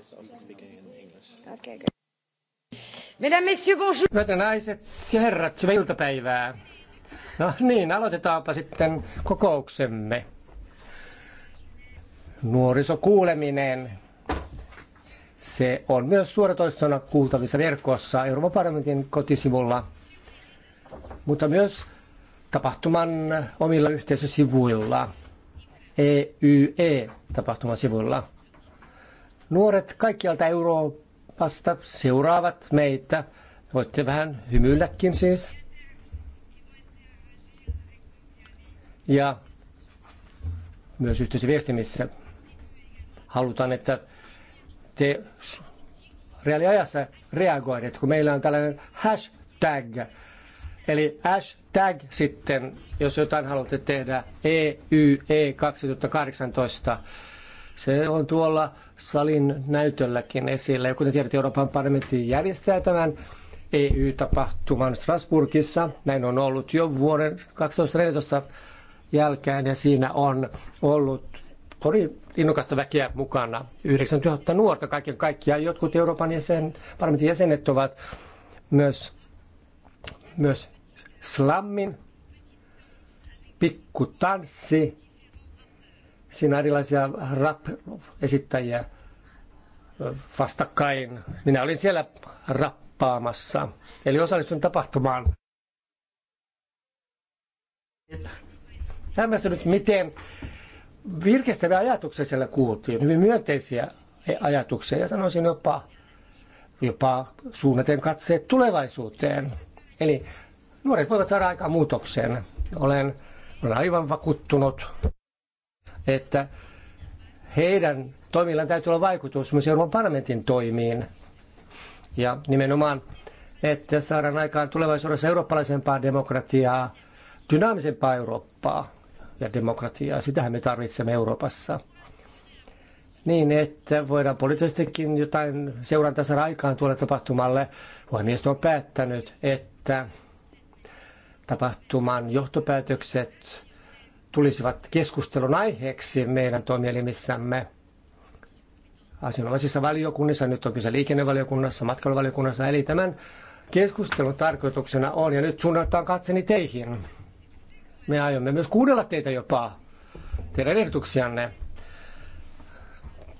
is also bonjour. Hyvät naiset ja herrat, hyvää iltapäivää. No niin, aloitetaanpa sitten kokouksemme. Nuorisokuuleminen. Se on myös suoratoistona kuultavissa verkossa Euroopan parlamentin kotisivulla, mutta myös tapahtuman omilla yhteisösivuilla, EYE-tapahtumasivuilla. Nuoret kaikkialta Euroopasta seuraavat meitä. Voitte vähän hymyilläkin siis. Ja myös missä halutaan, että te reaaliajassa reagoidet, kun meillä on tällainen hashtag. Eli hashtag sitten, jos jotain haluatte tehdä, EYE 2018 se on tuolla salin näytölläkin esillä. Ja kuten tiedät, Euroopan parlamentti järjestää tämän EU-tapahtuman Strasbourgissa. Näin on ollut jo vuoden 2014 jälkeen ja siinä on ollut oli innokasta väkeä mukana. 9000 nuorta kaiken kaikkiaan. Jotkut Euroopan jäsen, parlamentin jäsenet ovat myös, myös slammin, tanssi. Siinä on erilaisia rap-esittäjiä vastakkain. Minä olin siellä rappaamassa, eli osallistun tapahtumaan. Hämmästynyt, miten virkistäviä ajatuksia siellä kuultiin, hyvin myönteisiä ajatuksia ja sanoisin jopa, jopa suunnaten katseet tulevaisuuteen. Eli nuoret voivat saada aikaan muutokseen. Olen, olen aivan vakuuttunut että heidän toimillaan täytyy olla vaikutus myös Euroopan parlamentin toimiin. Ja nimenomaan, että saadaan aikaan tulevaisuudessa eurooppalaisempaa demokratiaa, dynaamisempaa Eurooppaa ja demokratiaa. Sitähän me tarvitsemme Euroopassa. Niin, että voidaan poliittisestikin jotain seurantaa saada aikaan tuolle tapahtumalle. Puhemies on päättänyt, että tapahtuman johtopäätökset tulisivat keskustelun aiheeksi meidän toimielimissämme. Asianomaisissa valiokunnissa, nyt on kyse liikennevaliokunnassa, matkailuvaliokunnassa, eli tämän keskustelun tarkoituksena on, ja nyt suunnataan katseni teihin. Me aiomme myös kuunnella teitä jopa, teidän ehdotuksianne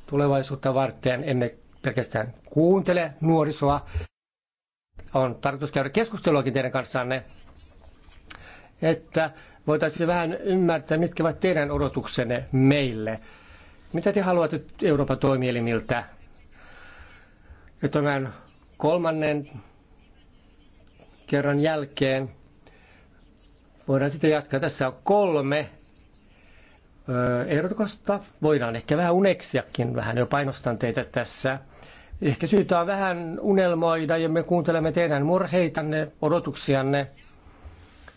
tulevaisuutta varten. Emme pelkästään kuuntele nuorisoa. On tarkoitus käydä keskusteluakin teidän kanssanne, että voitaisiin vähän ymmärtää, mitkä ovat teidän odotuksenne meille. Mitä te haluatte Euroopan toimielimiltä? Ja tämän kolmannen kerran jälkeen voidaan sitten jatkaa. Tässä on kolme ehdotusta. Voidaan ehkä vähän uneksiakin, vähän jo painostan teitä tässä. Ehkä syytä on vähän unelmoida ja me kuuntelemme teidän murheitanne, odotuksianne.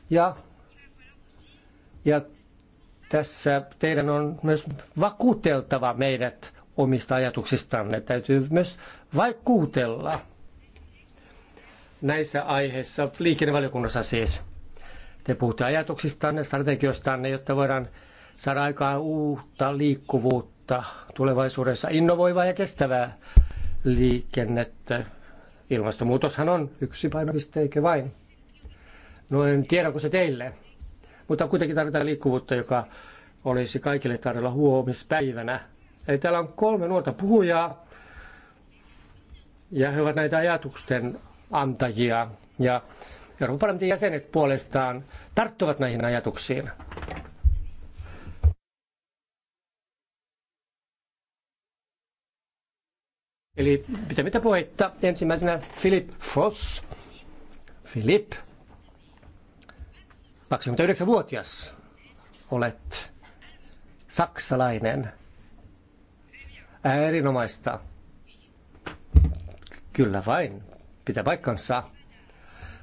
Ja ja tässä teidän on myös vakuuteltava meidät omista ajatuksistanne. Täytyy myös vaikuutella näissä aiheissa, liikennevaliokunnassa siis. Te puhutte ajatuksistanne, strategioistanne, jotta voidaan saada aikaan uutta liikkuvuutta tulevaisuudessa, innovoivaa ja kestävää liikennettä. Ilmastonmuutoshan on yksi painopiste, eikö vain? No en tiedä, onko se teille mutta kuitenkin tarvitaan liikkuvuutta, joka olisi kaikille tarjolla huomispäivänä. Eli täällä on kolme nuorta puhujaa, ja he ovat näitä ajatusten antajia. Ja Euroopan parlamentin jäsenet puolestaan tarttuvat näihin ajatuksiin. Eli pitämättä puhetta ensimmäisenä Philip Foss. Philip, 29-vuotias olet saksalainen. Erinomaista. Kyllä vain, pitää paikkansa.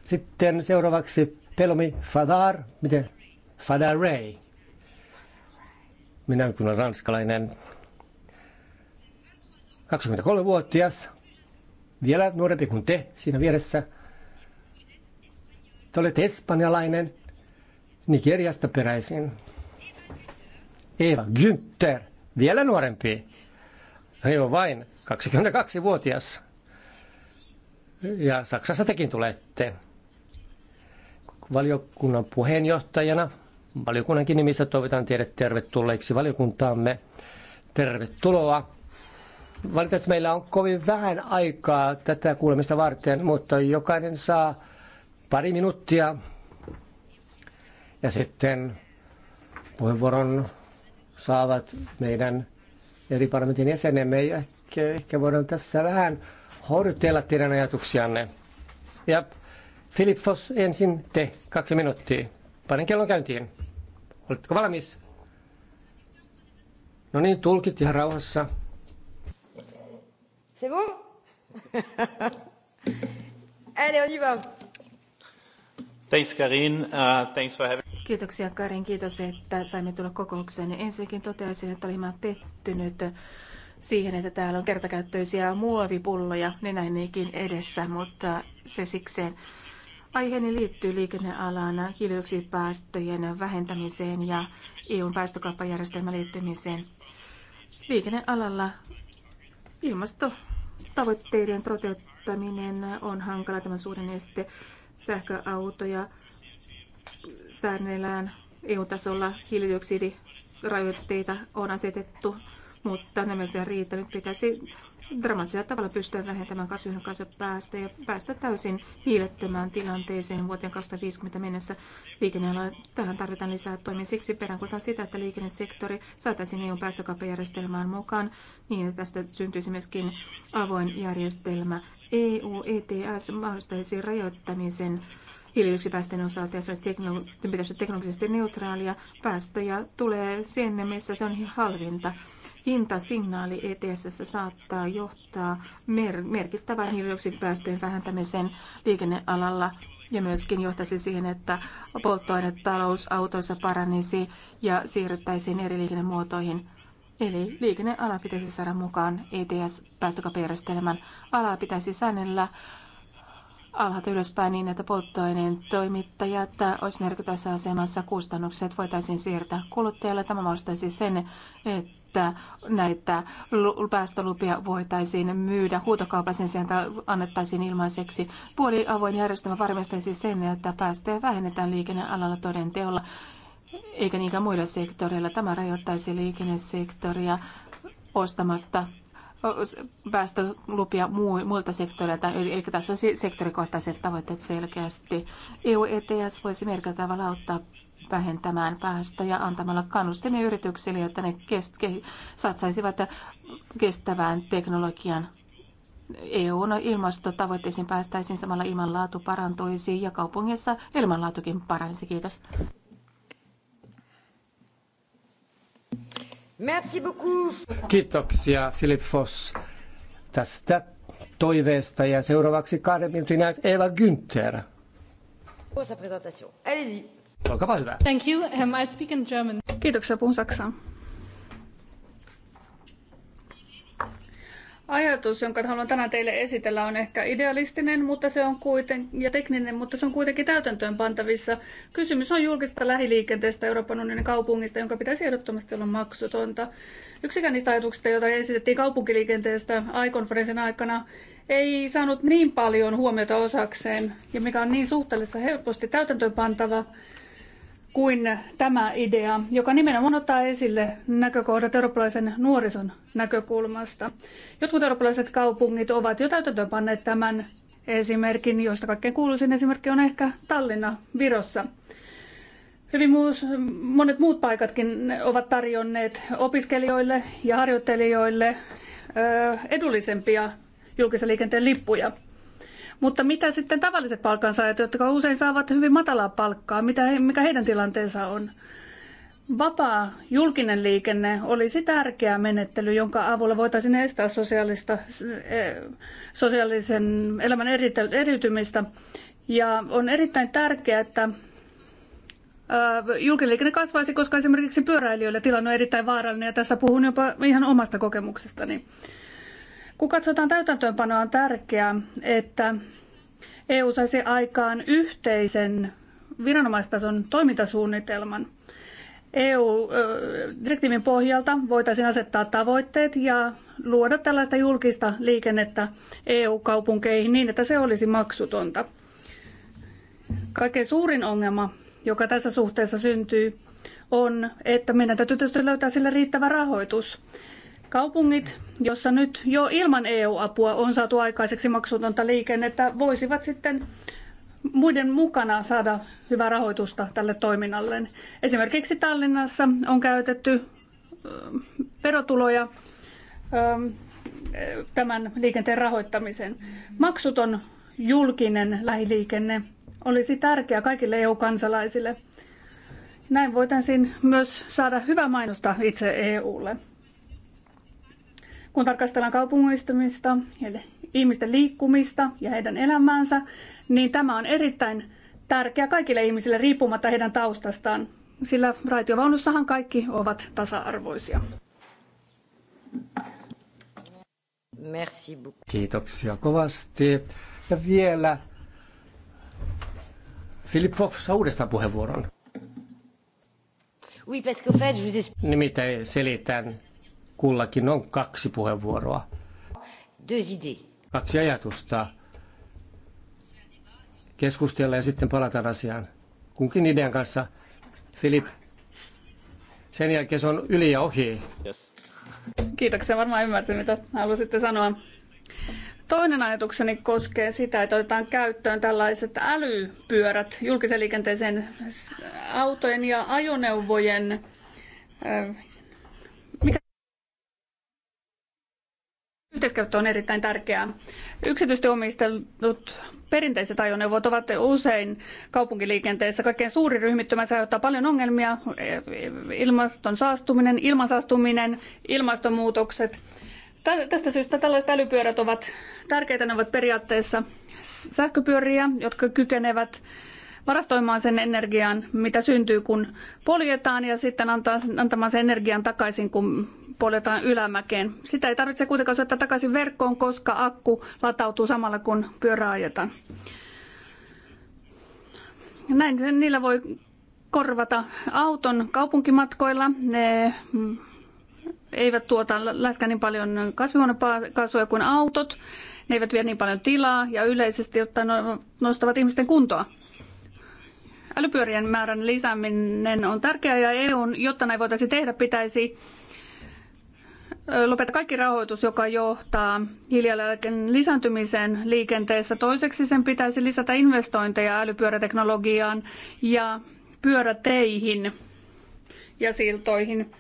Sitten seuraavaksi Pelomi Fadar, miten? Fadar Ray. Minä kun olen ranskalainen, 23-vuotias, vielä nuorempi kuin te siinä vieressä. Te olette espanjalainen Nigeriasta peräisin. Eeva Günther, vielä nuorempi. hän on vain 22-vuotias. Ja Saksassa tekin tulette. Valiokunnan puheenjohtajana, valiokunnankin nimissä toivotan teidät tervetulleiksi valiokuntaamme. Tervetuloa. Valitettavasti meillä on kovin vähän aikaa tätä kuulemista varten, mutta jokainen saa pari minuuttia ja sitten puheenvuoron saavat meidän eri parlamentin jäsenemme. Ja ehkä, ehkä voidaan tässä vähän horjutella teidän ajatuksianne. Ja Filip Foss ensin te, kaksi minuuttia. Panen kellon käyntiin. Oletko valmis? No niin, tulkit ihan rauhassa. C'est bon? Allez, on y va. Thanks, Karin. Uh, thanks for having Kiitoksia Karin, kiitos, että saimme tulla kokoukseen. Ensinnäkin toteaisin, että olin pettynyt siihen, että täällä on kertakäyttöisiä muovipulloja nenäinikin edessä, mutta se sikseen. Aiheeni liittyy liikennealan hiilidioksidipäästöjen vähentämiseen ja EUn päästökauppajärjestelmän liittymiseen. Liikennealalla ilmastotavoitteiden toteuttaminen on hankala tämän suuren este. Sähköautoja säännellään EU-tasolla hiilidioksidirajoitteita on asetettu, mutta nämä eivät riitä. Nyt pitäisi dramaattisella tavalla pystyä vähentämään kasvihuonekaasupäästöjä ja päästä täysin hiilettömään tilanteeseen vuoteen 2050 mennessä liikennealalla. Tähän tarvitaan lisää toimia. Siksi peräänkuulutan sitä, että liikennesektori saataisiin EUn päästökauppajärjestelmään mukaan niin, että tästä syntyisi myöskin avoin järjestelmä. EU ETS mahdollistaisi rajoittamisen hiilidioksipäästöjen osalta ja se teknolo- pitäisi olla teknologisesti neutraalia. Päästöjä tulee sinne, missä se on halvinta. Hintasignaali ETS saattaa johtaa mer- merkittävään hiilidioksipäästöjen vähentämiseen liikennealalla ja myöskin johtaisi siihen, että polttoainetalous autoissa paranisi ja siirryttäisiin eri liikennemuotoihin. Eli liikenneala pitäisi saada mukaan ETS-päästökauppajärjestelmän. Alaa pitäisi säännellä alhaalta ylöspäin niin, että polttoaineen toimittajat olisi merkittävässä asemassa. Kustannukset voitaisiin siirtää kuluttajalle. Tämä mahdollistaisi sen, että näitä päästölupia voitaisiin myydä huutokaupassa sen sijaan, annettaisiin ilmaiseksi. Puoli avoin järjestelmä varmistaisi sen, että päästöjä vähennetään liikennealalla toden teolla eikä niinkään muilla sektoreilla. Tämä rajoittaisi liikennesektoria ostamasta päästölupia muilta sektoreilta, eli tässä olisi sektorikohtaiset tavoitteet selkeästi. EU-ETS voisi merkittävällä tavalla auttaa vähentämään päästöjä antamalla kannustimia yrityksille, jotta ne kest, ke, satsaisivat kestävään teknologian. EUn ilmastotavoitteisiin päästäisiin samalla ilmanlaatu parantuisi ja kaupungissa ilmanlaatukin paranisi. Kiitos. Merci beaucoup. Kiitoksia Philip Foss tästä toiveesta ja seuraavaksi kahden minuutin Eva Günther. Olkaapa hyvä. Thank you. Um, I'll speak in German. Kiitoksia, puhun saksaa. Ajatus, jonka haluan tänään teille esitellä, on ehkä idealistinen mutta se on kuiten, ja tekninen, mutta se on kuitenkin täytäntöön pantavissa. Kysymys on julkista lähiliikenteestä Euroopan unionin kaupungista, jonka pitäisi ehdottomasti olla maksutonta. Yksikään niistä ajatuksista, joita esitettiin kaupunkiliikenteestä AI-konferenssin aikana, ei saanut niin paljon huomiota osakseen, ja mikä on niin suhteellisen helposti täytäntöön pantava, kuin tämä idea, joka nimenomaan ottaa esille näkökohdat eurooppalaisen nuorison näkökulmasta. Jotkut eurooppalaiset kaupungit ovat jo täytäntöönpanneet tämän esimerkin, josta kaikkein kuuluisin esimerkki on ehkä Tallinna Virossa. Hyvin muus, monet muut paikatkin ovat tarjonneet opiskelijoille ja harjoittelijoille edullisempia julkisen liikenteen lippuja. Mutta mitä sitten tavalliset palkansaajat, jotka usein saavat hyvin matalaa palkkaa, mitä he, mikä heidän tilanteensa on? Vapaa julkinen liikenne olisi tärkeä menettely, jonka avulla voitaisiin estää sosiaalista, eh, sosiaalisen elämän eriytymistä. Ja on erittäin tärkeää, että eh, julkinen liikenne kasvaisi, koska esimerkiksi pyöräilijöillä tilanne on erittäin vaarallinen ja tässä puhun jopa ihan omasta kokemuksestani. Kun katsotaan täytäntöönpanoa, on tärkeää, että EU saisi aikaan yhteisen viranomaistason toimintasuunnitelman. EU-direktiivin pohjalta voitaisiin asettaa tavoitteet ja luoda tällaista julkista liikennettä EU-kaupunkeihin niin, että se olisi maksutonta. Kaikkein suurin ongelma, joka tässä suhteessa syntyy, on, että meidän täytyy tietysti löytää sille riittävä rahoitus. Kaupungit, jossa nyt jo ilman EU-apua on saatu aikaiseksi maksutonta liikennettä, voisivat sitten muiden mukana saada hyvää rahoitusta tälle toiminnalle. Esimerkiksi Tallinnassa on käytetty verotuloja tämän liikenteen rahoittamiseen. Maksuton julkinen lähiliikenne olisi tärkeä kaikille EU-kansalaisille. Näin voitaisiin myös saada hyvää mainosta itse EUlle. Kun tarkastellaan kaupungistumista, eli ihmisten liikkumista ja heidän elämäänsä, niin tämä on erittäin tärkeä kaikille ihmisille riippumatta heidän taustastaan, sillä raitiovaunussahan kaikki ovat tasa-arvoisia. Kiitoksia kovasti. Ja vielä Filippov saa uudestaan puheenvuoron. Oui, parce fait, je vous Nimittäin selitän kullakin on kaksi puheenvuoroa. Kaksi ajatusta. Keskustella ja sitten palataan asiaan. Kunkin idean kanssa. Filip, sen jälkeen se on yli ja ohi. Yes. Kiitoksia, varmaan ymmärsin mitä halusitte sanoa. Toinen ajatukseni koskee sitä, että otetaan käyttöön tällaiset älypyörät julkisen liikenteeseen autojen ja ajoneuvojen Yhteiskäyttö on erittäin tärkeää. Yksityisesti omistetut perinteiset ajoneuvot ovat usein kaupunkiliikenteessä kaikkein suurin ryhmittymä. Se aiheuttaa paljon ongelmia, ilmaston saastuminen, ilmansaastuminen, ilmastonmuutokset. Tästä syystä tällaiset älypyörät ovat tärkeitä. Ne ovat periaatteessa sähköpyöriä, jotka kykenevät varastoimaan sen energian, mitä syntyy, kun poljetaan, ja sitten antamaan sen energian takaisin, kun poljetaan ylämäkeen. Sitä ei tarvitse kuitenkaan syöttää takaisin verkkoon, koska akku latautuu samalla kun pyörä ajetaan. Näin niillä voi korvata auton kaupunkimatkoilla. Ne mm, eivät tuota läskään niin paljon kasvihuonekaasuja kuin autot. Ne eivät vie niin paljon tilaa ja yleisesti ottaen no, nostavat ihmisten kuntoa. Älypyörien määrän lisääminen on tärkeää ja EUn, jotta näin voitaisiin tehdä, pitäisi Lopeta kaikki rahoitus, joka johtaa hiilijalanjälken lisääntymiseen liikenteessä. Toiseksi sen pitäisi lisätä investointeja älypyöräteknologiaan ja pyöräteihin ja siltoihin.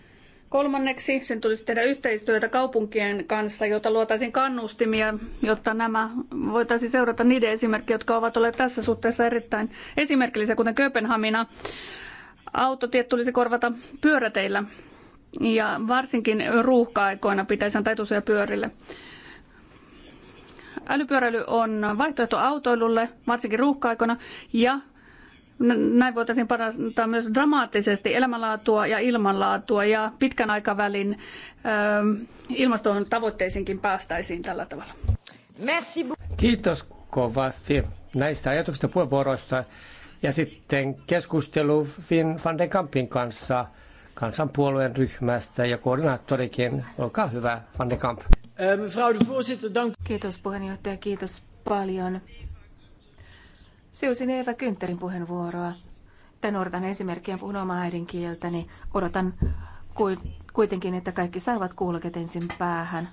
Kolmanneksi sen tulisi tehdä yhteistyötä kaupunkien kanssa, jotta luotaisiin kannustimia, jotta nämä voitaisiin seurata niiden esimerkkejä, jotka ovat olleet tässä suhteessa erittäin esimerkillisiä, kuten Kööpenhamina. Autotiet tulisi korvata pyöräteillä ja varsinkin ruuhka-aikoina pitäisi antaa etusia pyörille. Älypyöräily on vaihtoehto autoilulle, varsinkin ruuhka-aikoina, ja näin voitaisiin parantaa myös dramaattisesti elämänlaatua ja ilmanlaatua ja pitkän aikavälin ö, ähm, ilmaston tavoitteisiinkin päästäisiin tällä tavalla. Merci Kiitos kovasti näistä ajatuksista puheenvuoroista ja sitten keskustelu Finn van den Kampin kanssa kansanpuolueen ryhmästä ja koordinaattorikin. Olkaa hyvä, Van ähm, de Kamp. Kiitos puheenjohtaja, kiitos paljon. Siusin Eeva Kyntterin puheenvuoroa. Tän odotan esimerkkiä puhun omaa äidinkieltäni. odotan kuitenkin, että kaikki saavat kuuloket ensin päähän.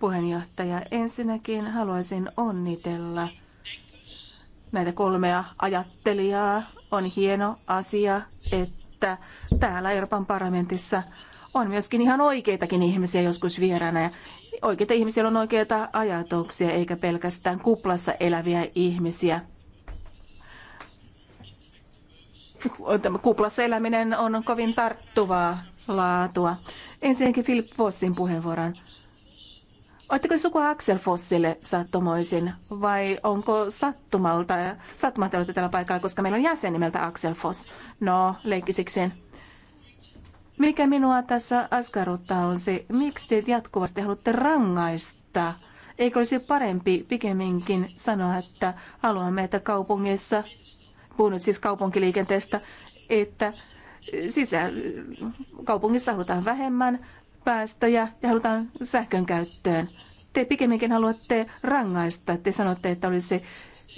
Puheenjohtaja, ensinnäkin haluaisin onnitella näitä kolmea ajattelijaa, on hieno asia, että täällä Euroopan parlamentissa on myöskin ihan oikeitakin ihmisiä joskus vieraana. Ja oikeita ihmisiä on oikeita ajatuksia, eikä pelkästään kuplassa eläviä ihmisiä. Kuplassa eläminen on kovin tarttuvaa laatua. Ensinnäkin Philip Vossin puheenvuoron. Oletteko sukua Axel Fossille sattumoisin vai onko sattumalta, sattumalta olette tällä paikalla, koska meillä on jäsen nimeltä Axel Foss? No, leikkisikseen. Mikä minua tässä askarruttaa on se, miksi te jatkuvasti haluatte rangaista? Eikö olisi parempi pikemminkin sanoa, että haluamme, että kaupungissa, puhun siis kaupunkiliikenteestä, että sisä, kaupungissa halutaan vähemmän päästöjä ja halutaan sähkön käyttöön. Te pikemminkin haluatte rangaista. Te sanotte, että olisi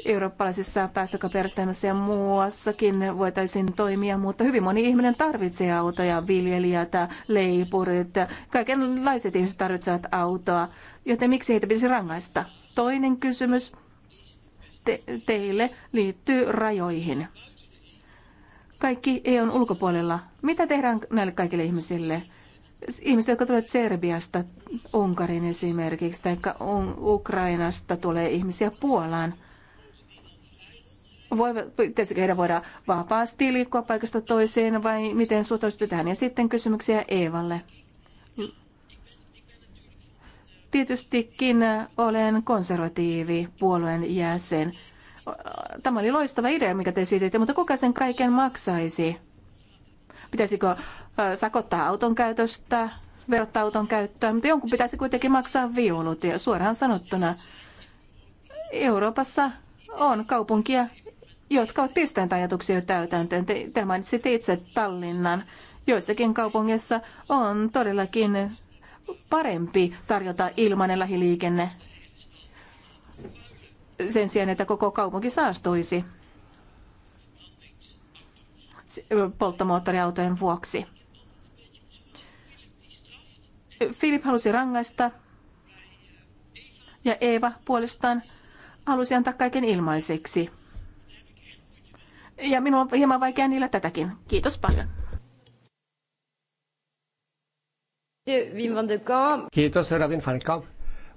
eurooppalaisessa päästökauppajärjestelmässä ja muuassakin voitaisiin toimia, mutta hyvin moni ihminen tarvitsee autoja, viljelijät, leipurit, kaikenlaiset ihmiset tarvitsevat autoa, joten miksi heitä pitäisi rangaista? Toinen kysymys te- teille liittyy rajoihin. Kaikki on e ulkopuolella. Mitä tehdään näille kaikille ihmisille? ihmiset, jotka tulevat Serbiasta, Unkarin esimerkiksi, tai Ukrainasta tulee ihmisiä Puolaan, voivat, heidän voida vapaasti liikkua paikasta toiseen vai miten suhtaudutte tähän? Ja sitten kysymyksiä Eevalle. Tietystikin olen konservatiivi puolueen jäsen. Tämä oli loistava idea, mikä te esititte, mutta kuka sen kaiken maksaisi? Pitäisikö sakottaa auton käytöstä, verottaa auton käyttöä, mutta jonkun pitäisi kuitenkin maksaa viulut. Ja suoraan sanottuna Euroopassa on kaupunkia, jotka ovat pistäneet ajatuksia täytäntöön. Te, te mainitsitte itse Tallinnan. Joissakin kaupungeissa on todellakin parempi tarjota ilmainen lähiliikenne sen sijaan, että koko kaupunki saastuisi polttomoottoriautojen vuoksi. Filip halusi rangaista ja Eeva puolestaan halusi antaa kaiken ilmaiseksi. Ja minun on hieman vaikea niillä tätäkin. Kiitos paljon. Kiitos, herra Vinfanikka. van de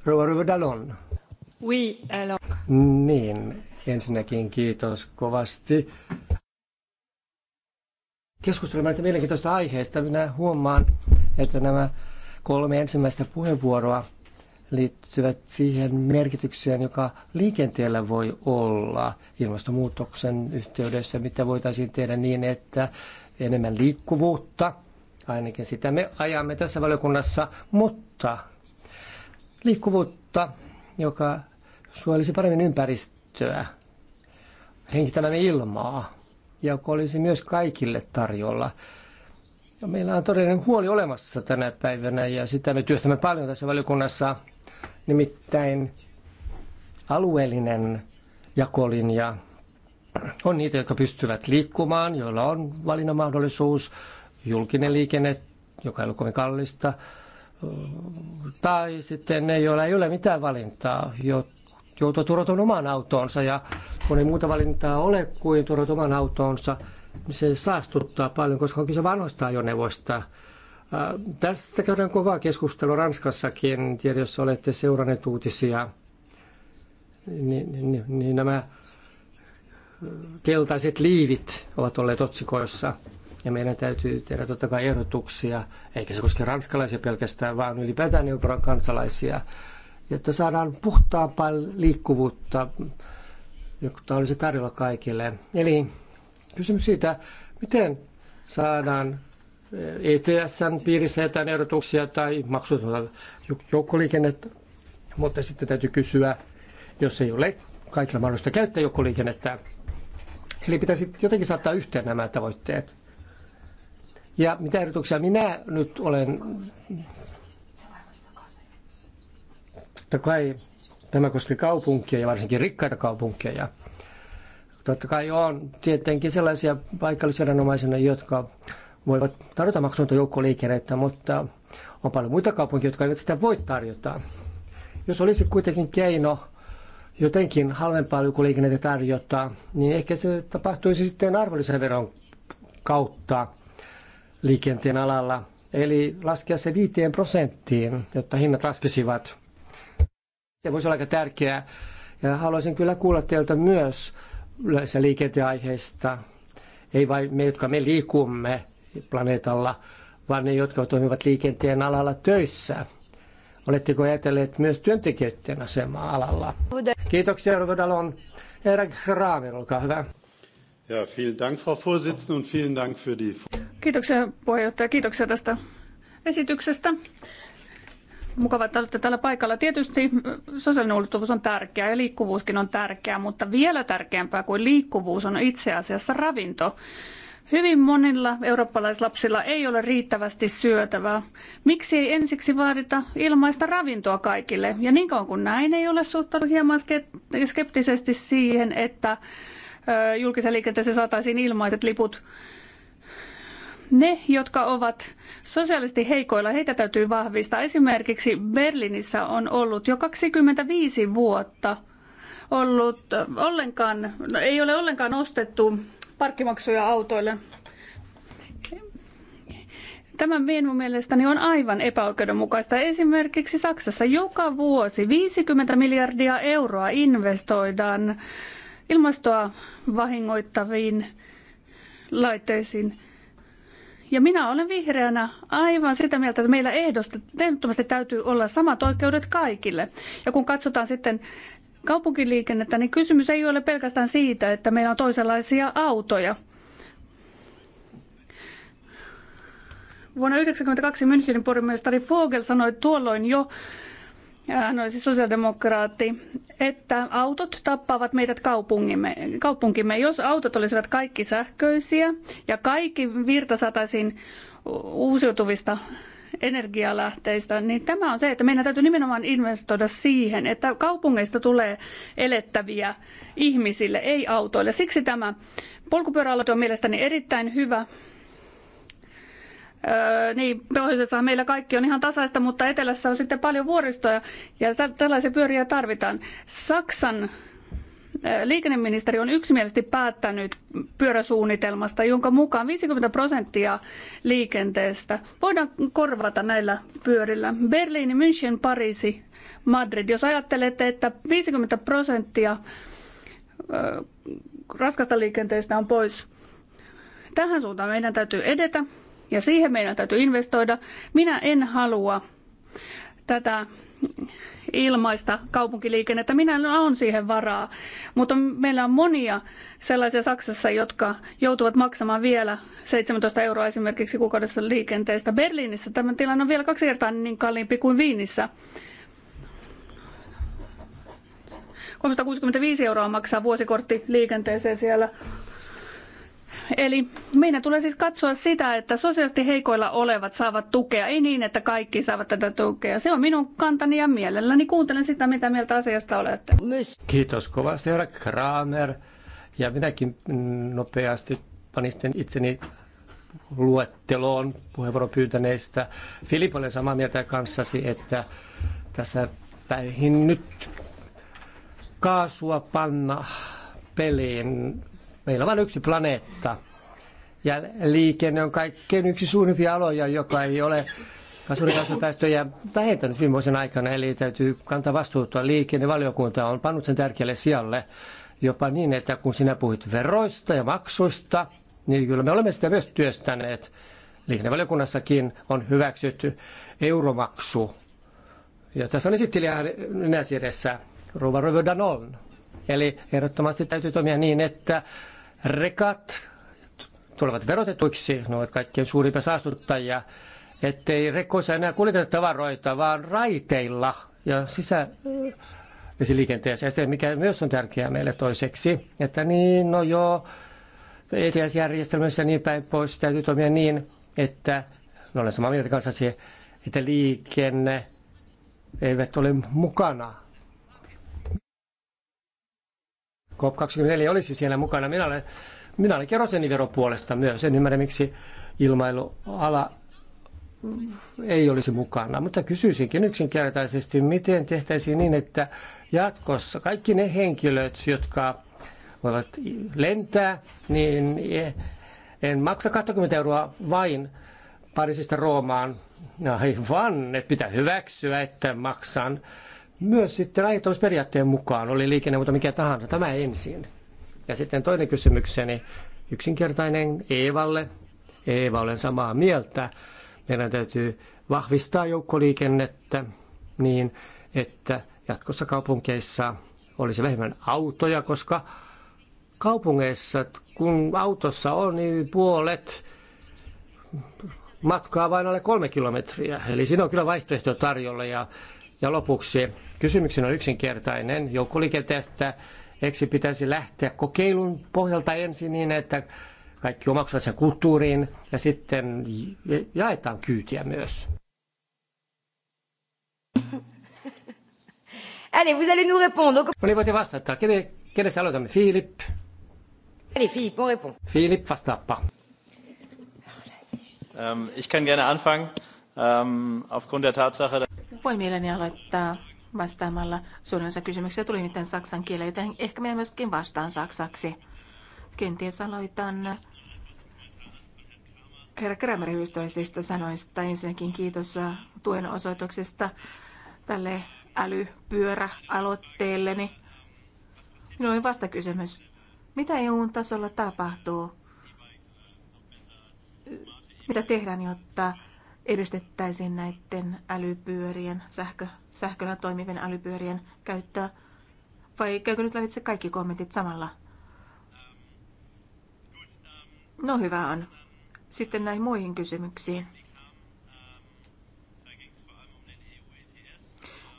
Rouva Ruverdalon. Oui, alors. Niin, ensinnäkin kiitos kovasti keskustelemaan näistä mielenkiintoista aiheista. Minä huomaan, että nämä kolme ensimmäistä puheenvuoroa liittyvät siihen merkitykseen, joka liikenteellä voi olla ilmastonmuutoksen yhteydessä, mitä voitaisiin tehdä niin, että enemmän liikkuvuutta, ainakin sitä me ajamme tässä valiokunnassa, mutta liikkuvuutta, joka suojelisi paremmin ympäristöä, hengittämämme ilmaa, joka olisi myös kaikille tarjolla. Ja meillä on todellinen huoli olemassa tänä päivänä ja sitä me työstämme paljon tässä valiokunnassa. Nimittäin alueellinen jakolinja on niitä, jotka pystyvät liikkumaan, joilla on valinnanmahdollisuus, julkinen liikenne, joka ei ole kovin kallista, tai sitten ne, joilla ei ole mitään valintaa, jotta joutua turvatun omaan autoonsa ja kun ei muuta valintaa ole kuin turvatun omaan autoonsa, niin se saastuttaa paljon, koska on kyse vanhoista ajoneuvoista. Ää, äh, tästä käydään kovaa keskustelua Ranskassakin, en tiedä jos olette seuranneet uutisia, niin, niin, niin, niin nämä äh, keltaiset liivit ovat olleet otsikoissa. Ja meidän täytyy tehdä totta kai ehdotuksia, eikä se koske ranskalaisia pelkästään, vaan ylipäätään Euroopan kansalaisia että saadaan puhtaampaa liikkuvuutta, jota olisi tarjolla kaikille. Eli kysymys siitä, miten saadaan ETSn eh, e piirissä jotain erotuksia tai maksutonta joukkoliikennettä, mutta sitten täytyy kysyä, jos ei ole kaikilla mahdollista käyttää joukkoliikennettä. Eli pitäisi jotenkin saattaa yhteen nämä tavoitteet. Ja mitä erotuksia minä nyt olen Totta kai tämä koski kaupunkia ja varsinkin rikkaita ja Totta kai on tietenkin sellaisia paikallisviranomaisia, jotka voivat tarjota maksunta joukkoliikennettä, mutta on paljon muita kaupunkia, jotka eivät sitä voi tarjota. Jos olisi kuitenkin keino jotenkin halvempaa joukkoliikennettä tarjota, niin ehkä se tapahtuisi sitten arvonlisäveron kautta liikenteen alalla. Eli laskea se viiteen prosenttiin, jotta hinnat laskisivat. Se voisi olla aika tärkeää. Ja haluaisin kyllä kuulla teiltä myös yleensä liikenteen aiheista. Ei vain me, jotka me liikumme planeetalla, vaan ne, jotka toimivat liikenteen alalla töissä. Oletteko ajatelleet myös työntekijöiden asemaa alalla? Kiitoksia, Rovodalon. Herra Kramer, olkaa hyvä. Ja, vielen Dank, Frau Vorsitzende, und vielen Dank für die... Kiitoksia, puheenjohtaja. Kiitoksia tästä esityksestä. Mukava, että olette täällä paikalla. Tietysti mm, sosiaalinen ulottuvuus on tärkeää ja liikkuvuuskin on tärkeää, mutta vielä tärkeämpää kuin liikkuvuus on itse asiassa ravinto. Hyvin monilla eurooppalaislapsilla ei ole riittävästi syötävää. Miksi ei ensiksi vaadita ilmaista ravintoa kaikille? Ja niin kauan kuin näin ei ole suhtautunut hieman skeptisesti siihen, että julkisen liikenteeseen saataisiin ilmaiset liput ne, jotka ovat sosiaalisesti heikoilla, heitä täytyy vahvistaa. Esimerkiksi Berliinissä on ollut jo 25 vuotta ollut äh, ollenkaan, no, ei ole ollenkaan ostettu parkkimaksuja autoille. Tämä minun mielestäni on aivan epäoikeudenmukaista. Esimerkiksi Saksassa joka vuosi 50 miljardia euroa investoidaan ilmastoa vahingoittaviin laitteisiin. Ja minä olen vihreänä aivan sitä mieltä, että meillä ehdottomasti täytyy olla samat oikeudet kaikille. Ja kun katsotaan sitten kaupunkiliikennettä, niin kysymys ei ole pelkästään siitä, että meillä on toisenlaisia autoja. Vuonna 1992 Münchenin pormestari Vogel sanoi tuolloin jo, hän oli siis sosiaalidemokraatti, että autot tappavat meidät kaupungimme, kaupunkimme. Jos autot olisivat kaikki sähköisiä ja kaikki virta saataisiin uusiutuvista energialähteistä, niin tämä on se, että meidän täytyy nimenomaan investoida siihen, että kaupungeista tulee elettäviä ihmisille, ei autoille. Siksi tämä polkupyöräalue on mielestäni erittäin hyvä Öö, niin, pohjoisessa meillä kaikki on ihan tasaista, mutta etelässä on sitten paljon vuoristoja ja tällaisia pyöriä tarvitaan. Saksan liikenneministeri on yksimielisesti päättänyt pyöräsuunnitelmasta, jonka mukaan 50 prosenttia liikenteestä voidaan korvata näillä pyörillä. Berliini, München, Pariisi, Madrid. Jos ajattelette, että 50 prosenttia raskasta liikenteestä on pois, tähän suuntaan meidän täytyy edetä. Ja siihen meidän täytyy investoida. Minä en halua tätä ilmaista kaupunkiliikennettä. Minä on siihen varaa, mutta meillä on monia sellaisia Saksassa, jotka joutuvat maksamaan vielä 17 euroa esimerkiksi kuukaudessa liikenteestä. Berliinissä tämä tilanne on vielä kaksi kertaa niin kalliimpi kuin Viinissä. 365 euroa maksaa vuosikortti liikenteeseen siellä Eli meidän tulee siis katsoa sitä, että sosiaalisesti heikoilla olevat saavat tukea, ei niin, että kaikki saavat tätä tukea. Se on minun kantani ja mielelläni kuuntelen sitä, mitä mieltä asiasta olette. Kiitos kovasti, herra Kramer. Ja minäkin nopeasti panin itseni luetteloon puheenvuoron pyytäneistä. Filip, olen samaa mieltä kanssasi, että tässä päihin nyt kaasua panna peliin Meillä on vain yksi planeetta. Ja liikenne on kaikkein yksi suurimpia aloja, joka ei ole kasvihuonekaasupäästöjä vähentänyt viimeisen aikana, eli täytyy kantaa vastuuta. Liikennevaliokunta on pannut sen tärkeälle sijalle jopa niin, että kun sinä puhuit veroista ja maksuista, niin kyllä me olemme sitä myös työstäneet. Liikennevaliokunnassakin on hyväksytty euromaksu. Ja tässä on esittelijä nenäsirjessä Ruva Rövödanon. Eli ehdottomasti täytyy toimia niin, että rekat tulevat verotetuiksi, ne ovat kaikkein suurimpia saastuttajia, ettei rekoissa enää kuljeteta tavaroita, vaan raiteilla ja sisä liikenteessä, Ja sitten mikä myös on tärkeää meille toiseksi, että niin, no joo, ETS-järjestelmässä niin päin pois täytyy toimia niin, että, no olen samaa mieltä kanssasi, että liikenne eivät ole mukana COP24 olisi siellä mukana. Minä olen, minä olen keroseniveron puolesta myös. En ymmärrä, miksi ilmailuala ei olisi mukana. Mutta kysyisinkin yksinkertaisesti, miten tehtäisiin niin, että jatkossa kaikki ne henkilöt, jotka voivat lentää, niin en maksa 20 euroa vain Pariisista Roomaan. vaan että pitää hyväksyä, että maksan myös sitten rajoittamisperiaatteen mukaan, oli liikenne mutta mikä tahansa, tämä ensin. Ja sitten toinen kysymykseni, yksinkertainen Eevalle. Eeva, olen samaa mieltä. Meidän täytyy vahvistaa joukkoliikennettä niin, että jatkossa kaupunkeissa olisi vähemmän autoja, koska kaupungeissa, kun autossa on, niin puolet matkaa vain alle kolme kilometriä. Eli siinä on kyllä vaihtoehto tarjolla. Ja, ja lopuksi Kysymyksen on yksinkertainen. Joukkoliikenteestä eksi pitäisi lähteä kokeilun pohjalta ensin niin, että kaikki omaksuvat sen kulttuuriin ja sitten jaetaan kyytiä myös. Allez, vous allez nous répondre. No niin, voitte vastata. Kenen, kenestä aloitamme? Filip. Allez, Filip, on répond. Filip, vastaappa. Ähm, ich kann gerne anfangen. Ähm, aufgrund der Tatsache... Voin mieleni aloittaa vastaamalla. Suurin osa kysymyksiä tuli nyt saksan kielellä, joten ehkä minä myöskin vastaan saksaksi. Kenties aloitan herra Kramerin ystävällisistä sanoista. Ensinnäkin kiitos tuen osoituksesta tälle älypyöräaloitteelleni. Minulla oli kysymys, Mitä EUn tasolla tapahtuu? Mitä tehdään, jotta edistettäisiin näiden älypyörien, sähkö, sähköllä toimivien älypyörien käyttöä? Vai käykö nyt lävitse kaikki kommentit samalla? No hyvä on. Sitten näihin muihin kysymyksiin.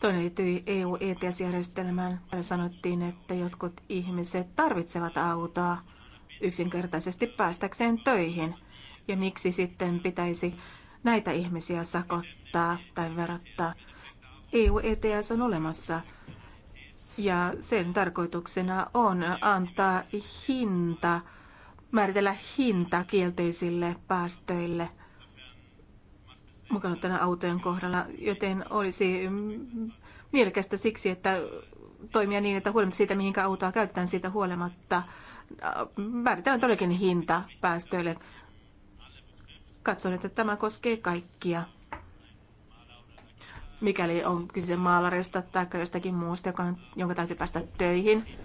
Toinen liittyy EU-ETS-järjestelmään. Täällä sanottiin, että jotkut ihmiset tarvitsevat autoa yksinkertaisesti päästäkseen töihin. Ja miksi sitten pitäisi näitä ihmisiä sakottaa tai verottaa? EU ETS on olemassa ja sen tarkoituksena on antaa hinta, määritellä hinta kielteisille päästöille mukana tänä autojen kohdalla, joten olisi mm, mielekästä siksi, että toimia niin, että huolimatta siitä, mihinkä autoa käytetään, siitä huolimatta äh, määritellään todellakin hinta päästöille. Katson, että tämä koskee kaikkia mikäli on kyse maalarista tai jostakin muusta, joka on, jonka täytyy päästä töihin,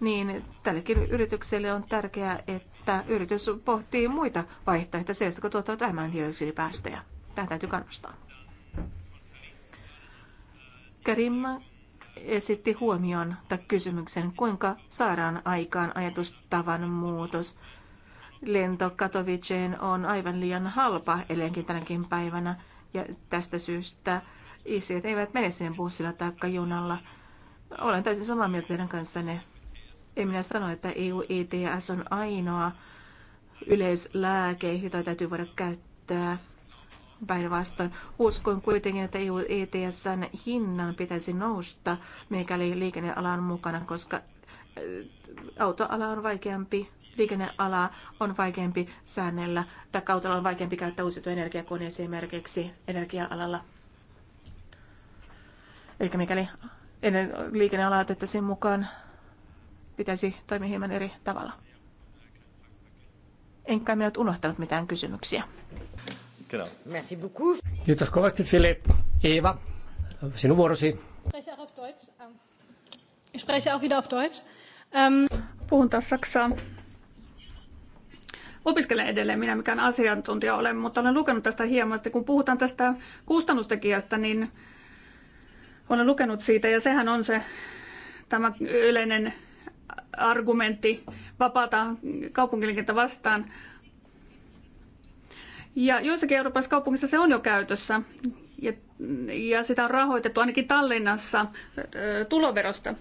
niin tällekin yritykselle on tärkeää, että yritys pohtii muita vaihtoehtoja sellaista, kun tuottaa vähemmän hiilidioksidipäästöjä. Tähän täytyy kannustaa. Karim esitti huomion tai kysymyksen, kuinka saadaan aikaan ajatustavan muutos. Lento Katowiceen on aivan liian halpa edelleenkin tänäkin päivänä ja tästä syystä Ihmiset eivät mene sinne bussilla tai junalla. Olen täysin samaa mieltä teidän kanssanne. En minä sano, että EU ETS on ainoa yleislääke, jota täytyy voida käyttää. Päinvastoin uskon kuitenkin, että EU ETSn hinnan pitäisi nousta, mikäli liikenneala on mukana, koska äh, autoala on vaikeampi, liikenneala on vaikeampi säännellä, tai kautta on vaikeampi käyttää uusiutua energiaa kuin esimerkiksi energia-alalla. Eli mikäli ennen liikennealaa otettaisiin mukaan, pitäisi toimia hieman eri tavalla. Enkä minä ole unohtanut mitään kysymyksiä. Kiitos kovasti Filip. Eeva, sinun vuorosi. Puhun taas saksaa. Opiskelen edelleen, minä mikään asiantuntija olen, mutta olen lukenut tästä hieman. kun puhutaan tästä kustannustekijästä, niin olen lukenut siitä ja sehän on se tämä yleinen argumentti vapaata kaupunkiliikennettä vastaan. Ja joissakin Euroopan kaupungissa se on jo käytössä ja, ja sitä on rahoitettu ainakin Tallinnassa tuloverosta.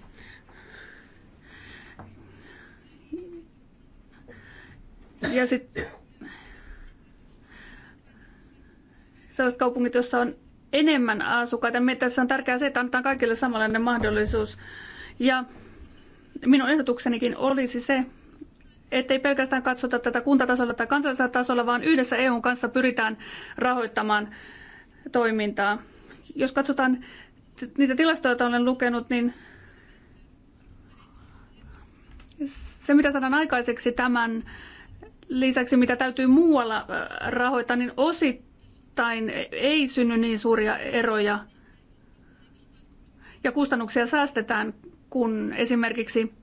Ja sitten sellaiset kaupungit, joissa on enemmän asukkaita. Me tässä on tärkeää se, että antaa kaikille samanlainen mahdollisuus. Ja minun ehdotuksenikin olisi se, ettei pelkästään katsota tätä kuntatasolla tai kansallisella tasolla, vaan yhdessä EUn kanssa pyritään rahoittamaan toimintaa. Jos katsotaan niitä tilastoja, joita olen lukenut, niin se, mitä saadaan aikaiseksi tämän lisäksi, mitä täytyy muualla äh, rahoittaa, niin osittain Vuosittain ei synny niin suuria eroja ja kustannuksia säästetään, kun esimerkiksi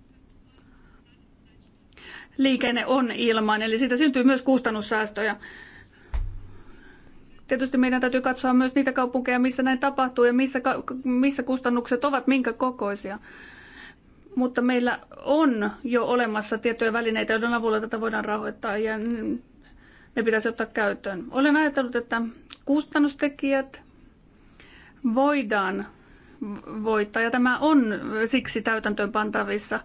liikenne on ilman, eli siitä syntyy myös kustannussäästöjä. Tietysti meidän täytyy katsoa myös niitä kaupunkeja, missä näin tapahtuu ja missä, missä kustannukset ovat minkä kokoisia. Mutta meillä on jo olemassa tiettyjä välineitä, joiden avulla tätä voidaan rahoittaa ja ne pitäisi ottaa käyttöön. Olen ajatellut, että kustannustekijät voidaan voittaa, ja tämä on siksi täytäntöön pantavissa.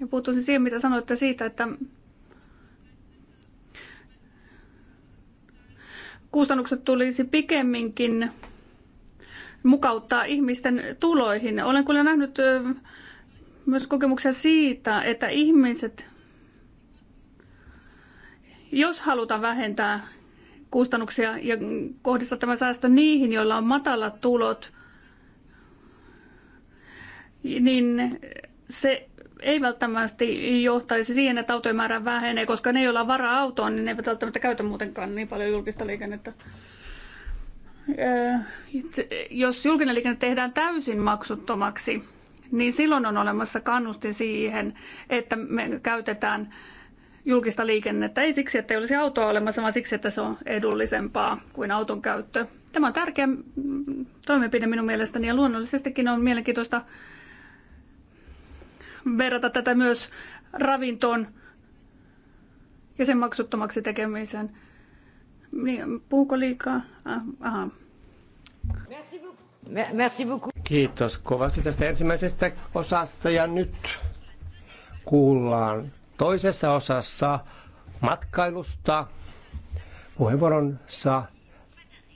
Ja puuttuisin siihen, mitä sanoitte siitä, että kustannukset tulisi pikemminkin mukauttaa ihmisten tuloihin. Olen kyllä nähnyt myös kokemuksia siitä, että ihmiset jos halutaan vähentää kustannuksia ja kohdistaa tämä säästö niihin, joilla on matalat tulot, niin se ei välttämättä johtaisi siihen, että autojen määrä vähenee, koska ne, joilla on varaa autoon, niin ne eivät välttämättä käytä muutenkaan niin paljon julkista liikennettä. Öö, jos julkinen liikenne tehdään täysin maksuttomaksi, niin silloin on olemassa kannustin siihen, että me käytetään julkista liikennettä. Ei siksi, että ei olisi autoa olemassa, vaan siksi, että se on edullisempaa kuin auton käyttö. Tämä on tärkeä mm, toimenpide minun mielestäni ja luonnollisestikin on mielenkiintoista verrata tätä myös ravintoon ja sen maksuttomaksi tekemiseen. Niin, puhuko liikaa? Ah, Aha. Kiitos kovasti tästä ensimmäisestä osasta ja nyt kuullaan Toisessa osassa matkailusta puheenvuoron saa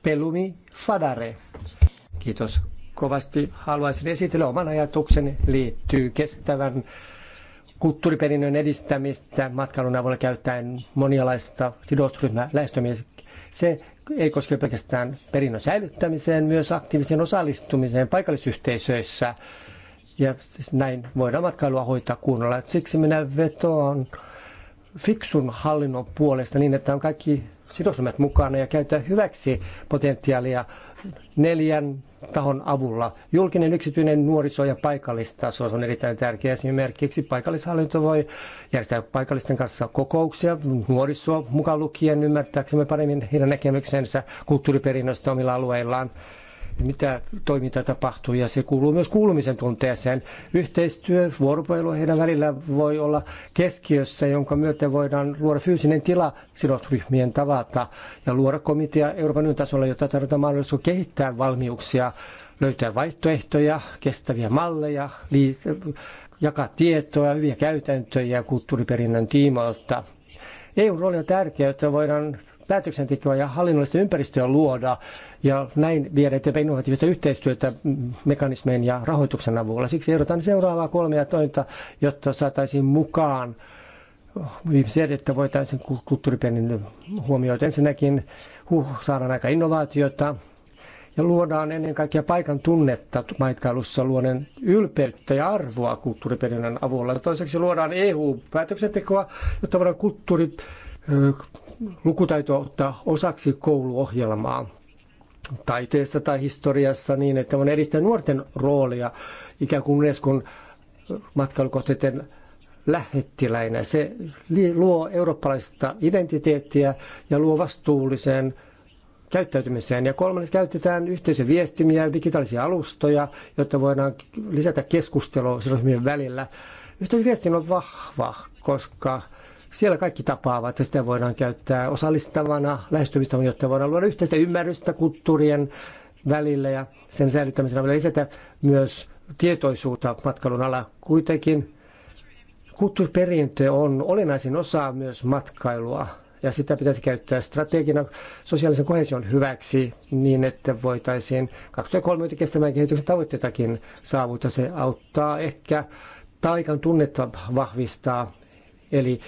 Pelumi Fadare. Kiitos kovasti. Haluaisin esitellä oman ajatukseni liittyy kestävän kulttuuriperinnön edistämistä matkailun avulla käyttäen monialaista sidosryhmää lähestymistä. Se ei koske pelkästään perinnön säilyttämiseen, myös aktiiviseen osallistumiseen paikallisyhteisöissä – ja siis näin voidaan matkailua hoitaa kunnolla. Et siksi minä vetoan fiksun hallinnon puolesta niin, että on kaikki sidosumet mukana ja käyttää hyväksi potentiaalia neljän tahon avulla. Julkinen, yksityinen, nuoriso ja paikallistaso on erittäin tärkeä. Esimerkiksi paikallishallinto voi järjestää paikallisten kanssa kokouksia, nuorisoa mukaan lukien ymmärtääksemme paremmin heidän näkemyksensä kulttuuriperinnöstä omilla alueillaan mitä toiminta tapahtuu, ja se kuuluu myös kuulumisen tunteeseen. Yhteistyö, vuoropuhelu heidän välillä voi olla keskiössä, jonka myötä voidaan luoda fyysinen tila sidosryhmien tavata ja luoda komitea Euroopan tasolla, jota tarvitaan mahdollisuus kehittää valmiuksia, löytää vaihtoehtoja, kestäviä malleja, jakaa tietoa, hyviä käytäntöjä kulttuuriperinnön tiimoilta. eu rooli on tärkeä, että voidaan päätöksentekoa ja hallinnollista ympäristöä luoda ja näin viedä eteenpäin innovatiivista yhteistyötä mekanismien ja rahoituksen avulla. Siksi ehdotan seuraavaa kolmea tointa, jotta saataisiin mukaan ihmisiä, että voitaisiin kulttuuriperinnön huomioida. Ensinnäkin huh, saadaan aika innovaatiota ja luodaan ennen kaikkea paikan tunnetta matkailussa luoden ylpeyttä ja arvoa kulttuuriperinnön avulla. Toiseksi luodaan EU-päätöksentekoa, jotta voidaan kulttuuri Lukutaitoa ottaa osaksi kouluohjelmaa taiteessa tai historiassa niin, että on edistää nuorten roolia ikään kuin Unescon matkailukohteiden lähettiläinä. Se luo eurooppalaista identiteettiä ja luo vastuullisen käyttäytymiseen. Ja kolmanneksi käytetään viestimiä ja digitaalisia alustoja, jotta voidaan lisätä keskustelua sidosryhmien välillä. viestin on vahva, koska siellä kaikki tapaavat ja sitä voidaan käyttää osallistavana lähestymistavana, jotta voidaan luoda yhteistä ymmärrystä kulttuurien välillä ja sen säilyttämisenä vielä lisätä myös tietoisuutta matkailun ala. Kuitenkin kulttuuriperintö on olennaisin osa myös matkailua ja sitä pitäisi käyttää strategina sosiaalisen kohesion hyväksi niin, että voitaisiin 2030 kestävän kehityksen tavoitteitakin saavuttaa. Se auttaa ehkä taikan tunnetta vahvistaa, eli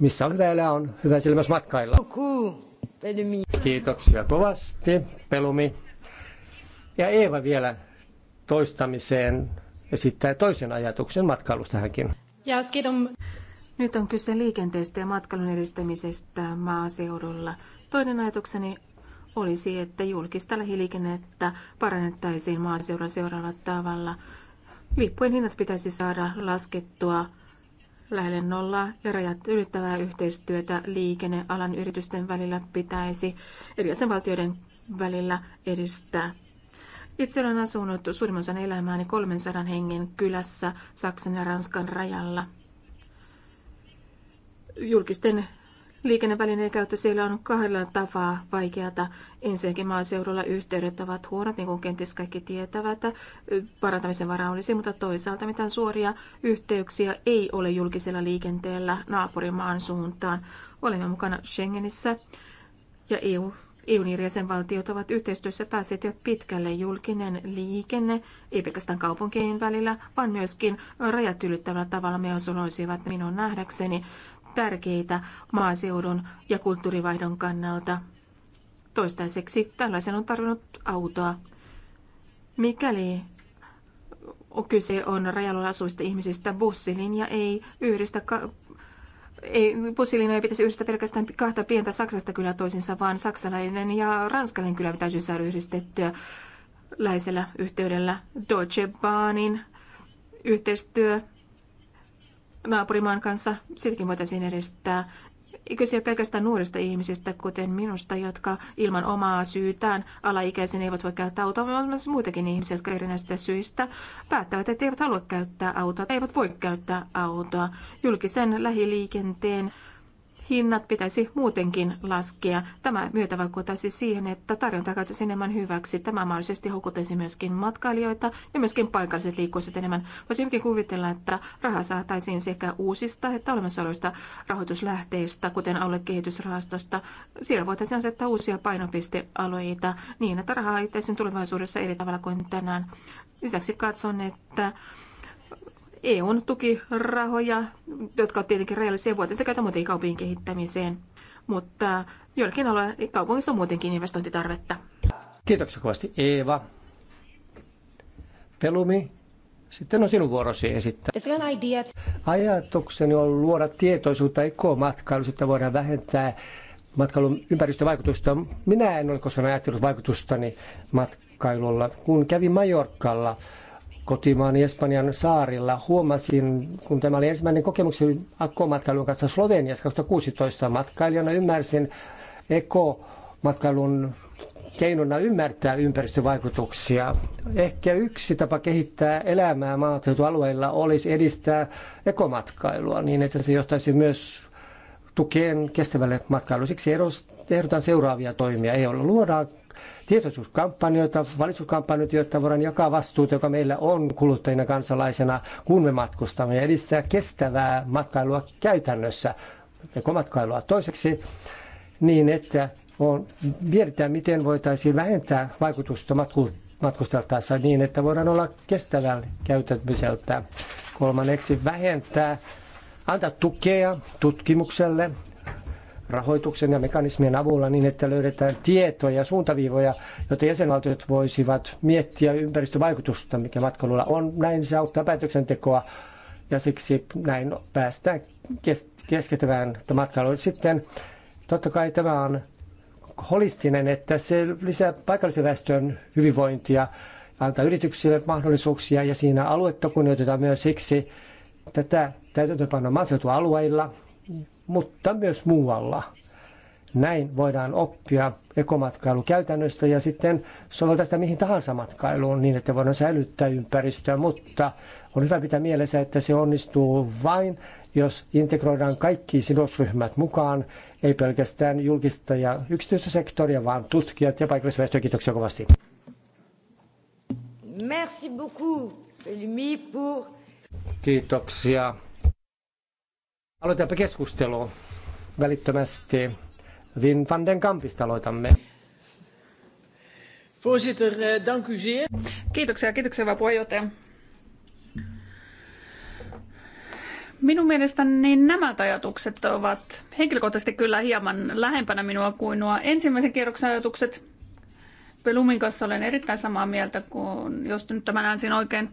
missä on hyvä elää, on hyvä siellä myös matkailla. Kiitoksia kovasti, Pelumi. Ja Eeva vielä toistamiseen esittää toisen ajatuksen matkailusta hänkin. Nyt on kyse liikenteestä ja matkailun edistämisestä maaseudulla. Toinen ajatukseni olisi, että julkista lähiliikennettä parannettaisiin maaseudulla seuraavalla tavalla. Lippujen hinnat pitäisi saada laskettua lähelle nollaa ja rajat ylittävää yhteistyötä liikennealan yritysten välillä pitäisi eri jäsenvaltioiden välillä edistää. Itse olen asunut suurimman osan elämääni 300 hengen kylässä Saksan ja Ranskan rajalla. Julkisten Liikennevälineen käyttö siellä on kahdella tapaa vaikeata. Ensinnäkin maaseudulla yhteydet ovat huonot, niin kuin kenties kaikki tietävät. Parantamisen varaa olisi, mutta toisaalta mitään suoria yhteyksiä ei ole julkisella liikenteellä naapurimaan suuntaan. Olemme mukana Schengenissä ja EU EUn jäsenvaltiot ovat yhteistyössä päässeet jo pitkälle julkinen liikenne, ei pelkästään kaupunkien välillä, vaan myöskin rajat ylittävällä tavalla me osuloisivat minun nähdäkseni tärkeitä maaseudun ja kulttuurivaihdon kannalta. Toistaiseksi tällaisen on tarvinnut autoa. Mikäli kyse on rajalla asuvista ihmisistä, bussilinja ei yhdistä ei, bussilinja ei pitäisi yhdistää pelkästään kahta pientä Saksasta kyllä toisinsa, vaan saksalainen ja ranskalainen kyllä täytyy saada yhdistettyä läisellä yhteydellä. Deutsche Bahnin yhteistyö naapurimaan kanssa, sitäkin voitaisiin edistää. Kyse pelkästään nuorista ihmisistä, kuten minusta, jotka ilman omaa syytään alaikäisen eivät voi käyttää autoa, vaan myös muitakin ihmisiä, jotka erinäisistä syistä päättävät, että eivät halua käyttää autoa tai eivät voi käyttää autoa. Julkisen lähiliikenteen hinnat pitäisi muutenkin laskea. Tämä myötä vaikuttaisi siihen, että tarjonta käytäisi enemmän hyväksi. Tämä mahdollisesti houkuttaisi myöskin matkailijoita ja myöskin paikalliset liikkuisivat enemmän. Voisi hyvinkin kuvitella, että raha saataisiin sekä uusista että olemassa olevista rahoituslähteistä, kuten aluekehitysrahastosta. Siellä voitaisiin asettaa uusia painopistealueita niin, että rahaa itse tulevaisuudessa eri tavalla kuin tänään. Lisäksi katson, että eu tukirahoja, jotka ovat tietenkin rajallisia, voitaisiin käytä muuten kaupungin kehittämiseen. Mutta joillakin alueilla kaupungissa on muutenkin investointitarvetta. Kiitoksia kovasti Eeva. Pelumi, sitten on sinun vuorosi esittää. Ajatukseni on luoda tietoisuutta ekomatkailusta, että voidaan vähentää matkailun ympäristövaikutusta. Minä en ole koskaan ajatellut vaikutustani matkailulla. Kun kävin Majorkalla, kotimaani Espanjan saarilla. Huomasin, kun tämä oli ensimmäinen kokemukseni akkomatkailun kanssa Sloveniassa 2016 matkailijana, ymmärsin ekomatkailun keinona ymmärtää ympäristövaikutuksia. Ehkä yksi tapa kehittää elämää maaseutualueilla olisi edistää ekomatkailua niin, että se johtaisi myös tukeen kestävälle matkailulle. Siksi ehdotan seuraavia toimia. Ei ole luodaan tietoisuuskampanjoita, valistuskampanjoita, jotta voidaan jakaa vastuuta, joka meillä on kuluttajina kansalaisena, kun me matkustamme ja edistää kestävää matkailua käytännössä, ekomatkailua. Toiseksi niin, että on, mietitään, miten voitaisiin vähentää vaikutusta matkusteltaessa niin, että voidaan olla kestävällä käytämiseltä. Kolmanneksi vähentää, antaa tukea tutkimukselle, rahoituksen ja mekanismien avulla niin, että löydetään tietoja ja suuntaviivoja, jotta jäsenvaltiot voisivat miettiä ympäristövaikutusta, mikä matkailulla on. Näin se auttaa päätöksentekoa ja siksi näin päästään keskittämään matkailuun. Sitten totta kai tämä on holistinen, että se lisää paikallisen väestön hyvinvointia, antaa yrityksille mahdollisuuksia ja siinä aluetta kunnioitetaan myös siksi tätä täytäntöönpanoa maaseutualueilla – mutta myös muualla. Näin voidaan oppia ekomatkailukäytännöstä ja sitten soveltaa sitä mihin tahansa matkailuun niin, että voidaan säilyttää ympäristöä, mutta on hyvä pitää mielessä, että se onnistuu vain, jos integroidaan kaikki sidosryhmät mukaan, ei pelkästään julkista ja yksityistä sektoria, vaan tutkijat ja paikallisväestöä. Kiitoksia kovasti. Merci beaucoup, pour... Kiitoksia Aloitetaanpa keskustelua välittömästi. Vin van den Kampista aloitamme. Voorzitter, eh, dank u zeer. Kiitoksia, kiitoksia hyvä puheenjohtaja. Minun mielestäni nämä ajatukset ovat henkilökohtaisesti kyllä hieman lähempänä minua kuin nuo ensimmäisen kierroksen ajatukset. Pelumin kanssa olen erittäin samaa mieltä, kuin jos nyt tämän äänsin oikein,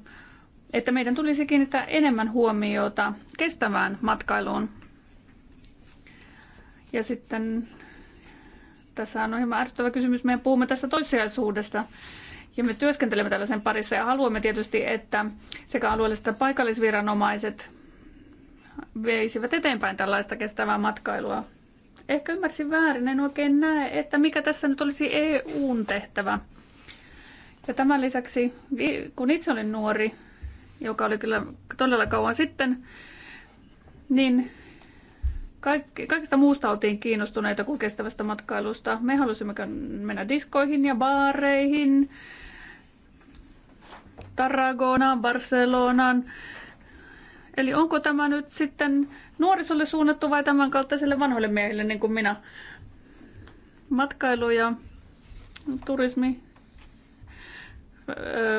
että meidän tulisi kiinnittää enemmän huomiota kestävään matkailuun. Ja sitten tässä on hieman ärsyttävä kysymys. Me puhumme tässä toissijaisuudesta ja me työskentelemme tällaisen parissa ja haluamme tietysti, että sekä alueelliset että paikallisviranomaiset veisivät eteenpäin tällaista kestävää matkailua. Ehkä ymmärsin väärin, en oikein näe, että mikä tässä nyt olisi EUn tehtävä. Ja tämän lisäksi, kun itse olin nuori, joka oli kyllä todella kauan sitten, niin kaikki, kaikista muusta oltiin kiinnostuneita kuin kestävästä matkailusta. Me halusimme mennä diskoihin ja baareihin, Tarragonaan, Barcelonaan. Eli onko tämä nyt sitten nuorisolle suunnattu vai tämän kaltaiselle vanhoille miehille, niin kuin minä? Matkailu ja turismi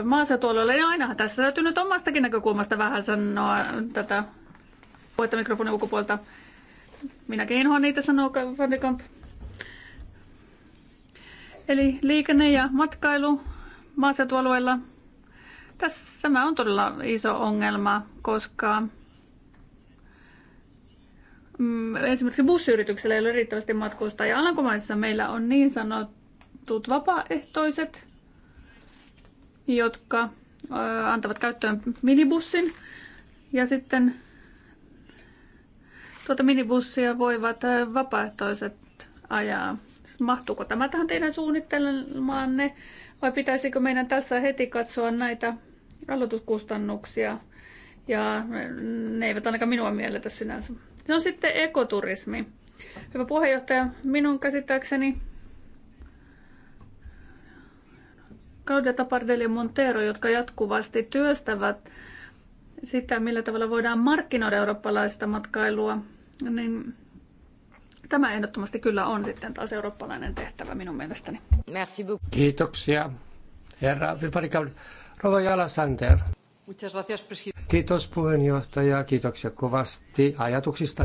maaseutualueelle, niin ainahan tässä täytyy nyt omastakin näkökulmasta vähän sanoa tätä puhetta mikrofonin ulkopuolta. Minäkin inhoan niitä sanoo Vandekamp. Eli liikenne ja matkailu maaseutualueilla. Tässä tämä on todella iso ongelma, koska mm, esimerkiksi bussiyrityksellä ei ole riittävästi matkustajia. Alankomaissa meillä on niin sanotut vapaaehtoiset jotka antavat käyttöön minibussin. Ja sitten tuota minibussia voivat vapaaehtoiset ajaa. Mahtuuko tämä tähän teidän suunnittelemaanne vai pitäisikö meidän tässä heti katsoa näitä aloituskustannuksia? Ja ne eivät ainakaan minua mielletä sinänsä. on no sitten ekoturismi. Hyvä puheenjohtaja, minun käsittääkseni Claudia Tapardelli ja Montero, jotka jatkuvasti työstävät sitä, millä tavalla voidaan markkinoida eurooppalaista matkailua, niin tämä ehdottomasti kyllä on sitten taas eurooppalainen tehtävä minun mielestäni. Merci beaucoup. Kiitoksia. Herra Viparikal, Rova Sander. Kiitos puheenjohtaja, kiitoksia kovasti ajatuksista.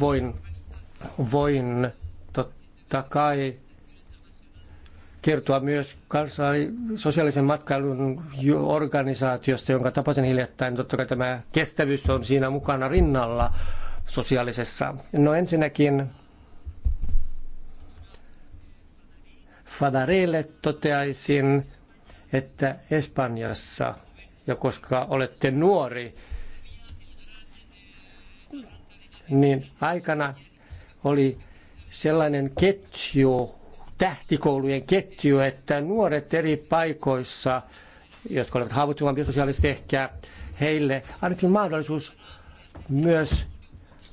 Voin, voin totta kai kertoa myös kansai, sosiaalisen matkailun organisaatiosta, jonka tapasin hiljattain. Totta kai tämä kestävyys on siinä mukana rinnalla sosiaalisessa. No ensinnäkin Fadarelle toteaisin, että Espanjassa, ja koska olette nuori, niin aikana oli sellainen ketju, tähtikoulujen ketju, että nuoret eri paikoissa, jotka olivat haavoittuvampia sosiaalisesti ehkä, heille annettiin mahdollisuus myös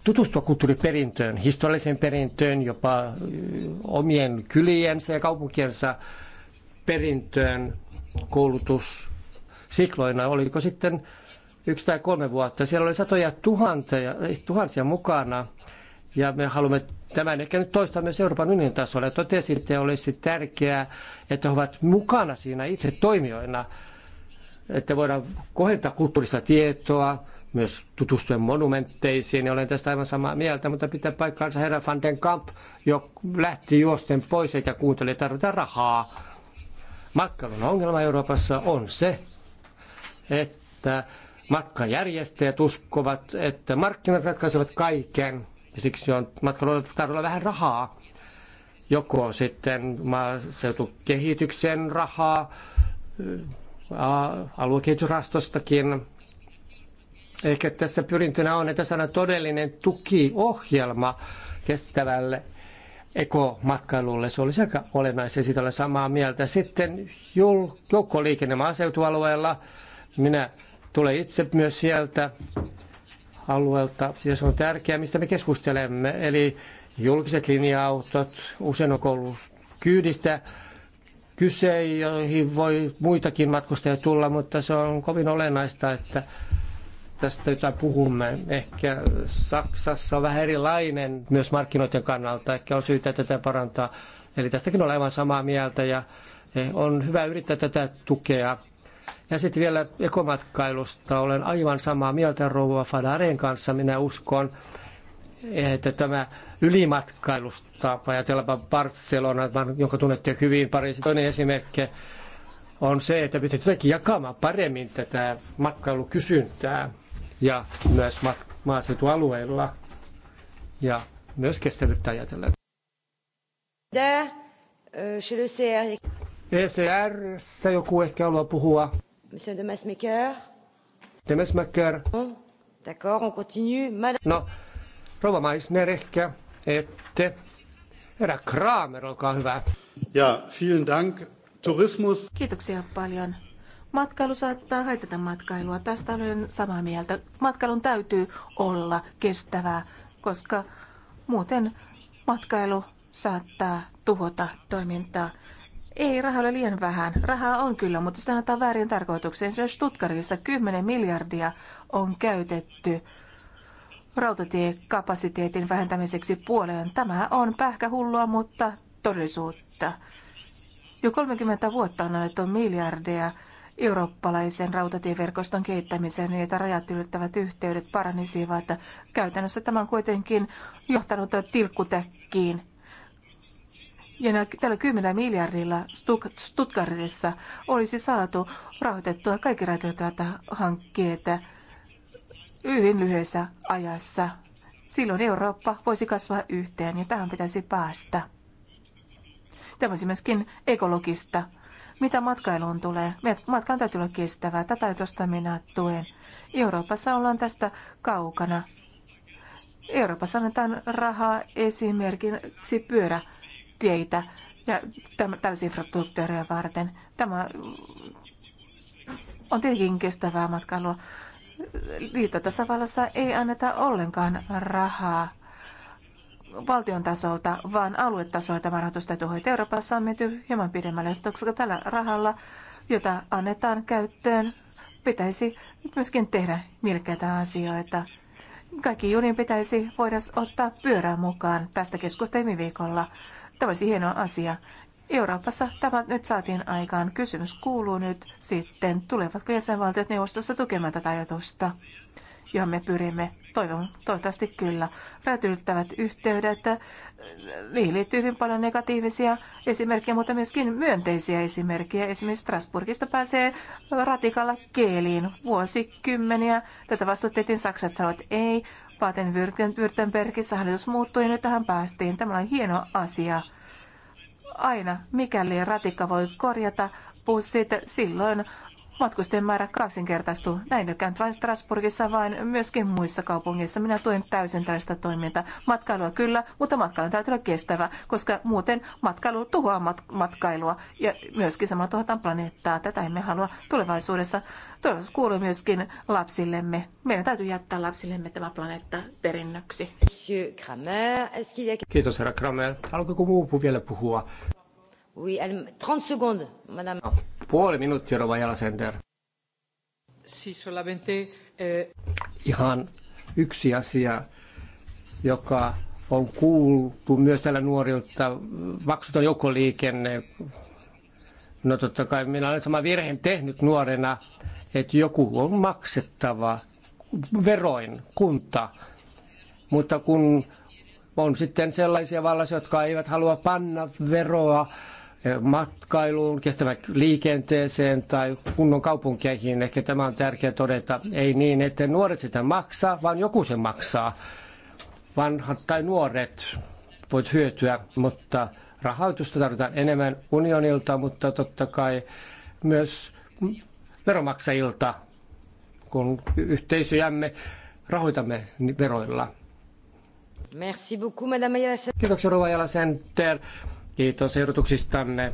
tutustua kulttuuriperintöön, historialliseen perintöön, jopa omien kyliensä ja kaupunkiensa perintöön koulutussikloina. Oliko sitten yksi tai kolme vuotta. Siellä oli satoja tuhansia, tuhansia mukana ja me haluamme tämän ehkä nyt toistaa myös Euroopan unionin tasolla. Totesitte, että olisi tärkeää, että he ovat mukana siinä itse toimijoina, että voidaan kohentaa kulttuurista tietoa, myös tutustuen monumentteisiin, ja olen tästä aivan samaa mieltä, mutta pitää paikkaansa herra Van den Kamp, jo lähti juosten pois eikä kuunteli, että tarvitaan rahaa. Matkailun ongelma Euroopassa on se, että matkajärjestäjät uskovat, että markkinat ratkaisevat kaiken. Ja siksi on olla vähän rahaa. Joko sitten maaseutukehityksen rahaa, aluekehitysrastostakin. Ehkä tässä pyrintönä on, että saadaan todellinen tukiohjelma kestävälle ekomatkailulle. Se olisi aika olennaista, siitä olen samaa mieltä. Sitten joukkoliikenne maaseutualueella. Minä tulen itse myös sieltä alueelta, ja se on tärkeää, mistä me keskustelemme. Eli julkiset linja-autot, usein on koulussa kyydistä kyse, joihin voi muitakin matkustajia tulla, mutta se on kovin olennaista, että tästä jotain puhumme. Ehkä Saksassa on vähän erilainen myös markkinoiden kannalta, ehkä on syytä tätä parantaa. Eli tästäkin olen aivan samaa mieltä ja on hyvä yrittää tätä tukea. Ja sitten vielä ekomatkailusta. Olen aivan samaa mieltä Rouva Fadaren kanssa. Minä uskon, että tämä ylimatkailusta, ajatellaanpa Barcelona, jonka tunnette hyvin, Pariisin toinen esimerkki, on se, että pitäisi jotenkin jakamaan paremmin tätä matkailukysyntää ja myös maaseutualueilla ja myös kestävyyttä ajatellen. ECR, e joku ehkä haluaa puhua. Monsieur de Masmaker. De Masmaker. Oh, d'accord, on continue. Madame... No, rouva Maisner ehkä, ette. Herra Kramer, olkaa hyvä. Ja, vielen dank. Tourismus. Kiitoksia paljon. Matkailu saattaa haitata matkailua. Tästä olen samaa mieltä. Matkailun täytyy olla kestävää, koska muuten matkailu saattaa tuhota toimintaa. Ei, raha ole liian vähän. Rahaa on kyllä, mutta sitä annetaan väärin tarkoitukseen. Esimerkiksi Tutkarissa 10 miljardia on käytetty rautatiekapasiteetin vähentämiseksi puoleen. Tämä on pähkähullua, mutta todellisuutta. Jo 30 vuotta on annettu miljardeja eurooppalaisen rautatieverkoston kehittämiseen niin, että rajat ylittävät yhteydet paranisivat. Käytännössä tämä on kuitenkin johtanut tilkkutäkkiin ja tällä 10 miljardilla Stuttgartissa olisi saatu rahoitettua kaikki tätä hankkeet hyvin lyhyessä ajassa. Silloin Eurooppa voisi kasvaa yhteen ja tähän pitäisi päästä. Tämä olisi myöskin ekologista. Mitä matkailuun tulee? Matkan täytyy olla kestävää. Tätä tuosta minä tuen. Euroopassa ollaan tästä kaukana. Euroopassa annetaan rahaa esimerkiksi pyörä teitä ja tällaisia infrastruktuureja varten. Tämä on tietenkin kestävää matkailua. Liittotasavallassa ei anneta ollenkaan rahaa valtion tasolta, vaan aluetasolta varoitusta tuohon. Euroopassa on menty hieman pidemmälle, koska tällä rahalla, jota annetaan käyttöön, pitäisi myöskin tehdä mielekkäitä asioita. Kaikki junin pitäisi voida ottaa pyörää mukaan tästä keskustelmiviikolla. viikolla Tämä olisi hieno asia. Euroopassa tämä nyt saatiin aikaan. Kysymys kuuluu nyt sitten, tulevatko jäsenvaltiot neuvostossa tukemaan tätä ajatusta, johon me pyrimme. Toivon, toivottavasti kyllä. Räätyyttävät yhteydet, niihin liittyy hyvin paljon negatiivisia esimerkkejä, mutta myöskin myönteisiä esimerkkejä. Esimerkiksi Strasburgista pääsee ratikalla keeliin vuosikymmeniä. Tätä vastustettiin Saksasta, että ei. Baden-Württembergissä hallitus muuttui ja nyt tähän päästiin. Tämä on hieno asia. Aina, mikäli ratikka voi korjata bussit, silloin matkustajien määrä kaksinkertaistuu. Näin ei käynyt vain Strasbourgissa, vaan myöskin muissa kaupungeissa. Minä tuen täysin tällaista toimintaa. Matkailua kyllä, mutta matkailu täytyy olla kestävä, koska muuten matkailu tuhoaa mat- matkailua ja myöskin samalla tuhotaan planeettaa. Tätä emme halua tulevaisuudessa. Tulevaisuus kuuluu myöskin lapsillemme. Meidän täytyy jättää lapsillemme tämä planeetta perinnöksi. Kiitos herra Kramer. Haluatko joku muu vielä puhua? Puoli minuuttia, Rova Jalasender. Eh, Ihan yksi asia, joka on kuultu myös täällä nuorilta, maksuton joukkoliikenne. No totta kai minä olen sama virheen tehnyt nuorena, että joku on maksettava veroin, kunta. Mutta kun on sitten sellaisia vallassa, jotka eivät halua panna veroa matkailuun, kestävän liikenteeseen tai kunnon kaupunkeihin. Ehkä tämä on tärkeää todeta. Ei niin, että nuoret sitä maksaa, vaan joku sen maksaa. Vanhat tai nuoret voit hyötyä, mutta rahoitusta tarvitaan enemmän unionilta, mutta totta kai myös veromaksajilta, kun yhteisöjämme rahoitamme veroilla. Merci beaucoup, Madame Kiitoksia Rova Jala Center. Kiitos ehdotuksistanne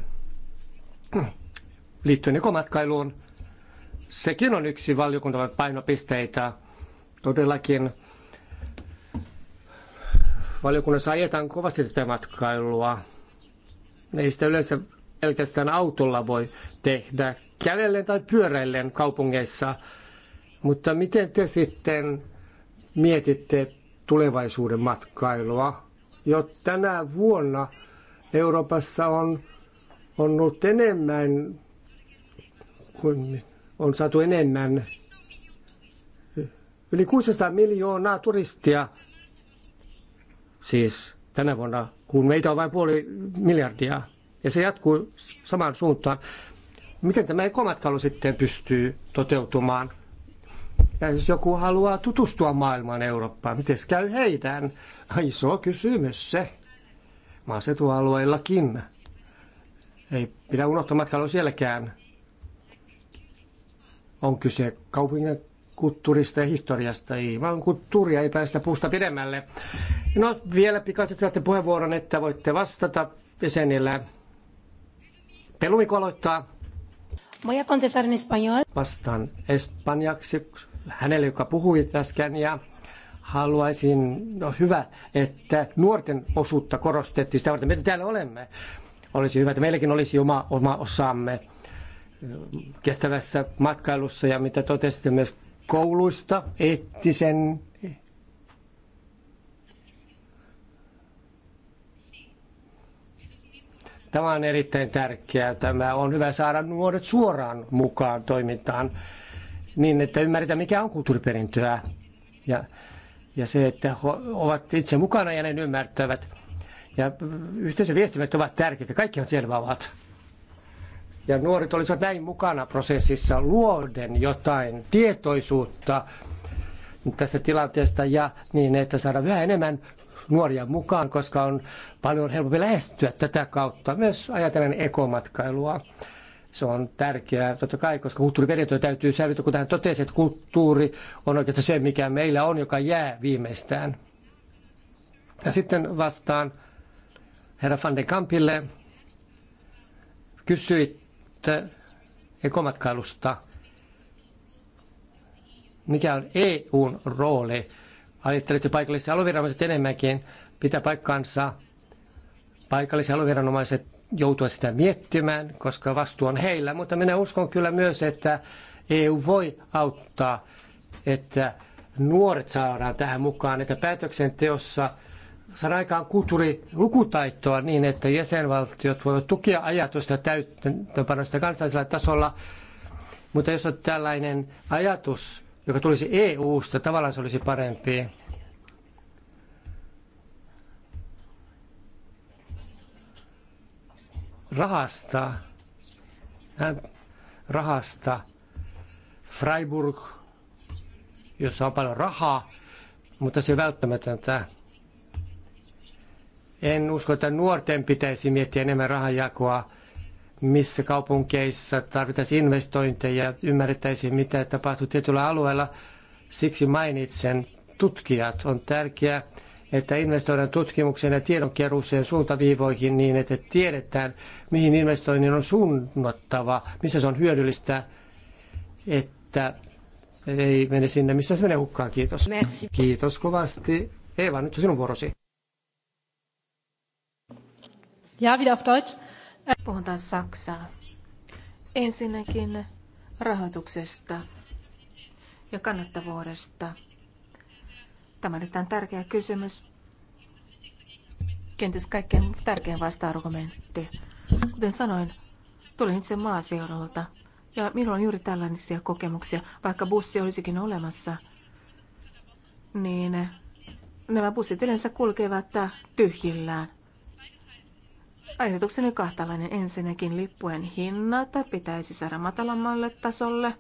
liittyen ekomatkailuun. Sekin on yksi valiokuntamme painopisteitä. Todellakin valiokunnassa ajetaan kovasti tätä matkailua. Ei sitä yleensä pelkästään autolla voi tehdä, kävellen tai pyöräillen kaupungeissa. Mutta miten te sitten mietitte tulevaisuuden matkailua? Jo tänä vuonna Euroopassa on, on ollut enemmän kun on saatu enemmän. Yli 600 miljoonaa turistia, siis tänä vuonna, kun meitä on vain puoli miljardia. Ja se jatkuu samaan suuntaan. Miten tämä ekomatkailu sitten pystyy toteutumaan? Ja jos joku haluaa tutustua maailmaan Eurooppaan, miten käy heidän Iso kysymys se maaseutualueillakin. Ei pidä unohtaa matkailu sielläkään. On kyse kaupungin kulttuurista ja historiasta. vaan kulttuuria ei päästä puusta pidemmälle. No vielä pikaisesti saatte puheenvuoron, että voitte vastata jäsenillä. Pelumiko aloittaa. Voy a contestar en español. Vastaan espanjaksi hänelle, joka puhui äsken, ja haluaisin, no hyvä, että nuorten osuutta korostettiin sitä varten, me täällä olemme. Olisi hyvä, että meilläkin olisi oma, oma osamme kestävässä matkailussa ja mitä totesitte myös kouluista, eettisen Tämä on erittäin tärkeää. Tämä on hyvä saada nuoret suoraan mukaan toimintaan niin, että ymmärretään mikä on kulttuuriperintöä. Ja ja se, että ovat itse mukana ja ne ymmärtävät. Ja yhteisön viestimet ovat tärkeitä, kaikkihan selvä ovat. Ja nuoret olisivat näin mukana prosessissa luoden jotain tietoisuutta tästä tilanteesta ja niin, että saadaan vähän enemmän nuoria mukaan, koska on paljon helpompi lähestyä tätä kautta myös ajatellen ekomatkailua. Se on tärkeää totta kai, koska kulttuuriperintöä täytyy säilyttää, kun hän totesi, että kulttuuri on oikeastaan se, mikä meillä on, joka jää viimeistään. Ja sitten vastaan herra Van de Kampille. Kysyitte ekomatkailusta. Mikä on EUn rooli? Ajattelette paikallisia alueviranomaiset enemmänkin pitää paikkansa. Paikalliset alueviranomaiset joutua sitä miettimään, koska vastuu on heillä, mutta minä uskon kyllä myös, että EU voi auttaa, että nuoret saadaan tähän mukaan, että päätöksenteossa saadaan aikaan kulttuurilukutaitoa niin, että jäsenvaltiot voivat tukea ajatusta täyttöönpanosta kansallisella tasolla, mutta jos on tällainen ajatus, joka tulisi EU-sta, tavallaan se olisi parempi. rahasta, äh, rahasta Freiburg, jossa on paljon rahaa, mutta se on välttämätöntä. En usko, että nuorten pitäisi miettiä enemmän rahanjakoa, missä kaupunkeissa tarvitaan investointeja, ymmärrettäisiin mitä tapahtuu tietyllä alueella. Siksi mainitsen tutkijat. On tärkeää, että investoidaan tutkimukseen ja tiedonkeruuseen suuntaviivoihin niin, että tiedetään, mihin investoinnin on suunnattava, missä se on hyödyllistä, että ei mene sinne, missä se menee hukkaan. Kiitos. Merci. Kiitos kovasti. Eeva, nyt on sinun vuorosi. Ja, wieder auf Deutsch. Puhun taas Saksaa. Ensinnäkin rahoituksesta ja kannattavuudesta. Tämä on erittäin tärkeä kysymys. Kenties kaikkein tärkein vasta-argumentti. Kuten sanoin, tulin itse maaseudulta ja minulla on juuri tällaisia kokemuksia. Vaikka bussi olisikin olemassa, niin nämä bussit yleensä kulkevat tyhjillään. Ajatukseni kahtalainen ensinnäkin lippujen hinnat pitäisi saada matalammalle tasolle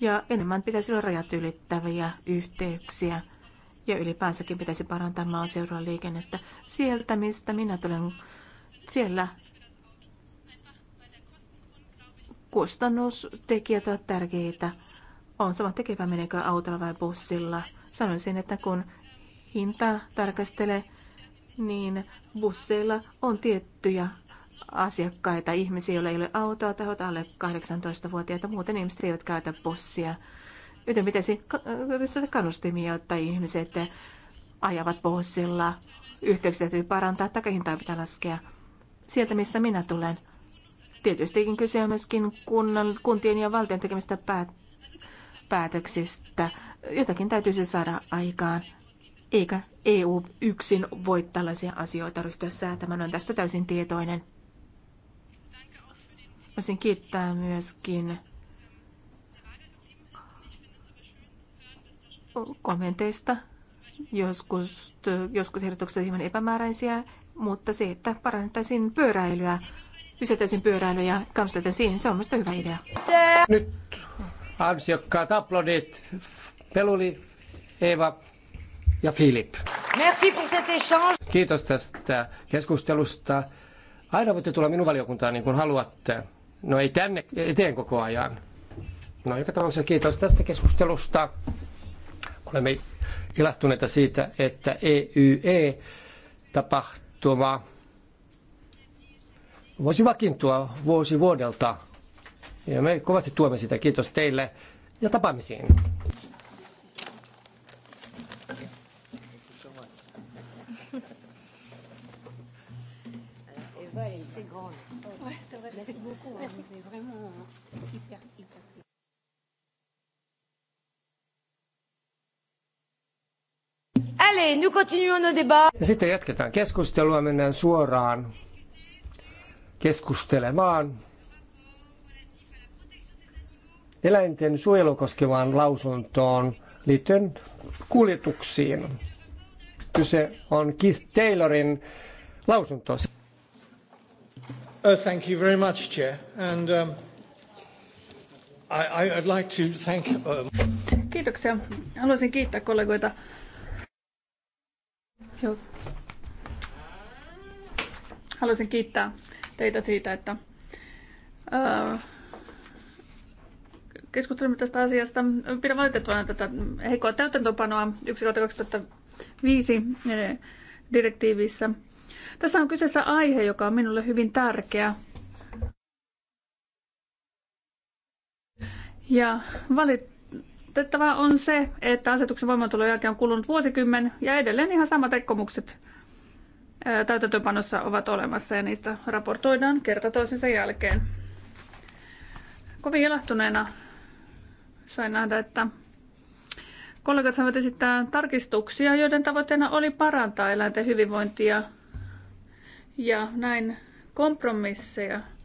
ja enemmän pitäisi olla rajat ylittäviä yhteyksiä – ja ylipäänsäkin pitäisi parantaa maaseudun liikennettä. Sieltä, mistä minä tulen, siellä kustannustekijät ovat tärkeitä. On sama tekevä, menekö autolla vai bussilla. Sanoisin, että kun hinta tarkastelee, niin busseilla on tiettyjä asiakkaita, ihmisiä, joilla ei ole autoa tai alle 18-vuotiaita. Muuten ihmiset eivät käytä bussia. Joten pitäisi äh, lisätä kannustimia, että ihmiset ajavat bussilla. Yhteyksiä täytyy parantaa, takahintaa pitää laskea. Sieltä, missä minä tulen. Tietystikin kyse on myöskin kunnan, kuntien ja valtion tekemistä päät- päätöksistä. Jotakin täytyisi saada aikaan. Eikä EU yksin voi tällaisia asioita ryhtyä säätämään. Olen tästä täysin tietoinen. Voisin kiittää myöskin kommenteista. Joskus, joskus ehdotukset hieman epämääräisiä, mutta se, että parannettaisiin pyöräilyä, lisätäisiin pyöräilyä ja kannustetaan siihen, se on minusta hyvä idea. Nyt ansiokkaat aplodit Peluli, Eeva ja Filip. Merci pour cet échange. Kiitos tästä keskustelusta. Aina voitte tulla minun valiokuntaan niin kuin haluatte. No ei tänne eteen koko ajan. No joka tapauksessa kiitos tästä keskustelusta. Olemme ilahtuneita siitä, että EYE-tapahtuma voisi vakiintua vuosi vuodelta. Ja me kovasti tuemme sitä. Kiitos teille ja tapaamisiin. Merci beaucoup. C'est vraiment. Allez, nous continuons nos débats. Ja sitten jatketaan keskustelua, mennään suoraan keskustelemaan eläinten suojelu koskevaan lausuntoon liittyen kuljetuksiin. Kyse on Keith Taylorin lausunto. Oh, thank you very much, Chair. And um, I, I'd like to thank... Um... Kiitoksia. Haluaisin kiittää kollegoita Joo. Haluaisin kiittää teitä siitä, että öö, keskustelimme tästä asiasta. Pidän valitettavana tätä heikkoa täytäntöpanoa 1.2005 direktiivissä. Tässä on kyseessä aihe, joka on minulle hyvin tärkeä. Ja valit Muistettava on se, että asetuksen voimaantulon jälkeen on kulunut vuosikymmen ja edelleen ihan samat rikkomukset täytäntöönpanossa ovat olemassa ja niistä raportoidaan kerta toisensa jälkeen. Kovin ilahtuneena sain nähdä, että kollegat saivat esittää tarkistuksia, joiden tavoitteena oli parantaa eläinten hyvinvointia ja näin kompromisseja –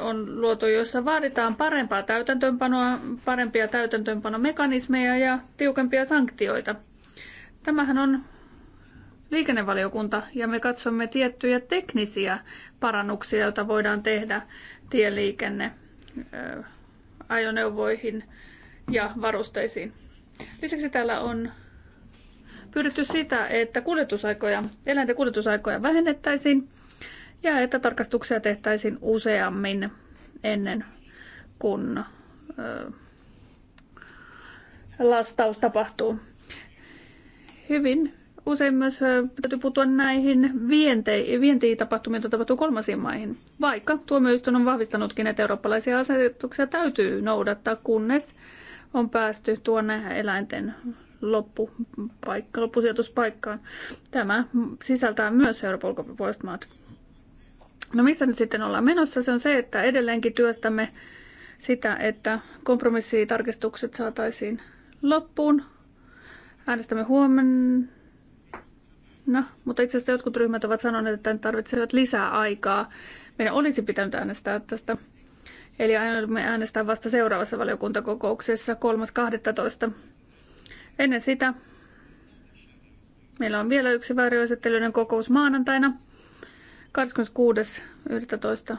on luotu, jossa vaaditaan parempaa täytäntöönpanoa, parempia täytäntöönpanomekanismeja ja tiukempia sanktioita. Tämähän on liikennevaliokunta ja me katsomme tiettyjä teknisiä parannuksia, joita voidaan tehdä tieliikenne ajoneuvoihin ja varusteisiin. Lisäksi täällä on pyydetty sitä, että kuljetusaikoja, eläinten kuljetusaikoja vähennettäisiin ja että tarkastuksia tehtäisiin useammin ennen kuin lastaus tapahtuu. Hyvin usein myös täytyy puuttua näihin vientiin tapahtumiin, joita tapahtuu kolmansiin maihin. Vaikka tuomioistuin on vahvistanutkin, että eurooppalaisia asetuksia täytyy noudattaa, kunnes on päästy tuonne eläinten loppupaikka, loppusijoituspaikkaan. Tämä sisältää myös Euroopan ulkopuoliset maat. No missä nyt sitten ollaan menossa? Se on se, että edelleenkin työstämme sitä, että kompromissitarkistukset saataisiin loppuun. Äänestämme huomenna, mutta itse asiassa jotkut ryhmät ovat sanoneet, että ne tarvitsevat lisää aikaa. Meidän olisi pitänyt äänestää tästä. Eli me äänestää vasta seuraavassa valiokuntakokouksessa 3.12. Ennen sitä meillä on vielä yksi varjoesittelyinen kokous maanantaina 26.11.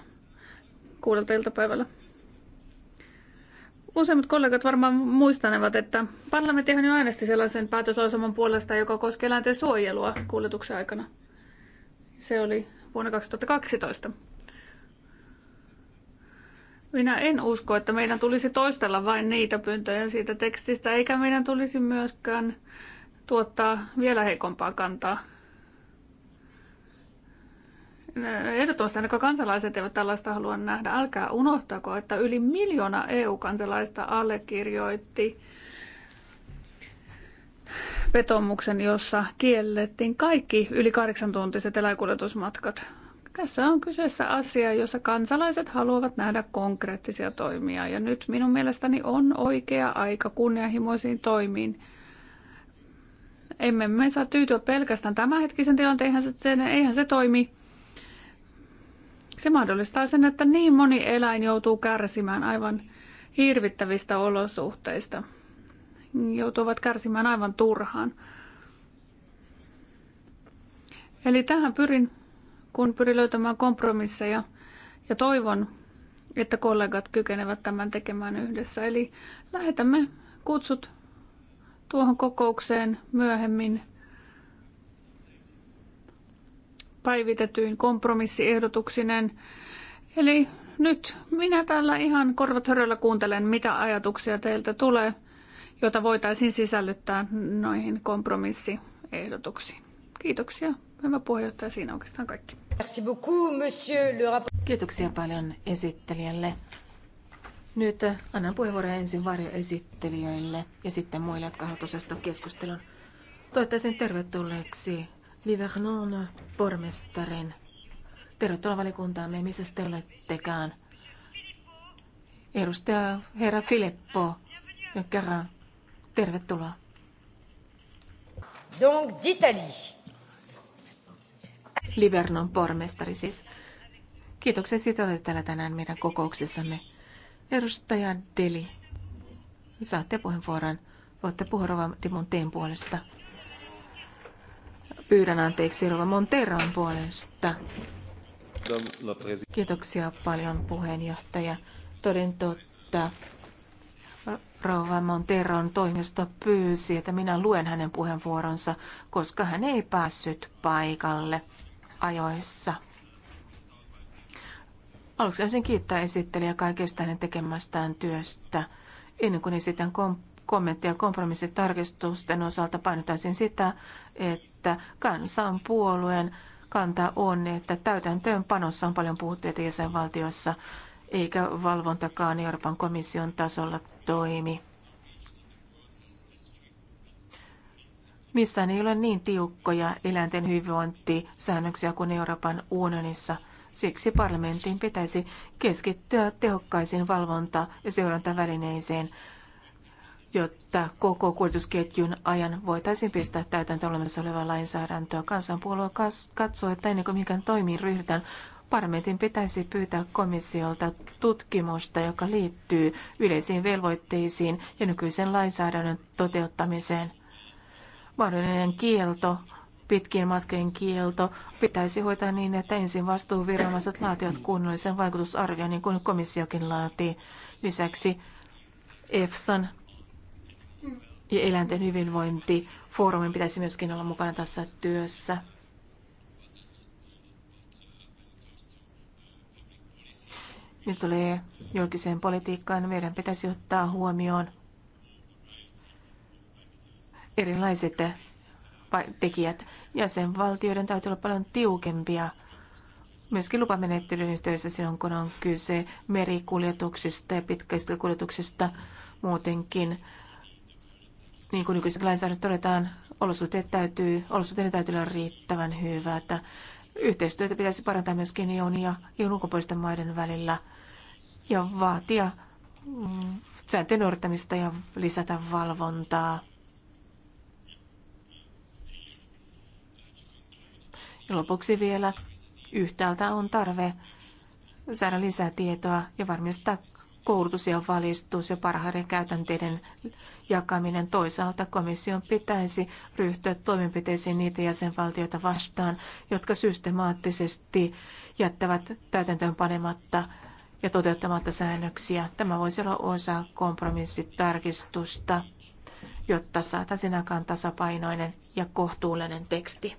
kuudelta iltapäivällä. Useimmat kollegat varmaan muistanevat, että parlamenttihan jo äänesti sellaisen päätösosaman puolesta, joka koskee eläinten suojelua kuljetuksen aikana. Se oli vuonna 2012. Minä en usko, että meidän tulisi toistella vain niitä pyyntöjä siitä tekstistä, eikä meidän tulisi myöskään tuottaa vielä heikompaa kantaa. Ehdottomasti ainakaan kansalaiset eivät tällaista halua nähdä. Älkää unohtako, että yli miljoona EU-kansalaista allekirjoitti petomuksen, jossa kiellettiin kaikki yli tuntiset eläinkuljetusmatkat. Tässä on kyseessä asia, jossa kansalaiset haluavat nähdä konkreettisia toimia ja nyt minun mielestäni on oikea aika kunnianhimoisiin toimiin. Emme me saa tyytyä pelkästään tämänhetkisen tilanteen, eihän se, eihän se toimi se mahdollistaa sen, että niin moni eläin joutuu kärsimään aivan hirvittävistä olosuhteista. Joutuvat kärsimään aivan turhaan. Eli tähän pyrin, kun pyrin löytämään kompromisseja ja toivon, että kollegat kykenevät tämän tekemään yhdessä. Eli lähetämme kutsut tuohon kokoukseen myöhemmin päivitetyin kompromissiehdotuksinen. Eli nyt minä täällä ihan korvat höröllä kuuntelen, mitä ajatuksia teiltä tulee, jota voitaisiin sisällyttää noihin kompromissiehdotuksiin. Kiitoksia. Hyvä puheenjohtaja, siinä oikeastaan kaikki. Kiitoksia paljon esittelijälle. Nyt annan puheenvuoron ensin varjoesittelijöille ja sitten muille, jotka haluavat keskustelun. Toivottaisin tervetulleeksi Livernon pormestarin. Tervetuloa valikuntaamme, missä te olettekään. Edustaja herra Filippo Kerran, tervetuloa. Donc d'Italie. Livernon pormestari siis. Kiitoksia siitä, olette täällä tänään meidän kokouksessamme. Edustaja Deli, saatte puheenvuoron. Voitte puhua Rova Dimonteen puolesta. Pyydän anteeksi Rova Monteron puolesta. Kiitoksia paljon puheenjohtaja. Toden totta. Rova Monteron toimisto pyysi, että minä luen hänen puheenvuoronsa, koska hän ei päässyt paikalle ajoissa. Aluksi haluaisin kiittää esittelijä kaikesta hänen tekemästään työstä. Ennen kuin esitän komp- ja kompromissitarkistusten osalta painotaisin sitä, että kansanpuolueen kanta on, että täytäntöönpanossa on paljon puutteita jäsenvaltioissa, eikä valvontakaan Euroopan komission tasolla toimi. Missään ei ole niin tiukkoja eläinten hyvinvointisäännöksiä kuin Euroopan unionissa. Siksi parlamentin pitäisi keskittyä tehokkaisiin valvonta- ja seurantavälineisiin jotta koko kuljetusketjun ajan voitaisiin pistää täytäntöön olemassa olevaa lainsäädäntöä. Kansanpuolue katsoo, että ennen kuin mihinkään toimiin ryhdytään, parlamentin pitäisi pyytää komissiolta tutkimusta, joka liittyy yleisiin velvoitteisiin ja nykyisen lainsäädännön toteuttamiseen. Mahdollinen kielto, pitkien matkojen kielto, pitäisi hoitaa niin, että ensin vastuuviranomaiset laativat kunnollisen vaikutusarvion, niin kuin komissiokin laatii. Lisäksi EFSAn ja eläinten hyvinvointifoorumin pitäisi myöskin olla mukana tässä työssä. Nyt tulee julkiseen politiikkaan. Meidän pitäisi ottaa huomioon erilaiset tekijät. Jäsenvaltioiden täytyy olla paljon tiukempia myöskin lupamenettelyn yhteydessä silloin, kun on kyse merikuljetuksista ja pitkäistä kuljetuksista muutenkin niin kuin nykyisessä lainsäädännössä todetaan, olosuhteet täytyy, olosuhteiden täytyy olla riittävän että Yhteistyötä pitäisi parantaa myöskin EUn ja EUn ulkopuolisten maiden välillä ja vaatia mm, sääntöjen noudattamista ja lisätä valvontaa. Ja lopuksi vielä yhtäältä on tarve saada lisää tietoa ja varmistaa koulutus ja valistus ja parhaiden käytänteiden jakaminen. Toisaalta komission pitäisi ryhtyä toimenpiteisiin niitä jäsenvaltioita vastaan, jotka systemaattisesti jättävät täytäntöön panematta ja toteuttamatta säännöksiä. Tämä voisi olla osa kompromissitarkistusta, jotta saataisiin aikaan tasapainoinen ja kohtuullinen teksti.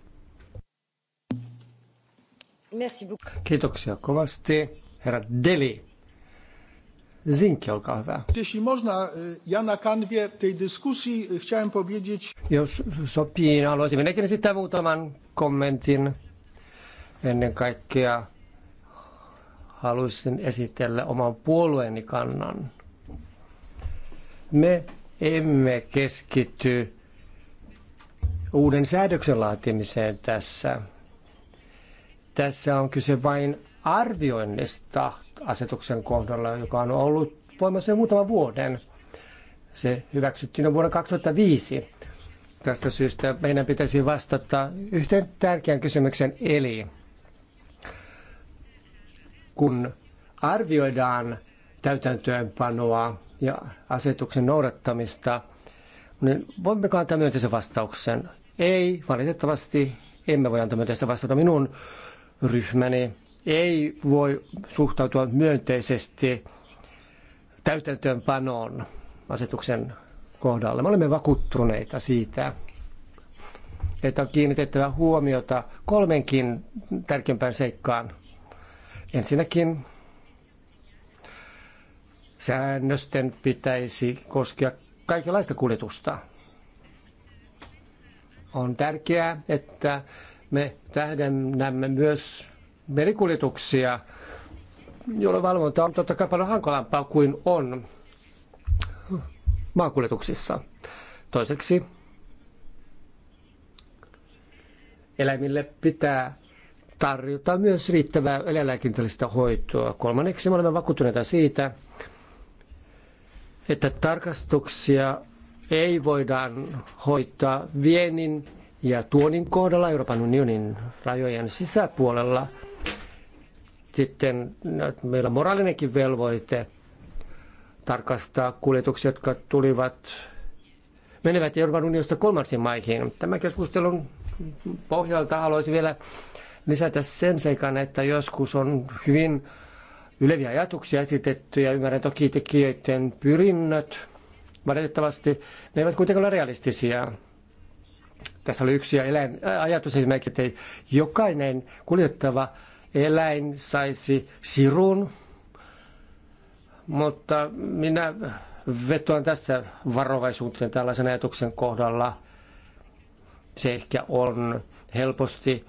Kiitoksia kovasti, herra Deli. Zinke, olkaa hyvä. Jeśli można, ja na kanwie tej dyskusji chciałem powiedzieć... Jos sopii, no, haluaisin minäkin esittää muutaman kommentin. Ennen kaikkea haluaisin esitellä oman puolueeni kannan. Me emme keskity uuden säädöksen laatimiseen tässä. Tässä on kyse vain arvioinnista asetuksen kohdalla, joka on ollut voimassa jo muutaman vuoden. Se hyväksyttiin jo vuonna 2005. Tästä syystä meidän pitäisi vastata yhteen tärkeän kysymyksen, eli kun arvioidaan täytäntöönpanoa ja asetuksen noudattamista, niin voimmeko antaa myönteisen vastauksen? Ei, valitettavasti emme voi antaa myönteistä vastausta. Minun ryhmäni ei voi suhtautua myönteisesti täytäntöönpanoon asetuksen kohdalla. Me olemme vakuuttuneita siitä, että on kiinnitettävä huomiota kolmenkin tärkeimpään seikkaan. Ensinnäkin säännösten pitäisi koskea kaikenlaista kuljetusta. On tärkeää, että me tähdennämme myös merikuljetuksia, jolloin valvonta on totta kai paljon hankalampaa kuin on maakuljetuksissa. Toiseksi eläimille pitää tarjota myös riittävää eläinlääkintällistä hoitoa. Kolmanneksi me olemme vakuuttuneita siitä, että tarkastuksia ei voidaan hoitaa vienin ja tuonin kohdalla Euroopan unionin rajojen sisäpuolella – sitten no, meillä on moraalinenkin velvoite tarkastaa kuljetuksia, jotka tulivat, menevät Euroopan unionista kolmansiin maihin. Tämän keskustelun pohjalta haluaisin vielä lisätä sen seikan, että joskus on hyvin yleviä ajatuksia esitetty ja ymmärrän toki tekijöiden pyrinnöt. Valitettavasti ne eivät kuitenkaan ole realistisia. Tässä oli yksi eläin, ajatus esimerkiksi, että jokainen kuljettava eläin saisi sirun, mutta minä vetoan tässä varovaisuuteen tällaisen ajatuksen kohdalla. Se ehkä on helposti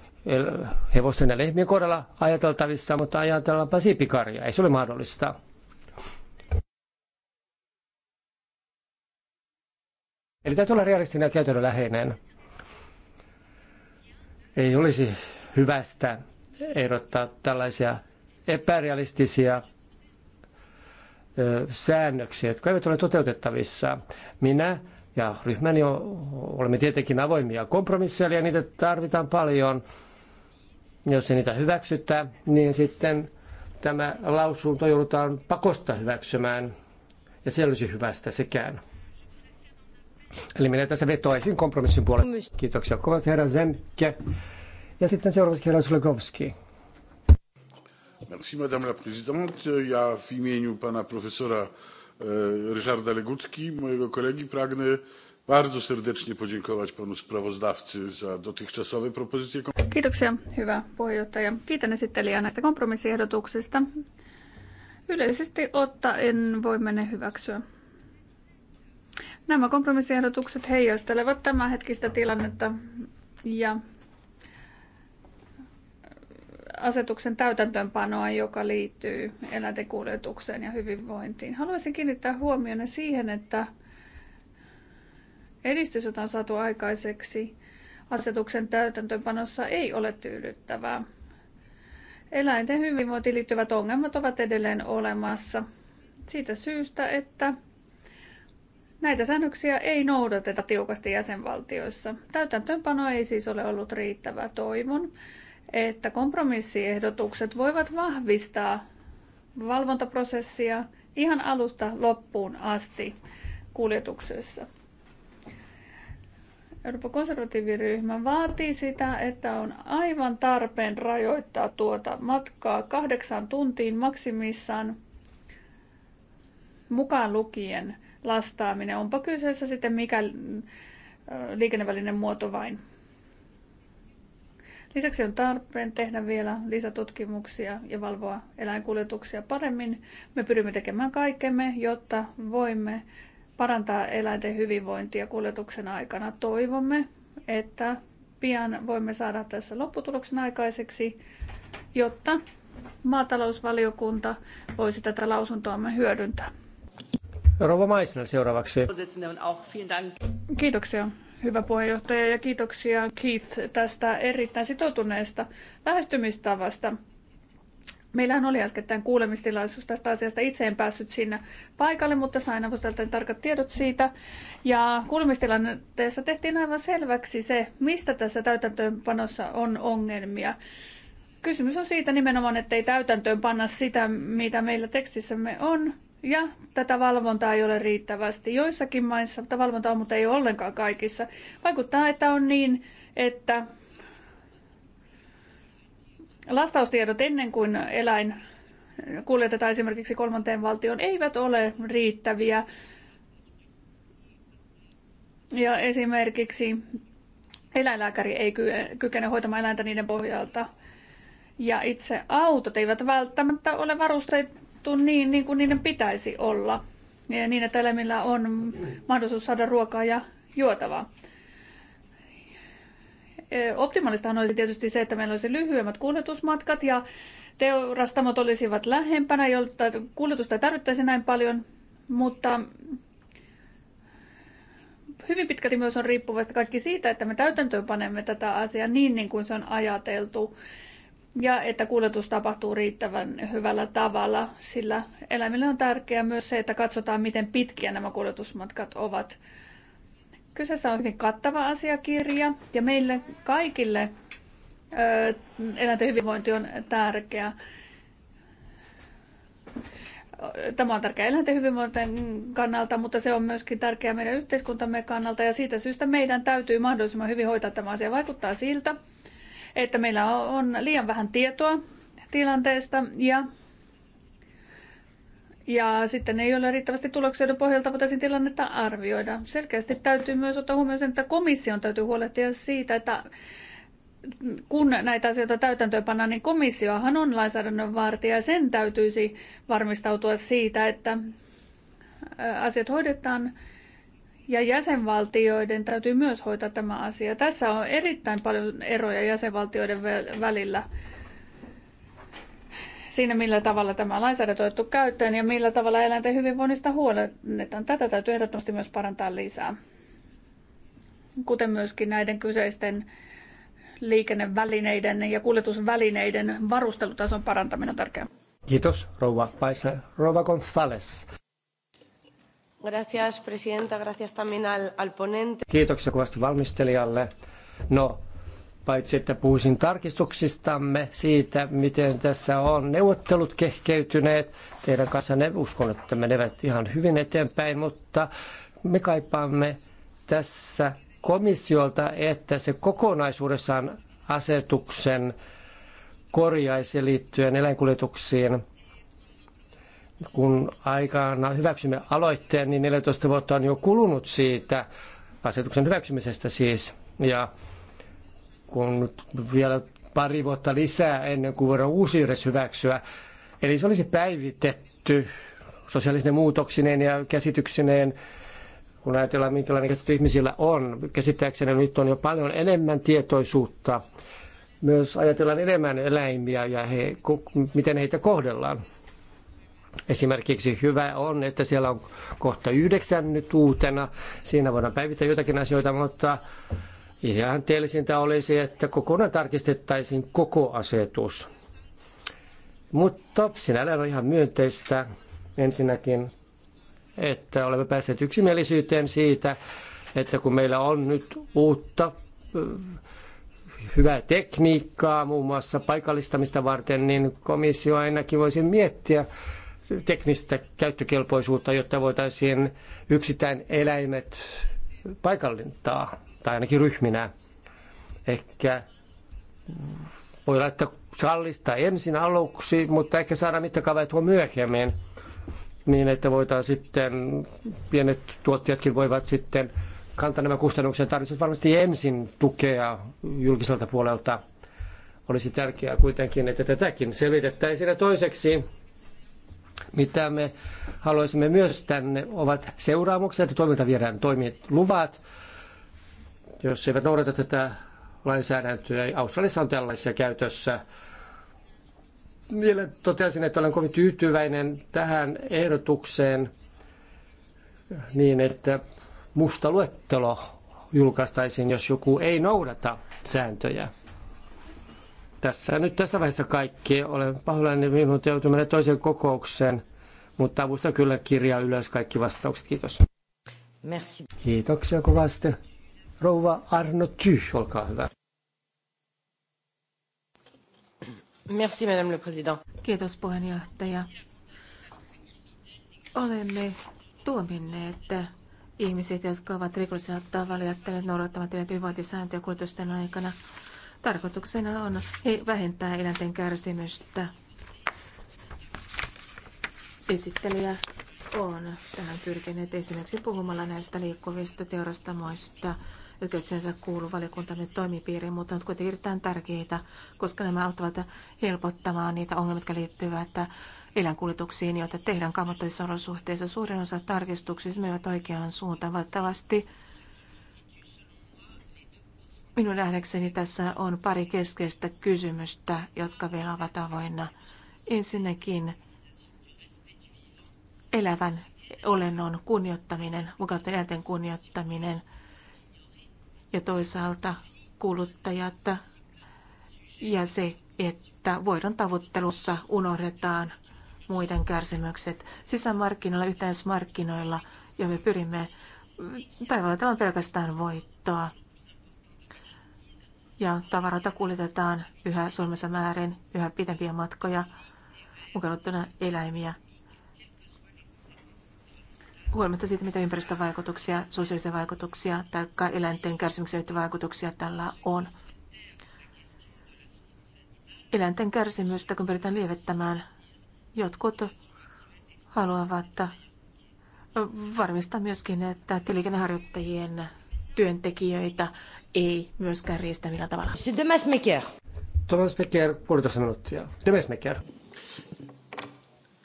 hevosten ja lehmien kohdalla ajateltavissa, mutta ajatellaanpa siipikaria. Ei se ole mahdollista. Eli täytyy olla realistinen ja käytännönläheinen. Ei olisi hyvästä, ehdottaa tällaisia epärealistisia säännöksiä, jotka eivät ole toteutettavissa. Minä ja ryhmäni olemme tietenkin avoimia kompromisseja, ja niitä tarvitaan paljon. Jos ei niitä hyväksytä, niin sitten tämä lausunto joudutaan pakosta hyväksymään, ja se olisi hyvästä sekään. Eli minä tässä vetoaisin kompromissin puolelle. Kiitoksia kovasti herra Zemke. Ja sitten seuraavaksi herra Slagowski. Merci madame la présidente. Ja w imieniu pana profesora e, Ryszarda Legutki, mojego kolegi, pragnę bardzo serdecznie podziękować panu sprawozdawcy za dotychczasowe propozycje. Kiitoksia, hyvä puheenjohtaja. Kiitän esittelijää näistä kompromissiehdotuksista. Yleisesti ottaen voimme ne hyväksyä. Nämä kompromissiehdotukset heijastelevat tämänhetkistä tilannetta ja asetuksen täytäntöönpanoa, joka liittyy eläinten kuljetukseen ja hyvinvointiin. Haluaisin kiinnittää huomioon siihen, että edistys, jota on saatu aikaiseksi asetuksen täytäntöönpanossa, ei ole tyydyttävää. Eläinten hyvinvointiin liittyvät ongelmat ovat edelleen olemassa siitä syystä, että Näitä säännöksiä ei noudateta tiukasti jäsenvaltioissa. Täytäntöönpano ei siis ole ollut riittävää toivon, että kompromissiehdotukset voivat vahvistaa valvontaprosessia ihan alusta loppuun asti kuljetuksessa. Euroopan konservatiiviryhmä vaatii sitä, että on aivan tarpeen rajoittaa tuota matkaa kahdeksan tuntiin maksimissaan mukaan lukien lastaaminen, onpa kyseessä sitten mikä liikennevälinen muoto vain. Lisäksi on tarpeen tehdä vielä lisätutkimuksia ja valvoa eläinkuljetuksia paremmin. Me pyrimme tekemään kaikkemme, jotta voimme parantaa eläinten hyvinvointia kuljetuksen aikana. Toivomme, että pian voimme saada tässä lopputuloksen aikaiseksi, jotta maatalousvaliokunta voisi tätä lausuntoamme hyödyntää. Rouva Maisner seuraavaksi. Kiitoksia hyvä puheenjohtaja, ja kiitoksia Keith tästä erittäin sitoutuneesta lähestymistavasta. Meillähän oli äskettäin kuulemistilaisuus tästä asiasta. Itse en päässyt sinne paikalle, mutta sain avustajilta tarkat tiedot siitä. Ja kuulemistilanteessa tehtiin aivan selväksi se, mistä tässä täytäntöönpanossa on ongelmia. Kysymys on siitä nimenomaan, että ei täytäntöön panna sitä, mitä meillä tekstissämme on, ja tätä valvontaa ei ole riittävästi joissakin maissa, mutta valvontaa on, mutta ei ole ollenkaan kaikissa. Vaikuttaa, että on niin, että lastaustiedot ennen kuin eläin kuljetetaan esimerkiksi kolmanteen valtioon eivät ole riittäviä. Ja esimerkiksi eläinlääkäri ei kykene hoitamaan eläintä niiden pohjalta. Ja itse autot eivät välttämättä ole varusteet tuotettu niin, niin kuin niiden pitäisi olla. Ja niin, että eläimillä on mahdollisuus saada ruokaa ja juotavaa. E, Optimaalistahan olisi tietysti se, että meillä olisi lyhyemmät kuljetusmatkat ja teurastamot olisivat lähempänä, jotta kuljetusta ei tarvittaisi näin paljon, mutta hyvin pitkälti myös on riippuvaista kaikki siitä, että me täytäntöön panemme tätä asiaa niin, niin kuin se on ajateltu ja että kuljetus tapahtuu riittävän hyvällä tavalla, sillä eläimille on tärkeää myös se, että katsotaan, miten pitkiä nämä kuljetusmatkat ovat. Kyseessä on hyvin kattava asiakirja ja meille kaikille ö, eläinten hyvinvointi on tärkeä. Tämä on tärkeä eläinten hyvinvointien kannalta, mutta se on myöskin tärkeä meidän yhteiskuntamme kannalta ja siitä syystä meidän täytyy mahdollisimman hyvin hoitaa tämä asia. Vaikuttaa siltä, että meillä on liian vähän tietoa tilanteesta ja ja sitten ei ole riittävästi tuloksia, joiden pohjalta voitaisiin tilannetta arvioida. Selkeästi täytyy myös ottaa huomioon sen, että komission täytyy huolehtia siitä, että kun näitä asioita täytäntöön pannaan, niin komissiohan on lainsäädännön vartija ja sen täytyisi varmistautua siitä, että asiat hoidetaan ja jäsenvaltioiden täytyy myös hoitaa tämä asia. Tässä on erittäin paljon eroja jäsenvaltioiden välillä siinä, millä tavalla tämä lainsäädäntö on otettu käyttöön ja millä tavalla eläinten hyvinvoinnista huolehditaan. Tätä täytyy ehdottomasti myös parantaa lisää. Kuten myöskin näiden kyseisten liikennevälineiden ja kuljetusvälineiden varustelutason parantaminen on tärkeää. Kiitos, rouva Paisa. Rouva Gonzales. Gracias, presidenta. Gracias también al, al ponente. Kiitoksia kovasti valmistelijalle. No, paitsi että puhuisin tarkistuksistamme siitä, miten tässä on neuvottelut kehkeytyneet. Teidän kanssanne uskon, että menevät ihan hyvin eteenpäin, mutta me kaipaamme tässä komissiolta, että se kokonaisuudessaan asetuksen korjaisi liittyen eläinkuljetuksiin – kun aikana hyväksymme aloitteen, niin 14 vuotta on jo kulunut siitä asetuksen hyväksymisestä siis. Ja kun nyt vielä pari vuotta lisää ennen kuin voidaan uusi edes hyväksyä. Eli se olisi päivitetty sosiaalisine muutoksineen ja käsityksineen, kun ajatellaan minkälainen käsitys ihmisillä on. Käsittääkseni nyt on jo paljon enemmän tietoisuutta. Myös ajatellaan enemmän eläimiä ja he, miten heitä kohdellaan. Esimerkiksi hyvä on, että siellä on kohta yhdeksän nyt uutena. Siinä voidaan päivittää jotakin asioita, mutta ihan teellisintä olisi, että kokonaan tarkistettaisiin koko asetus. Mutta sinällään on ihan myönteistä ensinnäkin, että olemme päässeet yksimielisyyteen siitä, että kun meillä on nyt uutta hyvää tekniikkaa muun muassa paikallistamista varten, niin komissio ainakin voisi miettiä, teknistä käyttökelpoisuutta, jotta voitaisiin yksittäin eläimet paikallintaa, tai ainakin ryhminä. Ehkä voi laittaa kallista ensin aluksi, mutta ehkä saada mittakaavaa tuo myöhemmin, niin että voidaan sitten, pienet tuottajatkin voivat sitten kantaa nämä kustannukset. Tarvitsisi varmasti ensin tukea julkiselta puolelta. Olisi tärkeää kuitenkin, että tätäkin selvitettäisiin. Ja toiseksi mitä me haluaisimme myös tänne, ovat seuraamukset ja toiminta viedään toimiluvat, jos eivät noudata tätä lainsäädäntöä. Australiassa on tällaisia käytössä. Vielä totesin, että olen kovin tyytyväinen tähän ehdotukseen niin, että musta luettelo julkaistaisiin, jos joku ei noudata sääntöjä. Tässä nyt tässä vaiheessa kaikki. Olen pahoillani minun joutuminen toiseen kokoukseen, mutta avusta kyllä kirjaa ylös kaikki vastaukset. Kiitos. Merci. Kiitoksia kovasti. Rouva Arno Ty, olkaa hyvä. Merci, Madame le Président. Kiitos puheenjohtaja. Olemme tuominneet ihmiset, jotka ovat rikollisella tavalla jättäneet noudattamatta hyvinvointisääntöjä kulutusten aikana. Tarkoituksena on vähentää eläinten kärsimystä. Esittelijä on tähän pyrkinyt esimerkiksi puhumalla näistä liikkuvista teurastamoista, jotka itsensä kuuluu valiokuntamme toimipiiriin, mutta ovat kuitenkin erittäin tärkeitä, koska nämä auttavat helpottamaan niitä ongelmia, jotka liittyvät eläinkuljetuksiin, joita tehdään kammottavissa olosuhteissa. Suurin osa tarkistuksista menevät oikeaan suuntaan. Valitettavasti Minun nähdäkseni tässä on pari keskeistä kysymystä, jotka vielä ovat avoinna. Ensinnäkin elävän olennon kunnioittaminen, mukaan eläinten kunnioittaminen ja toisaalta kuluttajat ja se, että voidon tavoittelussa unohdetaan muiden kärsimykset sisämarkkinoilla, yhteismarkkinoilla ja me pyrimme tavoittamaan pelkästään voittoa ja tavaroita kuljetetaan yhä Suomessa määrin, yhä pitempiä matkoja, mukaan eläimiä. Huolimatta siitä, mitä ympäristövaikutuksia, sosiaalisia vaikutuksia tai eläinten kärsimyksiä vaikutuksia tällä on. Eläinten kärsimystä, kun pyritään lievittämään, jotkut haluavat varmistaa myöskin, että liikenneharjoittajien työntekijöitä ei myöskään riistä millään tavalla. Thomas Mecker. Thomas Mecker, puolitoista minuuttia. Thomas Mecker.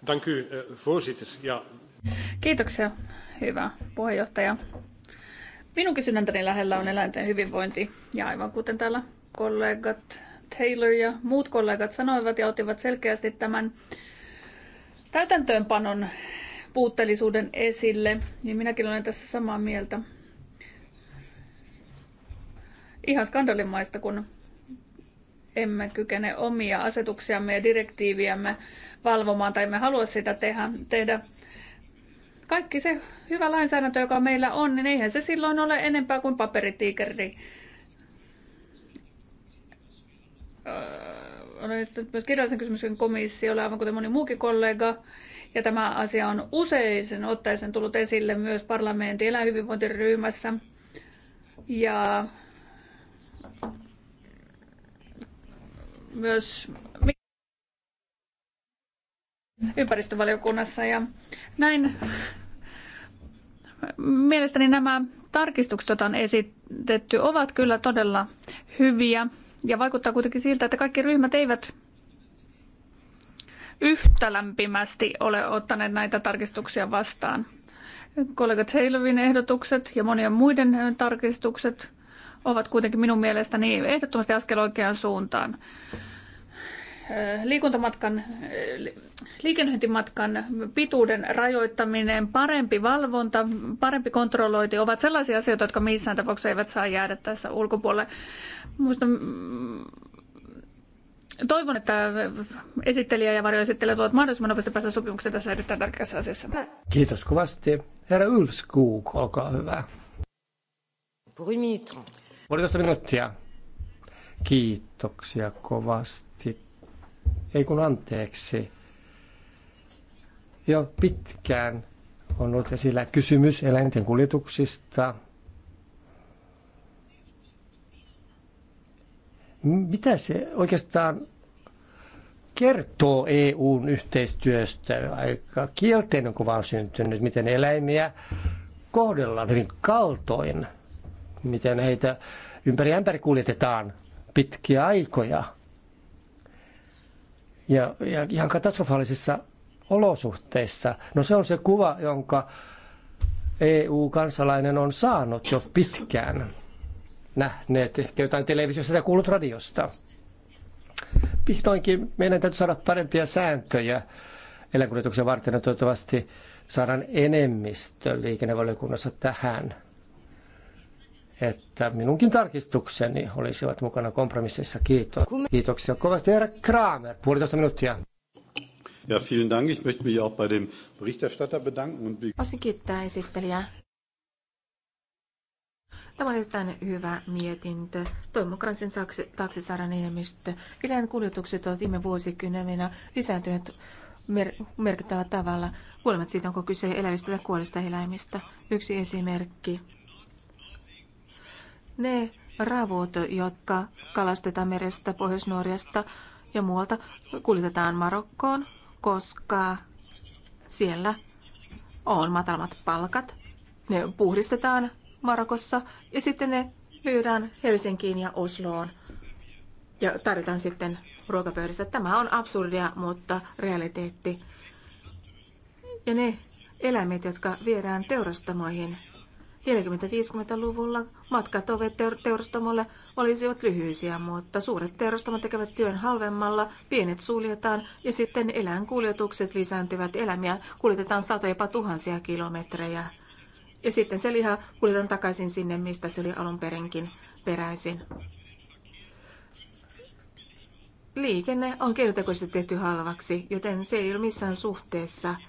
Eh, voorzitter. Ja. Kiitoksia, hyvä puheenjohtaja. Minunkin kysynnäntäni lähellä on eläinten hyvinvointi. Ja aivan kuten täällä kollegat Taylor ja muut kollegat sanoivat ja ottivat selkeästi tämän täytäntöönpanon puutteellisuuden esille, niin minäkin olen tässä samaa mieltä ihan skandalimaista, kun emme kykene omia asetuksiamme ja direktiiviämme valvomaan tai me halua sitä tehdä, tehdä. Kaikki se hyvä lainsäädäntö, joka meillä on, niin eihän se silloin ole enempää kuin paperitiikeri. Öö, olen nyt myös kirjallisen kysymyksen komissiolle, aivan kuten moni muukin kollega. Ja tämä asia on useisen ottaisen tullut esille myös parlamentin eläinhyvinvointiryhmässä. Ja myös ympäristövaliokunnassa ja näin mielestäni nämä tarkistukset, joita on esitetty, ovat kyllä todella hyviä ja vaikuttaa kuitenkin siltä, että kaikki ryhmät eivät yhtä lämpimästi ole ottaneet näitä tarkistuksia vastaan. Kollega Heilovin ehdotukset ja monien muiden tarkistukset ovat kuitenkin minun mielestäni ehdottomasti askel oikeaan suuntaan. Äh, liikuntamatkan, äh, liikennöintimatkan pituuden rajoittaminen, parempi valvonta, parempi kontrollointi ovat sellaisia asioita, jotka missään tapauksessa eivät saa jäädä tässä ulkopuolelle. Muista, mm, toivon, että esittelijä ja varjoesittelijä ovat mahdollisimman nopeasti päästä sopimukseen tässä erittäin tärkeässä asiassa. Kiitos kovasti. Herra Ylskuuk, olkaa hyvä. Pour une minute trente. Puolitoista minuuttia. Kiitoksia kovasti. Ei kun anteeksi. Jo pitkään on ollut esillä kysymys eläinten kuljetuksista. Mitä se oikeastaan kertoo EUn yhteistyöstä? Aika kielteinen kuva on syntynyt, miten eläimiä kohdellaan hyvin kaltoin – miten heitä ympäri ämpäri kuljetetaan pitkiä aikoja. Ja, ja ihan katastrofaalisissa olosuhteissa. No se on se kuva, jonka EU-kansalainen on saanut jo pitkään. Nähneet ehkä jotain televisiosta ja kuullut radiosta. Vihdoinkin meidän täytyy saada parempia sääntöjä eläinkuljetuksen varten ja toivottavasti saadaan enemmistö liikennevaliokunnassa tähän että minunkin tarkistukseni olisivat mukana kompromisseissa. Kiitos. Kiitoksia kovasti, herra Kramer. Puolitoista minuuttia. Ja, vielen Dank. Ich möchte mich auch bei dem Berichterstatter bedanken. Und Haluaisin kiittää esittelijää. Tämä on erittäin hyvä mietintö. Toivon mukaan sen taakse saadaan enemmistö. Ilän kuljetukset ovat viime vuosikymmeninä lisääntyneet mer- merkittävällä tavalla. Huolimatta siitä, onko kyse elävistä tai kuolista eläimistä. Yksi esimerkki ne ravut, jotka kalastetaan merestä, pohjois ja muualta, kuljetetaan Marokkoon, koska siellä on matalammat palkat. Ne puhdistetaan Marokossa ja sitten ne myydään Helsinkiin ja Osloon ja tarjotaan sitten ruokapöydissä. Tämä on absurdia, mutta realiteetti. Ja ne eläimet, jotka viedään teurastamoihin, 40-50-luvulla matkat ovet teurastamolle olisivat lyhyisiä, mutta suuret teurastamot tekevät työn halvemmalla, pienet suljetaan ja sitten eläinkuljetukset lisääntyvät. Eläimiä kuljetetaan satoja jopa tuhansia kilometrejä. Ja sitten se liha kuljetaan takaisin sinne, mistä se oli alun perinkin peräisin. Liikenne on kertakoisesti tehty halvaksi, joten se ei ole missään suhteessa –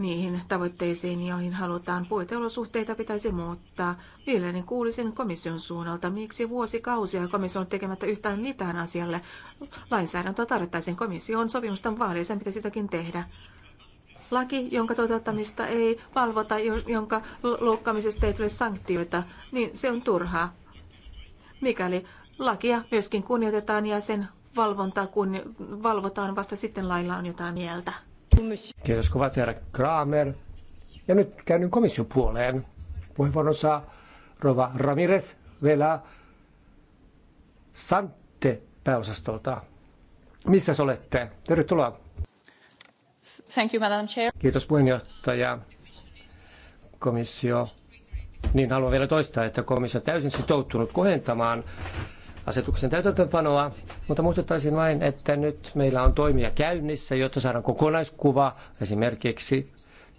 niihin tavoitteisiin, joihin halutaan. Puiteolosuhteita pitäisi muuttaa. Mielelläni kuulisin komission suunnalta, miksi vuosikausia komissio on tekemättä yhtään mitään asialle. Lainsäädäntöä tarvittaisiin komission sopimusten vaalia, sen pitäisi jotakin tehdä. Laki, jonka toteuttamista ei valvota, jonka loukkaamisesta ei tule sanktioita, niin se on turhaa. Mikäli lakia myöskin kunnioitetaan ja sen valvontaa kun valvotaan vasta sitten lailla on jotain mieltä. Kiitos kovasti herra Kramer. Ja nyt käyn komission puoleen. Puheenvuoron saa Rova Ramirez vielä Sante pääosastolta. Missä olette? Tervetuloa. Thank you, Madam Chair. Kiitos puheenjohtaja. Komissio. Niin haluan vielä toistaa, että komissio on täysin sitoutunut kohentamaan asetuksen täytäntöönpanoa, mutta muistuttaisin vain, että nyt meillä on toimia käynnissä, jotta saadaan kokonaiskuva esimerkiksi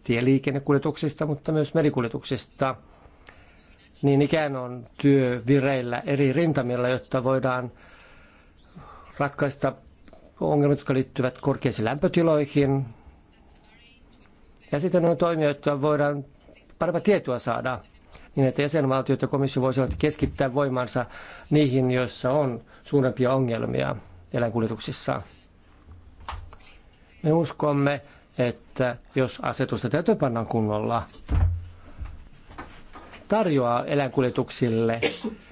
tieliikennekuljetuksista, mutta myös merikuljetuksista. Niin ikään on työ vireillä eri rintamilla, jotta voidaan ratkaista ongelmat, jotka liittyvät korkeisiin lämpötiloihin. Ja sitten on toimia, jotta voidaan parempaa tietoa saada niin että jäsenvaltiot ja komissio voisivat keskittää voimansa niihin, joissa on suurempia ongelmia eläinkuljetuksissa. Me uskomme, että jos asetusta täytäntöönpannaan kunnolla, tarjoaa eläinkuljetuksille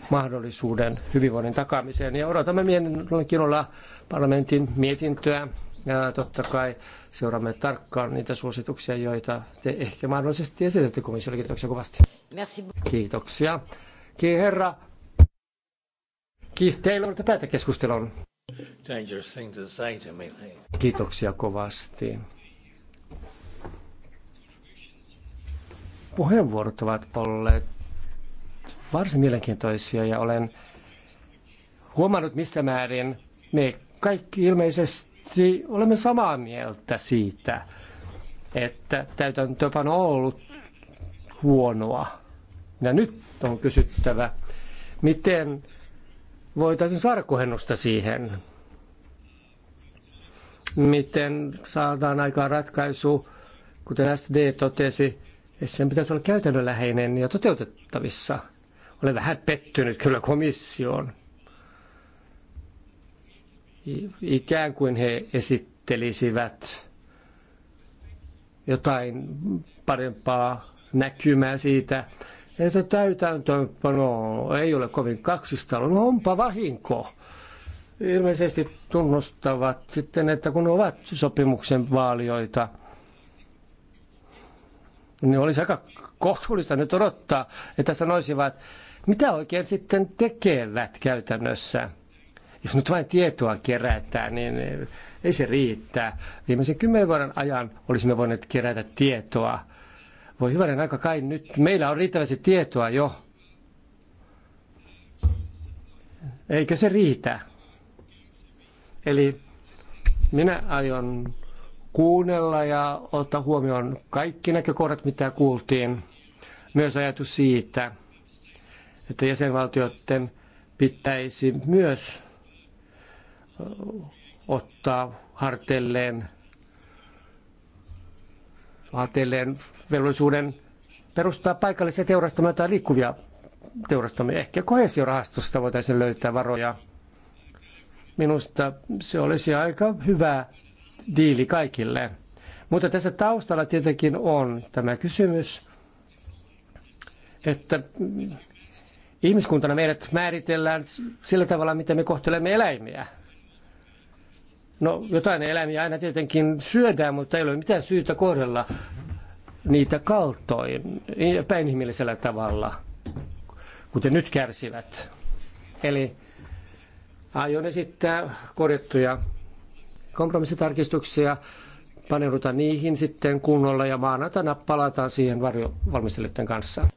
mahdollisuuden hyvinvoinnin takaamiseen. Ja odotamme mielenkiinnolla parlamentin mietintöä ja totta kai seuraamme tarkkaan niitä suosituksia, joita te ehkä mahdollisesti esitätte komissiolle. Kiitoksia kovasti. Merci. Kiitoksia. Kiitos herra. Kiitos teille, olette päätä keskustelun. Kiitoksia kovasti. Puheenvuorot ovat olleet varsin mielenkiintoisia ja olen huomannut missä määrin me kaikki ilmeisesti Varmasti olemme samaa mieltä siitä, että täytäntöpano on ollut huonoa. Ja nyt on kysyttävä, miten voitaisiin saada kohennusta siihen. Miten saadaan aikaan ratkaisu, kuten SD totesi, että sen pitäisi olla käytännönläheinen ja toteutettavissa. Olen vähän pettynyt kyllä komissioon ikään kuin he esittelisivät jotain parempaa näkymää siitä, että täytäntöönpano ei ole kovin kaksista. No onpa vahinko. Ilmeisesti tunnustavat sitten, että kun ovat sopimuksen vaalioita, niin olisi aika kohtuullista nyt odottaa, että sanoisivat, mitä oikein sitten tekevät käytännössä. Jos nyt vain tietoa kerätään, niin ei se riittää. Viimeisen kymmenen vuoden ajan olisimme voineet kerätä tietoa. Voi hyvänen aika kai nyt. Meillä on riittävästi tietoa jo. Eikö se riitä? Eli minä aion kuunnella ja ottaa huomioon kaikki näkökohdat, mitä kuultiin. Myös ajatus siitä, että jäsenvaltioiden pitäisi myös ottaa harteilleen, harteilleen velvollisuuden perustaa paikallisia teurastamoja tai liikkuvia teurastamoja. Ehkä kohesiorahastosta voitaisiin löytää varoja. Minusta se olisi aika hyvä diili kaikille. Mutta tässä taustalla tietenkin on tämä kysymys, että ihmiskuntana meidät määritellään sillä tavalla, miten me kohtelemme eläimiä. No jotain eläimiä aina tietenkin syödään, mutta ei ole mitään syytä kohdella niitä kaltoin, epäinhimillisellä tavalla, kuten nyt kärsivät. Eli aion esittää korjattuja kompromissitarkistuksia, paneudutaan niihin sitten kunnolla ja maanantaina palataan siihen varjovalmistelijoiden kanssa.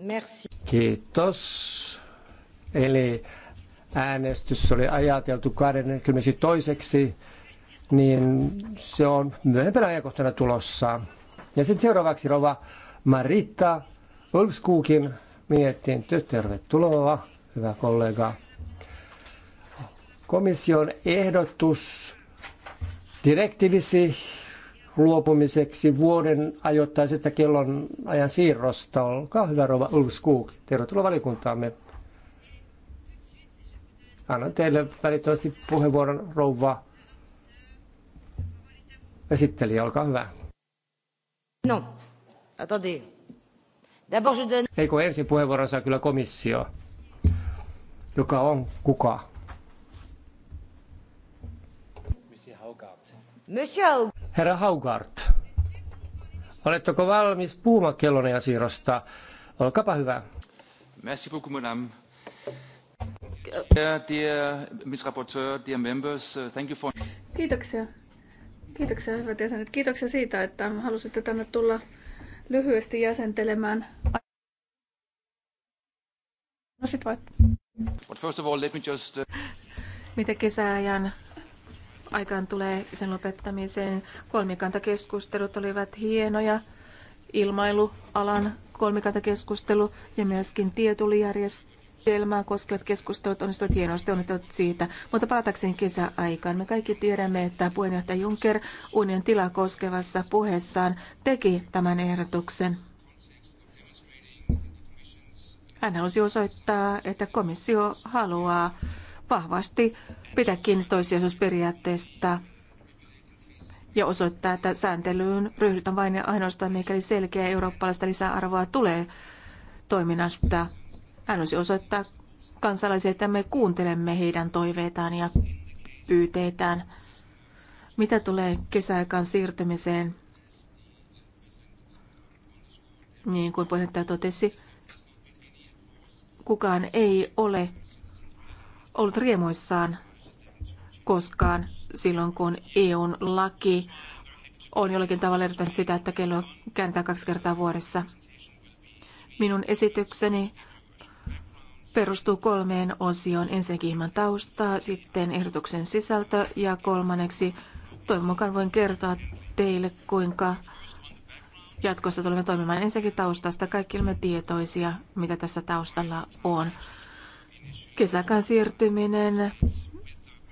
Merci. Kiitos. Eli äänestys oli ajateltu 22. niin se on myöhempänä ajankohtana tulossa. Ja sitten seuraavaksi rova Marita Ulfskukin miettiin, Tervetuloa, hyvä kollega. Komission ehdotus direktiivisi luopumiseksi vuoden ajoittaisesta kellon ajan siirrosta. Olkaa hyvä, Rova Ulfskuk. Tervetuloa valiokuntaamme. Annan teille välittömästi puheenvuoron rouva esittelijä, olkaa hyvä. No, attendez. D'abord Eikö ensin puheenvuoron saa kyllä komissio, joka on kuka? Herra Haugart, oletteko valmis puhumaan kellonen asirosta? Olkaapa hyvä. Merci beaucoup, madame. Uh, Kiitoksia. Kiitoksia hyvät jäsenet. Kiitoksia siitä, että halusitte tänne tulla lyhyesti jäsentelemään. No sit vai. But first of all, let me just... Uh- Mitä kesäajan aikaan tulee sen lopettamiseen? Kolmikantakeskustelut olivat hienoja. Ilmailualan kolmikantakeskustelu ja myöskin tietulijärjestelmä Ilmaa koskevat keskustelut onnistuivat hienosti, onnittelut siitä. Mutta palatakseen kesäaikaan. Me kaikki tiedämme, että puheenjohtaja Juncker union tilaa koskevassa puheessaan teki tämän ehdotuksen. Hän halusi osoittaa, että komissio haluaa vahvasti pitää kiinni toissijaisuusperiaatteesta ja osoittaa, että sääntelyyn ryhdytään vain ja ainoastaan, mikäli selkeä eurooppalaista lisäarvoa tulee toiminnasta. Hän olisi osoittaa kansalaisia, että me kuuntelemme heidän toiveitaan ja pyyteitään. Mitä tulee kesäaikaan siirtymiseen, niin kuin puheenjohtaja totesi, kukaan ei ole ollut riemuissaan koskaan silloin, kun EUn laki on jollakin tavalla ehdottanut sitä, että kello kääntää kaksi kertaa vuodessa. Minun esitykseni perustuu kolmeen osioon. Ensinnäkin hieman taustaa, sitten ehdotuksen sisältö ja kolmanneksi toivon mukaan voin kertoa teille, kuinka jatkossa tulemme toimimaan ensinnäkin taustasta. Kaikki olemme tietoisia, mitä tässä taustalla on. Kesäkään siirtyminen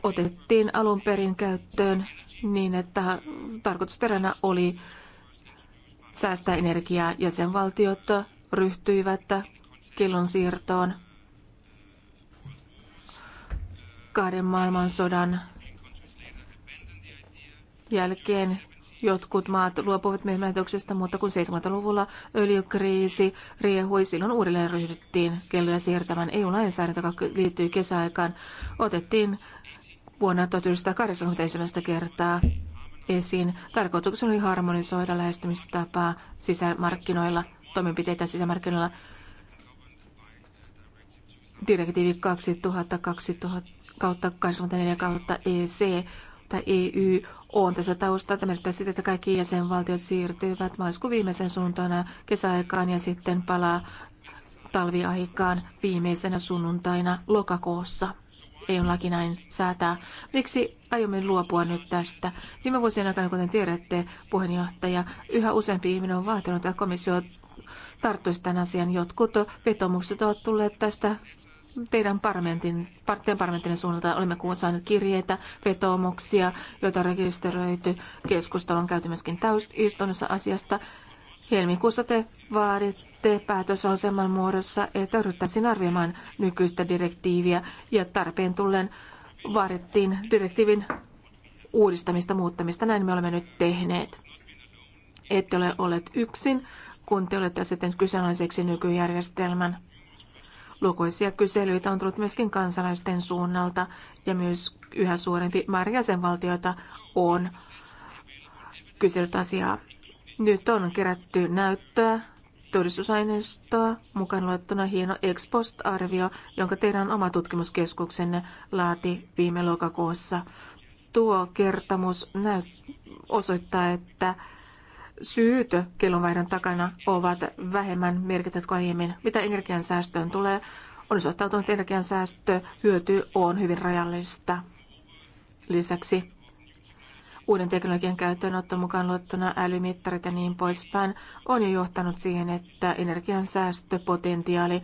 otettiin alun perin käyttöön niin, että tarkoitusperänä oli säästää energiaa. Jäsenvaltiot ryhtyivät siirtoon. kahden maailmansodan jälkeen jotkut maat luopuivat miehimätyksestä, mutta kun 70-luvulla öljykriisi riehui, silloin uudelleen ryhdyttiin kelloja siirtämään EU-lainsäädäntö, joka liittyy kesäaikaan. Otettiin vuonna 1981 kertaa esiin. Tarkoituksena oli harmonisoida lähestymistapaa sisämarkkinoilla, toimenpiteitä sisämarkkinoilla. Direktiivi 2000, 2000 kautta 24 kautta EC tai EU on tässä taustalla. Tämä näyttää sitä, että kaikki jäsenvaltiot siirtyvät maaliskuun viimeisen suuntaina kesäaikaan ja sitten palaa talviaikaan viimeisenä sunnuntaina lokakuussa. Ei on laki näin säätää. Miksi aiomme luopua nyt tästä? Viime vuosien aikana, kuten tiedätte, puheenjohtaja, yhä useampi ihminen on vaatinut, että komissio tarttuisi tämän asian. Jotkut vetomukset ovat tulleet tästä teidän parlamentin, teidän parlamentin suunnalta olemme saaneet kirjeitä, vetoomuksia, joita on rekisteröity. Keskustelu on käyty myöskin täysistunnossa asiasta. Helmikuussa te vaaditte päätösaseman muodossa, että ryhtäisiin arvioimaan nykyistä direktiiviä ja tarpeen tullen vaadittiin direktiivin uudistamista, muuttamista. Näin me olemme nyt tehneet. Ette ole olleet yksin, kun te olette asettaneet kyseenalaiseksi nykyjärjestelmän. Lukuisia kyselyitä on tullut myöskin kansalaisten suunnalta ja myös yhä suurempi määrä jäsenvaltioita on kyselyt asiaa. Nyt on kerätty näyttöä, todistusaineistoa, mukaan luettuna hieno ex post-arvio, jonka teidän oma tutkimuskeskuksenne laati viime lokakuussa. Tuo kertomus näyt- osoittaa, että syyt kellonvaihdon takana ovat vähemmän merkityt kuin aiemmin. Mitä energiansäästöön tulee, on osoittautunut, että energiansäästö hyöty on hyvin rajallista. Lisäksi uuden teknologian käyttöönotto mukaan luettuna älymittarit ja niin poispäin on jo johtanut siihen, että energiansäästöpotentiaali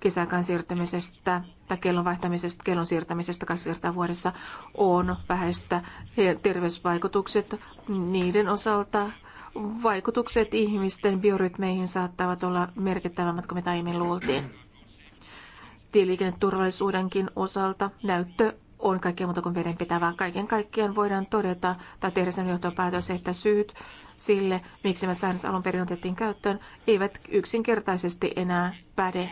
kesäkään siirtymisestä tai kellon vaihtamisesta, kellon siirtämisestä kaksi kertaa vuodessa on vähäistä. Terveysvaikutukset niiden osalta vaikutukset ihmisten biorytmeihin saattavat olla merkittävämmät kuin mitä aiemmin luultiin. Tieliikenneturvallisuudenkin osalta näyttö on kaikkea muuta kuin vedenpitävää. Kaiken kaikkiaan voidaan todeta tai tehdä sen johtopäätös, että syyt sille, miksi me säännöt alun perin otettiin käyttöön, eivät yksinkertaisesti enää päde.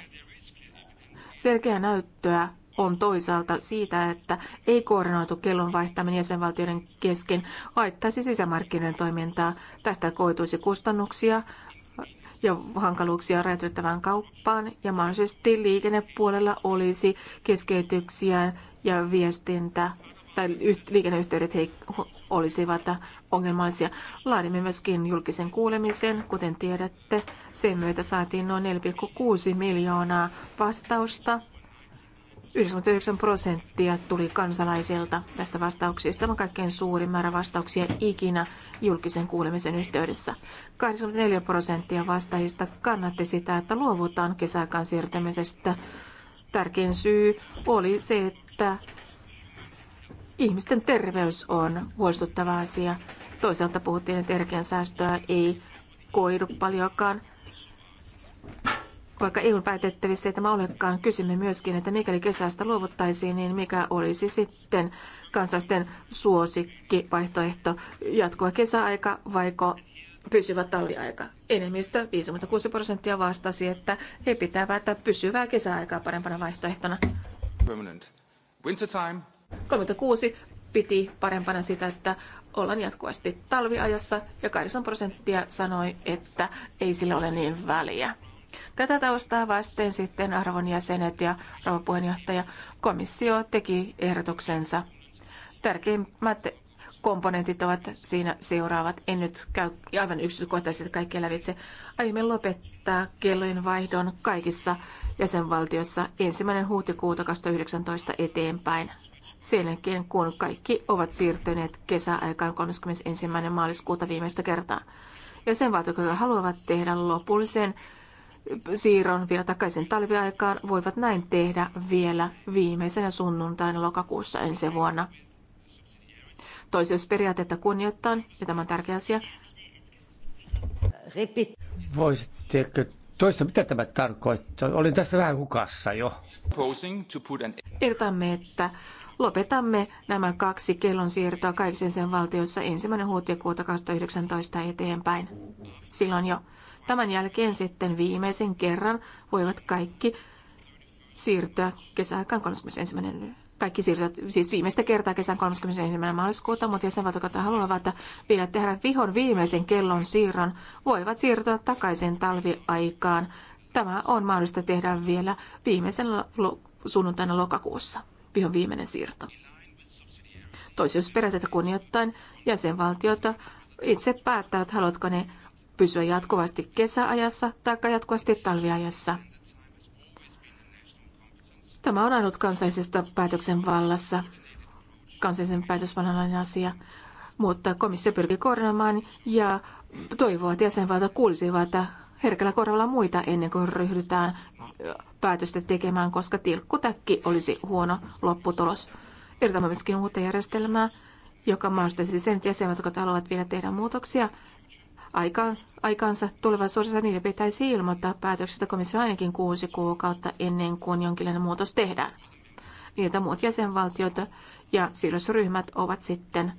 Selkeää näyttöä on toisaalta siitä, että ei koordinoitu kellon vaihtaminen jäsenvaltioiden kesken haittaisi sisämarkkinoiden toimintaa. Tästä koituisi kustannuksia ja hankaluuksia räätyttävään kauppaan ja mahdollisesti liikennepuolella olisi keskeytyksiä ja viestintä tai liikenneyhteydet heik- olisivat ongelmallisia. Laadimme myöskin julkisen kuulemisen, kuten tiedätte. Sen myötä saatiin noin 4,6 miljoonaa vastausta 99 prosenttia tuli kansalaisilta tästä vastauksista. Tämä on kaikkein suurin määrä vastauksia ikinä julkisen kuulemisen yhteydessä. 84 prosenttia vastaajista kannatti sitä, että luovutaan kesäaikaan siirtämisestä. Tärkein syy oli se, että ihmisten terveys on huolestuttava asia. Toisaalta puhuttiin, että energiansäästöä ei koidu paljonkaan vaikka EUn päätettävissä ei tämä olekaan, kysymme myöskin, että mikäli kesästä luovuttaisiin, niin mikä olisi sitten kansalaisten suosikkivaihtoehto, jatkuva kesäaika vaiko pysyvä talliaika. Enemmistö 56 prosenttia vastasi, että he pitävät pysyvää kesäaikaa parempana vaihtoehtona. Permanent. 36 piti parempana sitä, että ollaan jatkuvasti talviajassa ja 8 prosenttia sanoi, että ei sillä ole niin väliä. Tätä taustaa vasten sitten arvon jäsenet ja rouva puheenjohtaja komissio teki ehdotuksensa. Tärkeimmät komponentit ovat siinä seuraavat. En nyt käy aivan yksityiskohtaisesti kaikkea lävitse. Aiemmin lopettaa kellojen vaihdon kaikissa jäsenvaltioissa ensimmäinen huhtikuuta 2019 eteenpäin. Sen jälkeen, kun kaikki ovat siirtyneet kesäaikaan 31. maaliskuuta viimeistä kertaa. Jäsenvaltiot, jotka haluavat tehdä lopullisen siirron vielä takaisin talviaikaan voivat näin tehdä vielä viimeisenä sunnuntaina lokakuussa ensi vuonna. Toiseusperiaatetta kunnioittaa, ja tämä on tärkeä asia. Voisitteko toista, mitä tämä tarkoittaa? Olin tässä vähän hukassa jo. Irtamme, että lopetamme nämä kaksi kellonsiirtoa kaikissa sen valtioissa ensimmäinen huhtikuuta 2019 eteenpäin. Silloin jo Tämän jälkeen sitten viimeisen kerran voivat kaikki siirtyä kesäaikaan 31. Kaikki siirtyvät siis viimeistä kertaa kesän 31. maaliskuuta, mutta jäsenvaltiot, jotka haluavat vielä tehdä vihon viimeisen kellon siirron, voivat siirtyä takaisin talviaikaan. Tämä on mahdollista tehdä vielä viimeisen sunnuntaina lokakuussa. Vihon viimeinen siirto. Toisiusperiaatteita kunnioittain jäsenvaltiota itse päättävät, haluatko ne pysyä jatkuvasti kesäajassa tai jatkuvasti talviajassa. Tämä on ainut kansallisesta päätöksenvallassa, kansallisen päätösvallan asia, mutta komissio pyrkii koordinoimaan ja toivoo, että jäsenvaltiot kuulisivat herkällä korvalla muita ennen kuin ryhdytään päätöstä tekemään, koska tilkkutäkki olisi huono lopputulos. Ehdotamme myöskin uutta järjestelmää, joka mahdollistaisi sen, että jäsenvaltiot haluavat vielä tehdä muutoksia – aika, aikaansa tulevaisuudessa ne pitäisi ilmoittaa päätöksestä komissio ainakin kuusi kuukautta ennen kuin jonkinlainen muutos tehdään. Niitä muut jäsenvaltiot ja sidosryhmät ovat sitten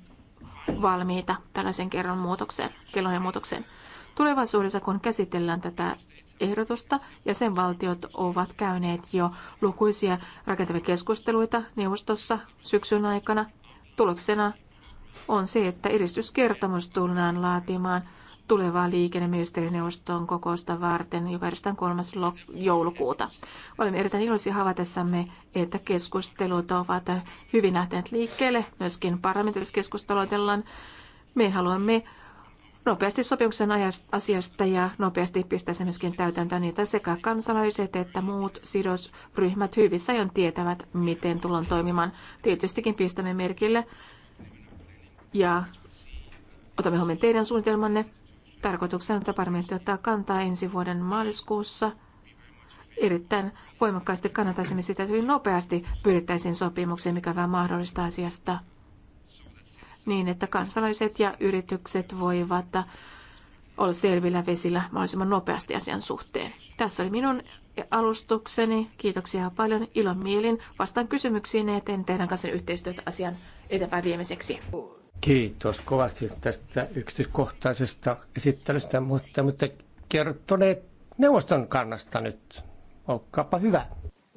valmiita tällaisen kerran muutokseen, kellojen muutokseen. Tulevaisuudessa, kun käsitellään tätä ehdotusta, jäsenvaltiot ovat käyneet jo lukuisia rakentavia keskusteluita neuvostossa syksyn aikana. Tuloksena on se, että edistyskertomus tullaan laatimaan – tulevaa liikenneministerineuvoston kokousta varten, joka järjestetään 3. joulukuuta. Olemme erittäin iloisia havaitessamme, että keskustelut ovat hyvin lähteneet liikkeelle. Myöskin parlamentaarisessa keskusteluitellaan. Me haluamme nopeasti sopimuksen asiasta ja nopeasti pistää se myöskin täytäntöön niitä sekä kansalaiset että muut sidosryhmät hyvissä ajoin tietävät, miten tullaan toimimaan. Tietystikin pistämme merkille ja otamme huomioon teidän suunnitelmanne Tarkoituksena on parlamentti ottaa kantaa ensi vuoden maaliskuussa. Erittäin voimakkaasti kannattaisimme sitä, että hyvin nopeasti pyrittäisiin sopimukseen, mikä vähän mahdollista asiasta, niin että kansalaiset ja yritykset voivat olla selvillä vesillä mahdollisimman nopeasti asian suhteen. Tässä oli minun alustukseni. Kiitoksia paljon. Ilon mielin vastaan kysymyksiin ja teidän kanssa yhteistyötä asian eteenpäin viemiseksi. Kiitos kovasti tästä yksityiskohtaisesta esittelystä, mutta, mutta kertoneet neuvoston kannasta nyt. Olkaapa hyvä.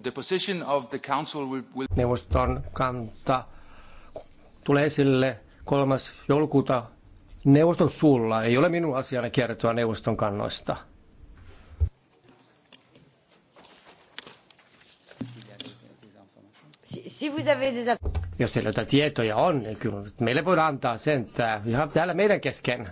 The position of the council will... Neuvoston kanta tulee esille kolmas joulukuuta neuvoston suulla. Ei ole minun asiana kertoa neuvoston kannoista. Si, si vous avez des... Jos teillä jotain tietoja on, niin kyllä meille voidaan antaa sen, että ihan täällä meidän kesken.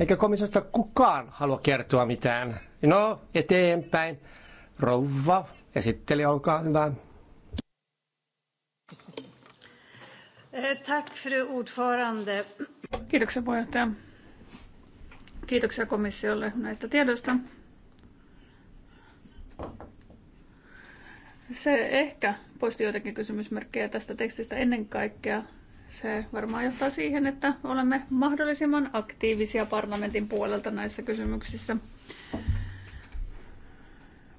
Eikä komissiosta kukaan halua kertoa mitään. No, eteenpäin. Rouva, esitteli, olkaa hyvä. Eh, tack, fru ordförande. Kiitoksia puheenjohtaja. Kiitoksia komissiolle näistä tiedoista. Se ehkä poisti joitakin kysymysmerkkejä tästä tekstistä ennen kaikkea. Se varmaan johtaa siihen, että olemme mahdollisimman aktiivisia parlamentin puolelta näissä kysymyksissä.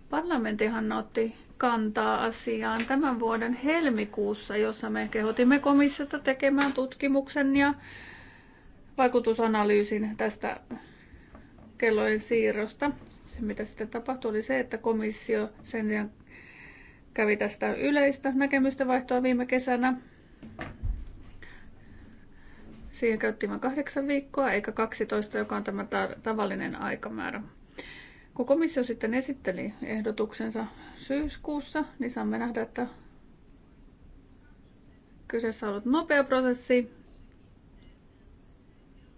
Parlamentihan otti kantaa asiaan tämän vuoden helmikuussa, jossa me kehotimme komissiota tekemään tutkimuksen ja vaikutusanalyysin tästä kellojen siirrosta. Se, mitä sitten tapahtui, oli se, että komissio sen sijaan kävi tästä yleistä näkemystä vaihtoa viime kesänä. Siihen käytti vain kahdeksan viikkoa, eikä 12, joka on tämä tavallinen aikamäärä. Kun komissio sitten esitteli ehdotuksensa syyskuussa, niin saamme nähdä, että kyseessä on ollut nopea prosessi,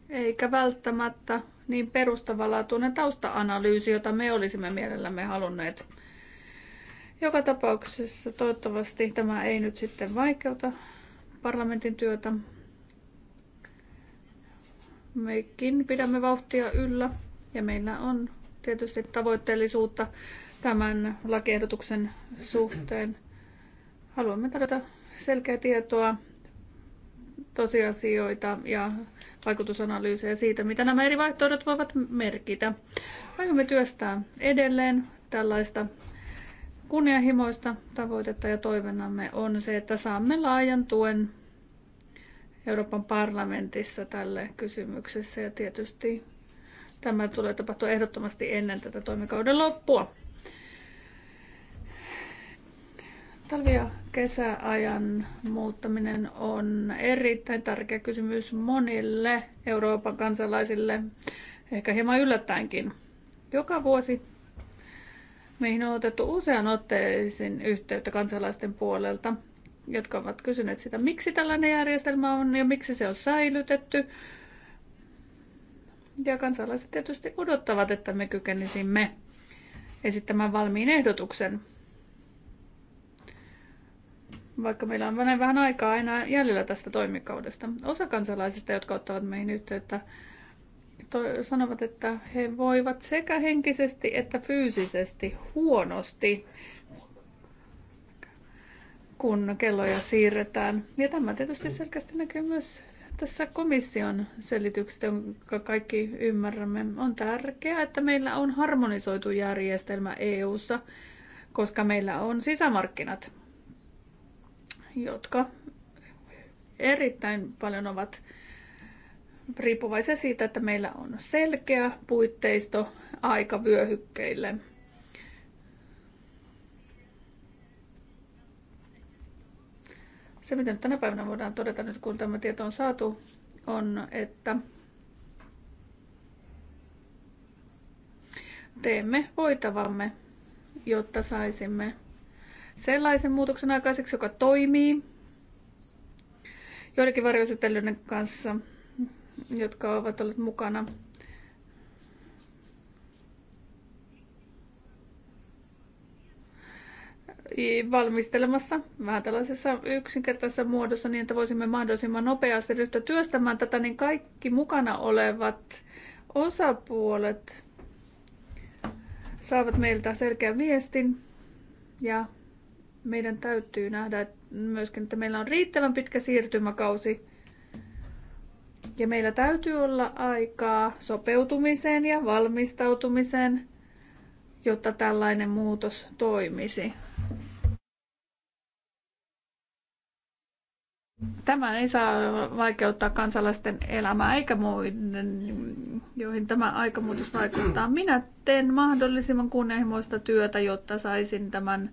eikä välttämättä niin perustavanlaatuinen tausta-analyysi, jota me olisimme mielellämme halunneet. Joka tapauksessa toivottavasti tämä ei nyt sitten vaikeuta parlamentin työtä. Mekin pidämme vauhtia yllä ja meillä on tietysti tavoitteellisuutta tämän lakiehdotuksen suhteen. Haluamme tarjota selkeää tietoa tosiasioita ja vaikutusanalyysejä siitä, mitä nämä eri vaihtoehdot voivat merkitä. Aiomme työstää edelleen tällaista kunnianhimoista tavoitetta ja toivennamme on se, että saamme laajan tuen Euroopan parlamentissa tälle kysymyksessä ja tietysti tämä tulee tapahtua ehdottomasti ennen tätä toimikauden loppua. Talvi- ja kesäajan muuttaminen on erittäin tärkeä kysymys monille Euroopan kansalaisille, ehkä hieman yllättäenkin. Joka vuosi meihin on otettu usean otteeseen yhteyttä kansalaisten puolelta, jotka ovat kysyneet sitä, miksi tällainen järjestelmä on ja miksi se on säilytetty. Ja kansalaiset tietysti odottavat, että me kykenisimme esittämään valmiin ehdotuksen vaikka meillä on vähän aikaa enää jäljellä tästä toimikaudesta. Osa kansalaisista, jotka ottavat meihin yhteyttä, to- sanovat, että he voivat sekä henkisesti että fyysisesti huonosti, kun kelloja siirretään. Ja tämä tietysti selkeästi näkyy myös tässä komission selityksestä, jonka kaikki ymmärrämme. On tärkeää, että meillä on harmonisoitu järjestelmä EU:ssa, koska meillä on sisämarkkinat jotka erittäin paljon ovat riippuvaisia siitä, että meillä on selkeä puitteisto aikavyöhykkeille. Se, mitä nyt tänä päivänä voidaan todeta nyt, kun tämä tieto on saatu, on, että teemme voitavamme, jotta saisimme sellaisen muutoksen aikaiseksi, joka toimii joidenkin varjoisetelijöiden kanssa, jotka ovat olleet mukana. valmistelemassa vähän tällaisessa yksinkertaisessa muodossa niin, että voisimme mahdollisimman nopeasti ryhtyä työstämään tätä, niin kaikki mukana olevat osapuolet saavat meiltä selkeän viestin ja meidän täytyy nähdä että myöskin, että meillä on riittävän pitkä siirtymäkausi ja meillä täytyy olla aikaa sopeutumiseen ja valmistautumiseen, jotta tällainen muutos toimisi. Tämä ei saa vaikeuttaa kansalaisten elämää eikä muiden, joihin tämä aikamuutos vaikuttaa. Minä teen mahdollisimman kunnianhimoista työtä, jotta saisin tämän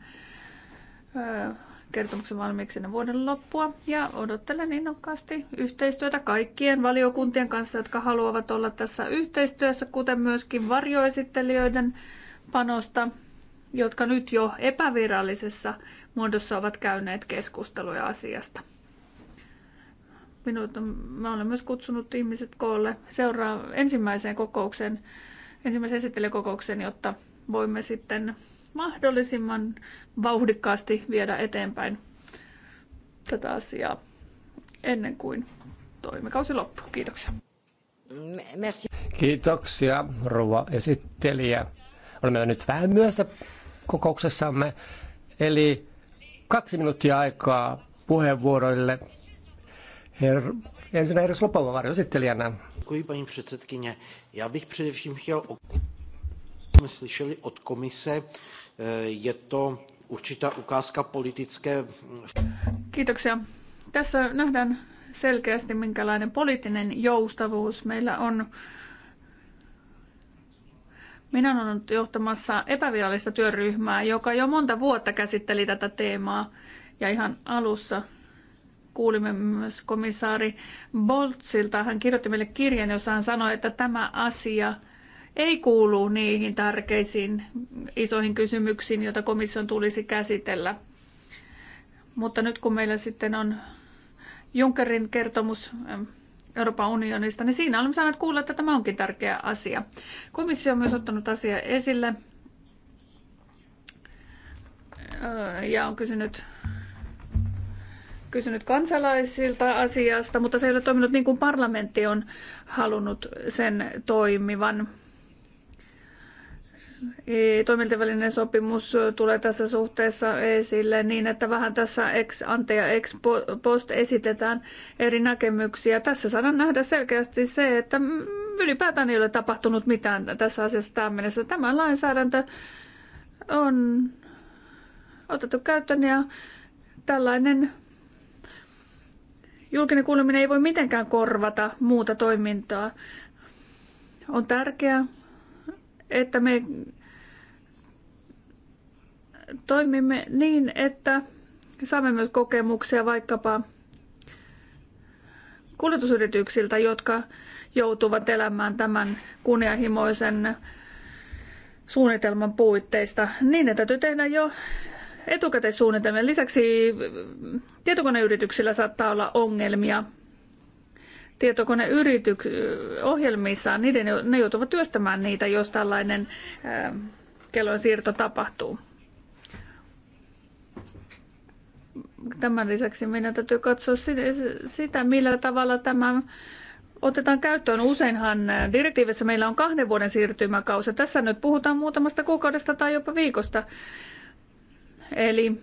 kertomuksen valmiiksi ennen vuoden loppua ja odottelen innokkaasti yhteistyötä kaikkien valiokuntien kanssa, jotka haluavat olla tässä yhteistyössä, kuten myöskin varjoesittelijöiden panosta, jotka nyt jo epävirallisessa muodossa ovat käyneet keskusteluja asiasta. Minut, mä olen myös kutsunut ihmiset koolle seuraa ensimmäiseen kokoukseen, ensimmäiseen esittelijäkokoukseen, jotta voimme sitten mahdollisimman vauhdikkaasti viedä eteenpäin tätä asiaa ennen kuin toimikausi loppuu. Kiitoksia. Merci. Kiitoksia, rouva esittelijä. Olemme nyt vähän myöhässä kokouksessamme, eli kaksi minuuttia aikaa puheenvuoroille. Her... Ensin Eero Slopova varjoesittelijänä. Děkuji, paní předsedkyně. bych především chtěl, od komise, Je to určitá ukázka politické... Kiitoksia. Tässä nähdään selkeästi, minkälainen poliittinen joustavuus meillä on. Minä olen ollut johtamassa epävirallista työryhmää, joka jo monta vuotta käsitteli tätä teemaa. Ja ihan alussa kuulimme myös komissaari Boltsilta. Hän kirjoitti meille kirjan, jossa hän sanoi, että tämä asia – ei kuulu niihin tärkeisiin isoihin kysymyksiin, joita komission tulisi käsitellä. Mutta nyt kun meillä sitten on Junckerin kertomus ähm, Euroopan unionista, niin siinä olemme saaneet kuulla, että tämä onkin tärkeä asia. Komissio on myös ottanut asia esille äh, ja on kysynyt, kysynyt kansalaisilta asiasta, mutta se ei ole toiminut niin kuin parlamentti on halunnut sen toimivan toimintavälinen sopimus tulee tässä suhteessa esille niin, että vähän tässä ex ante ja ex post esitetään eri näkemyksiä. Tässä saadaan nähdä selkeästi se, että ylipäätään ei ole tapahtunut mitään tässä asiassa tämän mennessä. Tämä lainsäädäntö on otettu käyttöön ja tällainen julkinen kuuleminen ei voi mitenkään korvata muuta toimintaa. On tärkeää, että me toimimme niin, että saamme myös kokemuksia vaikkapa kuljetusyrityksiltä, jotka joutuvat elämään tämän kunnianhimoisen suunnitelman puitteista. Niin, että täytyy tehdä jo etukäteissuunnitelmia. Lisäksi tietokoneyrityksillä saattaa olla ongelmia tietokoneohjelmissaan, niiden, ne joutuvat työstämään niitä, jos tällainen ähm, kellon siirto tapahtuu. Tämän lisäksi meidän täytyy katsoa sitä, millä tavalla tämä otetaan käyttöön. Useinhan äh, direktiivissä meillä on kahden vuoden siirtymäkausi. Tässä nyt puhutaan muutamasta kuukaudesta tai jopa viikosta. Eli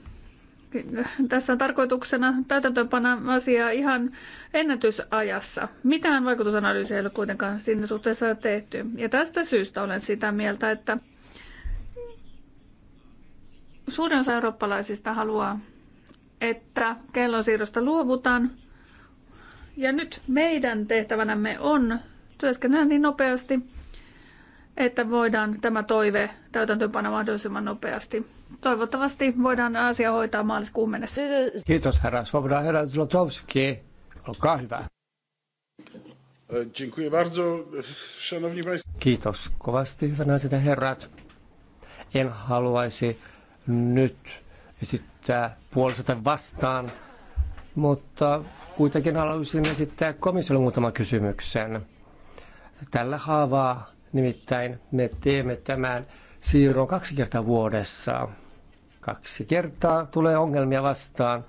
tässä on tarkoituksena täytäntöönpana asiaa ihan ennätysajassa. Mitään vaikutusanalyysiä ei ole kuitenkaan sinne suhteessa tehty. Ja tästä syystä olen sitä mieltä, että suurin osa eurooppalaisista haluaa, että kellonsiirrosta luovutaan. Ja nyt meidän tehtävänämme on työskennellä niin nopeasti, että voidaan tämä toive täytäntöönpana mahdollisimman nopeasti. Toivottavasti voidaan asia hoitaa maaliskuun mennessä. Kiitos herra Svoboda. Herra Zlotowski, olkaa hyvä. Kiitos kovasti, hyvä naiset ja herrat. En haluaisi nyt esittää puolisota vastaan, mutta kuitenkin haluaisin esittää komissiolle muutaman kysymyksen. Tällä haavaa Nimittäin me teemme tämän siirron kaksi kertaa vuodessa. Kaksi kertaa tulee ongelmia vastaan,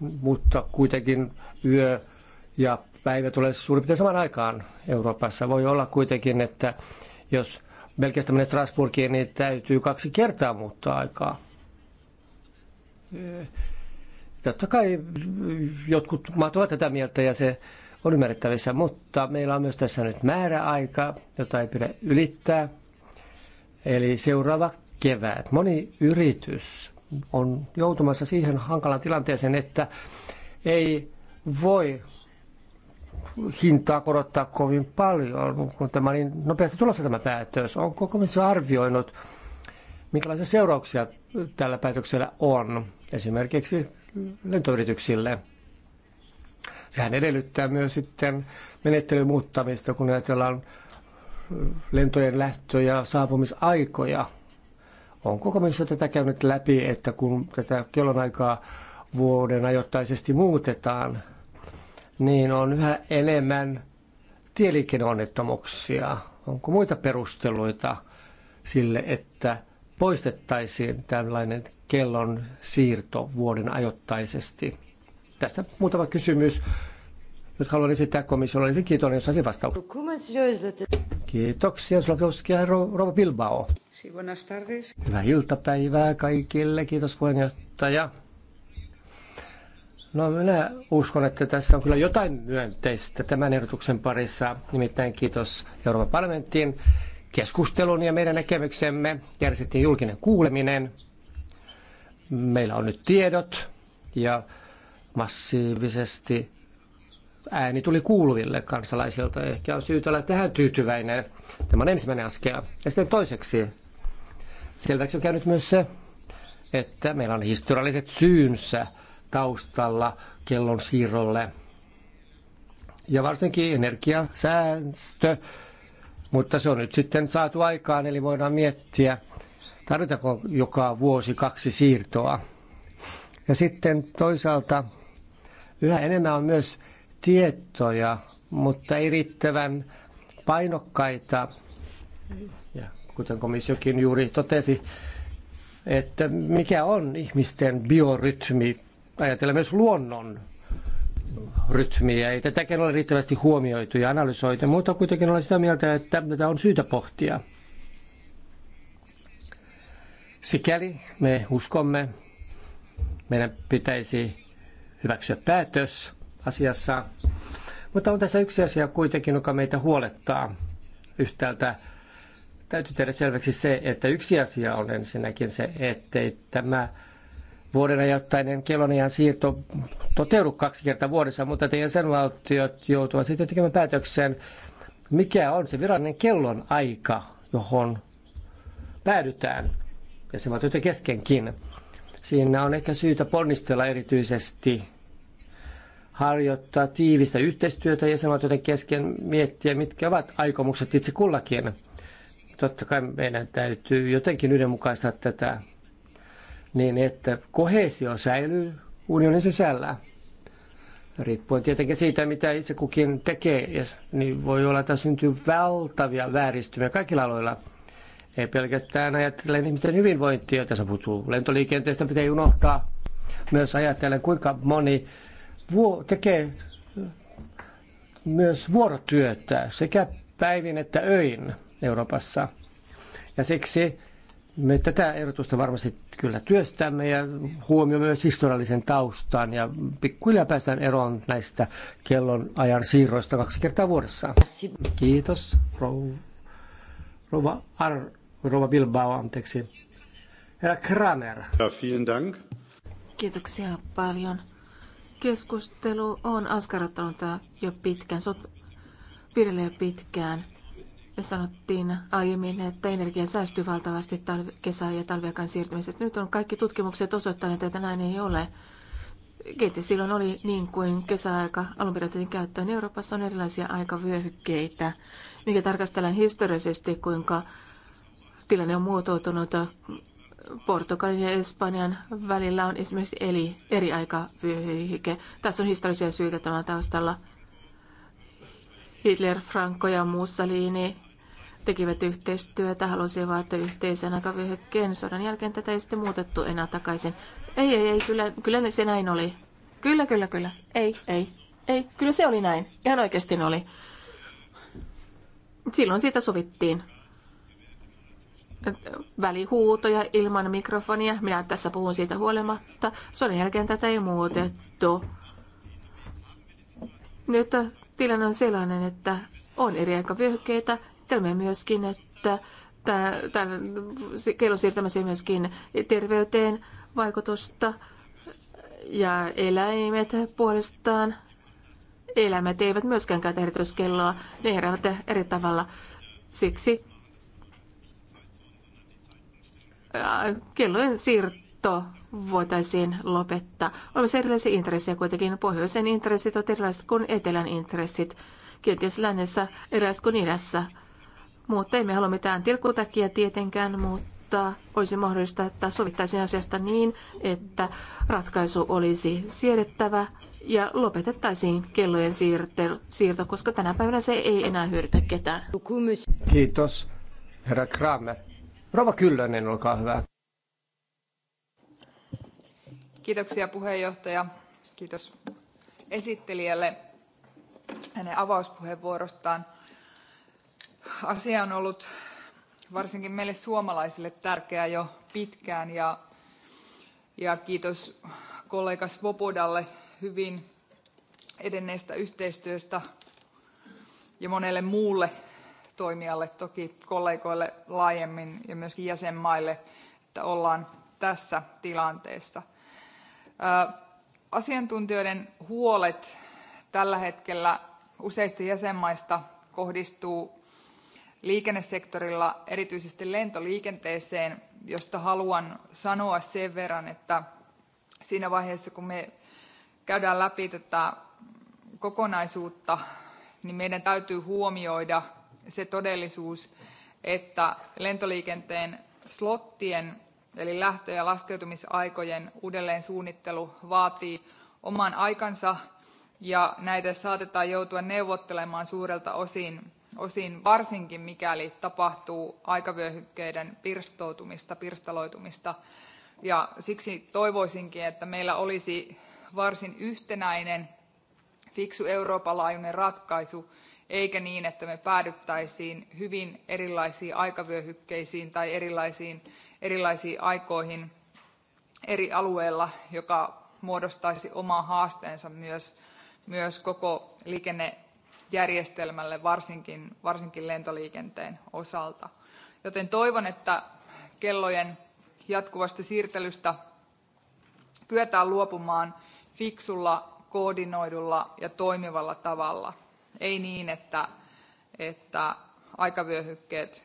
mutta kuitenkin yö ja päivä tulee suurin piirtein samaan aikaan Euroopassa. Voi olla kuitenkin, että jos melkein menee Strasbourgiin, niin täytyy kaksi kertaa muuttaa aikaa. Totta kai jotkut maat ovat tätä mieltä ja se on ymmärrettävissä, mutta meillä on myös tässä nyt määräaika, jota ei pidä ylittää. Eli seuraava kevät. Moni yritys on joutumassa siihen hankalaan tilanteeseen, että ei voi hintaa korottaa kovin paljon, kun tämä niin nopeasti tulossa tämä päätös. Onko komissio arvioinut, minkälaisia seurauksia tällä päätöksellä on esimerkiksi lentoyrityksille? Sehän edellyttää myös sitten menettelyn muuttamista, kun ajatellaan lentojen lähtö- ja saapumisaikoja. Onko komissio tätä käynyt läpi, että kun tätä kellonaikaa vuoden ajoittaisesti muutetaan, niin on yhä enemmän tieliikenneonnettomuuksia. Onko muita perusteluita sille, että poistettaisiin tällainen kellon siirto vuoden ajoittaisesti? Tässä muutama kysymys, jotka haluan esittää komissiolle. Olisin kiitollinen, jos saisin vastauksen. Kiitoksia, Slovioski ja Rova Bilbao. Hyvää iltapäivää kaikille. Kiitos puheenjohtaja. No minä uskon, että tässä on kyllä jotain myönteistä tämän ehdotuksen parissa. Nimittäin kiitos Euroopan parlamenttiin keskustelun ja meidän näkemyksemme. Järjestettiin julkinen kuuleminen. Meillä on nyt tiedot ja massiivisesti ääni tuli kuuluville kansalaisilta. Ehkä on syytä olla tähän tyytyväinen. Tämä on ensimmäinen askel. Ja sitten toiseksi, selväksi on käynyt myös se, että meillä on historialliset syynsä taustalla kellon siirrolle. Ja varsinkin energiasäästö, mutta se on nyt sitten saatu aikaan, eli voidaan miettiä, tarvitaanko joka vuosi kaksi siirtoa. Ja sitten toisaalta yhä enemmän on myös tietoja, mutta ei riittävän painokkaita, ja kuten komissiokin juuri totesi, että mikä on ihmisten biorytmi, ajatellen myös luonnon rytmiä. Ei tätäkään ole riittävästi huomioitu ja analysoitu, mutta kuitenkin olen sitä mieltä, että tätä on syytä pohtia. Sikäli me uskomme, meidän pitäisi hyväksyä päätös asiassa. Mutta on tässä yksi asia kuitenkin, joka meitä huolettaa. Yhtäältä täytyy tehdä selväksi se, että yksi asia on ensinnäkin se, ettei tämä vuoden ajoittainen kellonajan siirto toteudu kaksi kertaa vuodessa, mutta teidän sen valtiot joutuvat sitten tekemään päätöksen, mikä on se virallinen kellon aika, johon päädytään, ja se valtioiden keskenkin. Siinä on ehkä syytä ponnistella erityisesti harjoittaa tiivistä yhteistyötä jäsenvaltioiden kesken, miettiä mitkä ovat aikomukset itse kullakin. Totta kai meidän täytyy jotenkin yhdenmukaistaa tätä niin, että kohesio säilyy unionin sisällä. Riippuen tietenkin siitä, mitä itse kukin tekee, niin voi olla, että syntyy valtavia vääristymiä kaikilla aloilla – ei pelkästään ajattele ihmisten hyvinvointia, tässä puhuttuu lentoliikenteestä, pitää unohtaa myös ajatellen, kuinka moni vuo, tekee myös vuorotyötä sekä päivin että öin Euroopassa. Ja siksi me tätä erotusta varmasti kyllä työstämme ja huomioimme myös historiallisen taustan ja pikkuhiljaa päästään eroon näistä kellon ajan siirroista kaksi kertaa vuodessa. Kiitos, rouva Ar- Rova Bilbao, anteeksi. Herra Kramer. Ja, vielen dank. Kiitoksia paljon. Keskustelu on askarruttanut jo pitkään. Se on jo pitkään. Ja sanottiin aiemmin, että energia säästyy valtavasti talve, kesä- ja talviakaan siirtymisestä. Nyt on kaikki tutkimukset osoittaneet, että näin ei ole. Kenties silloin oli niin kuin kesäaika alun perin käyttöön. Euroopassa on erilaisia aikavyöhykkeitä, mikä tarkastellaan historiallisesti, kuinka tilanne on muotoutunut. Portugalin ja Espanjan välillä on esimerkiksi eli, eri aikavyöhyke. Tässä on historiallisia syitä tämän taustalla. Hitler, Franco ja Mussolini tekivät yhteistyötä, halusivat yhteisen aikavyöhykkeen. Sodan jälkeen tätä ei sitten muutettu enää takaisin. Ei, ei, ei, kyllä, kyllä se näin oli. Kyllä, kyllä, kyllä. Ei, ei, ei. Kyllä se oli näin. Ihan oikeasti oli. Silloin siitä sovittiin välihuutoja ilman mikrofonia. Minä tässä puhun siitä huolimatta. Sodan jälkeen tätä ei muutettu. Nyt tilanne on sellainen, että on eri aikavyöhykkeitä. Tiedämme myöskin, että tämän kellon siirtämässä myöskin terveyteen vaikutusta ja eläimet puolestaan. Eläimet eivät myöskään käytä erityiskelloa, ne heräävät eri tavalla. Siksi Äh, kellojen siirto voitaisiin lopettaa. Olemme erilaisia intressejä kuitenkin. Pohjoisen intressit ovat erilaiset kuin etelän intressit. Kenties lännessä erilaiset kuin idässä. Mutta emme halua mitään tilkutakia tietenkään, mutta olisi mahdollista, että sovittaisiin asiasta niin, että ratkaisu olisi siedettävä ja lopetettaisiin kellojen siirto, koska tänä päivänä se ei enää hyödytä ketään. Kiitos, herra Kramer. Rova Kyllönen, olkaa hyvä. Kiitoksia puheenjohtaja. Kiitos esittelijälle hänen avauspuheenvuorostaan. Asia on ollut varsinkin meille suomalaisille tärkeä jo pitkään ja, ja kiitos kollega Svobodalle hyvin edenneestä yhteistyöstä ja monelle muulle toimijalle, toki kollegoille laajemmin ja myöskin jäsenmaille, että ollaan tässä tilanteessa. Asiantuntijoiden huolet tällä hetkellä useista jäsenmaista kohdistuu liikennesektorilla erityisesti lentoliikenteeseen, josta haluan sanoa sen verran, että siinä vaiheessa kun me käydään läpi tätä kokonaisuutta, niin meidän täytyy huomioida se todellisuus, että lentoliikenteen slottien eli lähtö- ja laskeutumisaikojen uudelleensuunnittelu vaatii oman aikansa ja näitä saatetaan joutua neuvottelemaan suurelta osin, osin varsinkin mikäli tapahtuu aikavyöhykkeiden pirstoutumista, pirstaloitumista. Ja siksi toivoisinkin, että meillä olisi varsin yhtenäinen, fiksu Euroopan laajuinen ratkaisu, eikä niin, että me päädyttäisiin hyvin erilaisiin aikavyöhykkeisiin tai erilaisiin, erilaisiin aikoihin eri alueilla, joka muodostaisi oman haasteensa myös, myös koko liikennejärjestelmälle, varsinkin, varsinkin lentoliikenteen osalta. Joten toivon, että kellojen jatkuvasta siirtelystä kyetään luopumaan fiksulla, koordinoidulla ja toimivalla tavalla – ei niin, että, että aikavyöhykkeet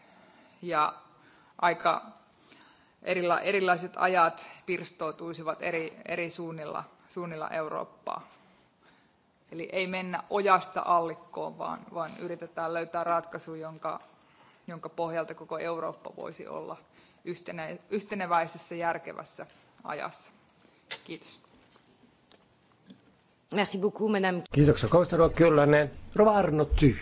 ja aika erila, erilaiset ajat pirstoutuisivat eri, eri suunnilla, suunnilla Eurooppaa. Eli ei mennä ojasta allikkoon, vaan, vaan yritetään löytää ratkaisu, jonka, jonka pohjalta koko Eurooppa voisi olla yhtene, yhteneväisessä järkevässä ajassa. Kiitos. Merci beaucoup, madame. Kiitoksia kovasti, Kyllänen. Rova Arno Tyh.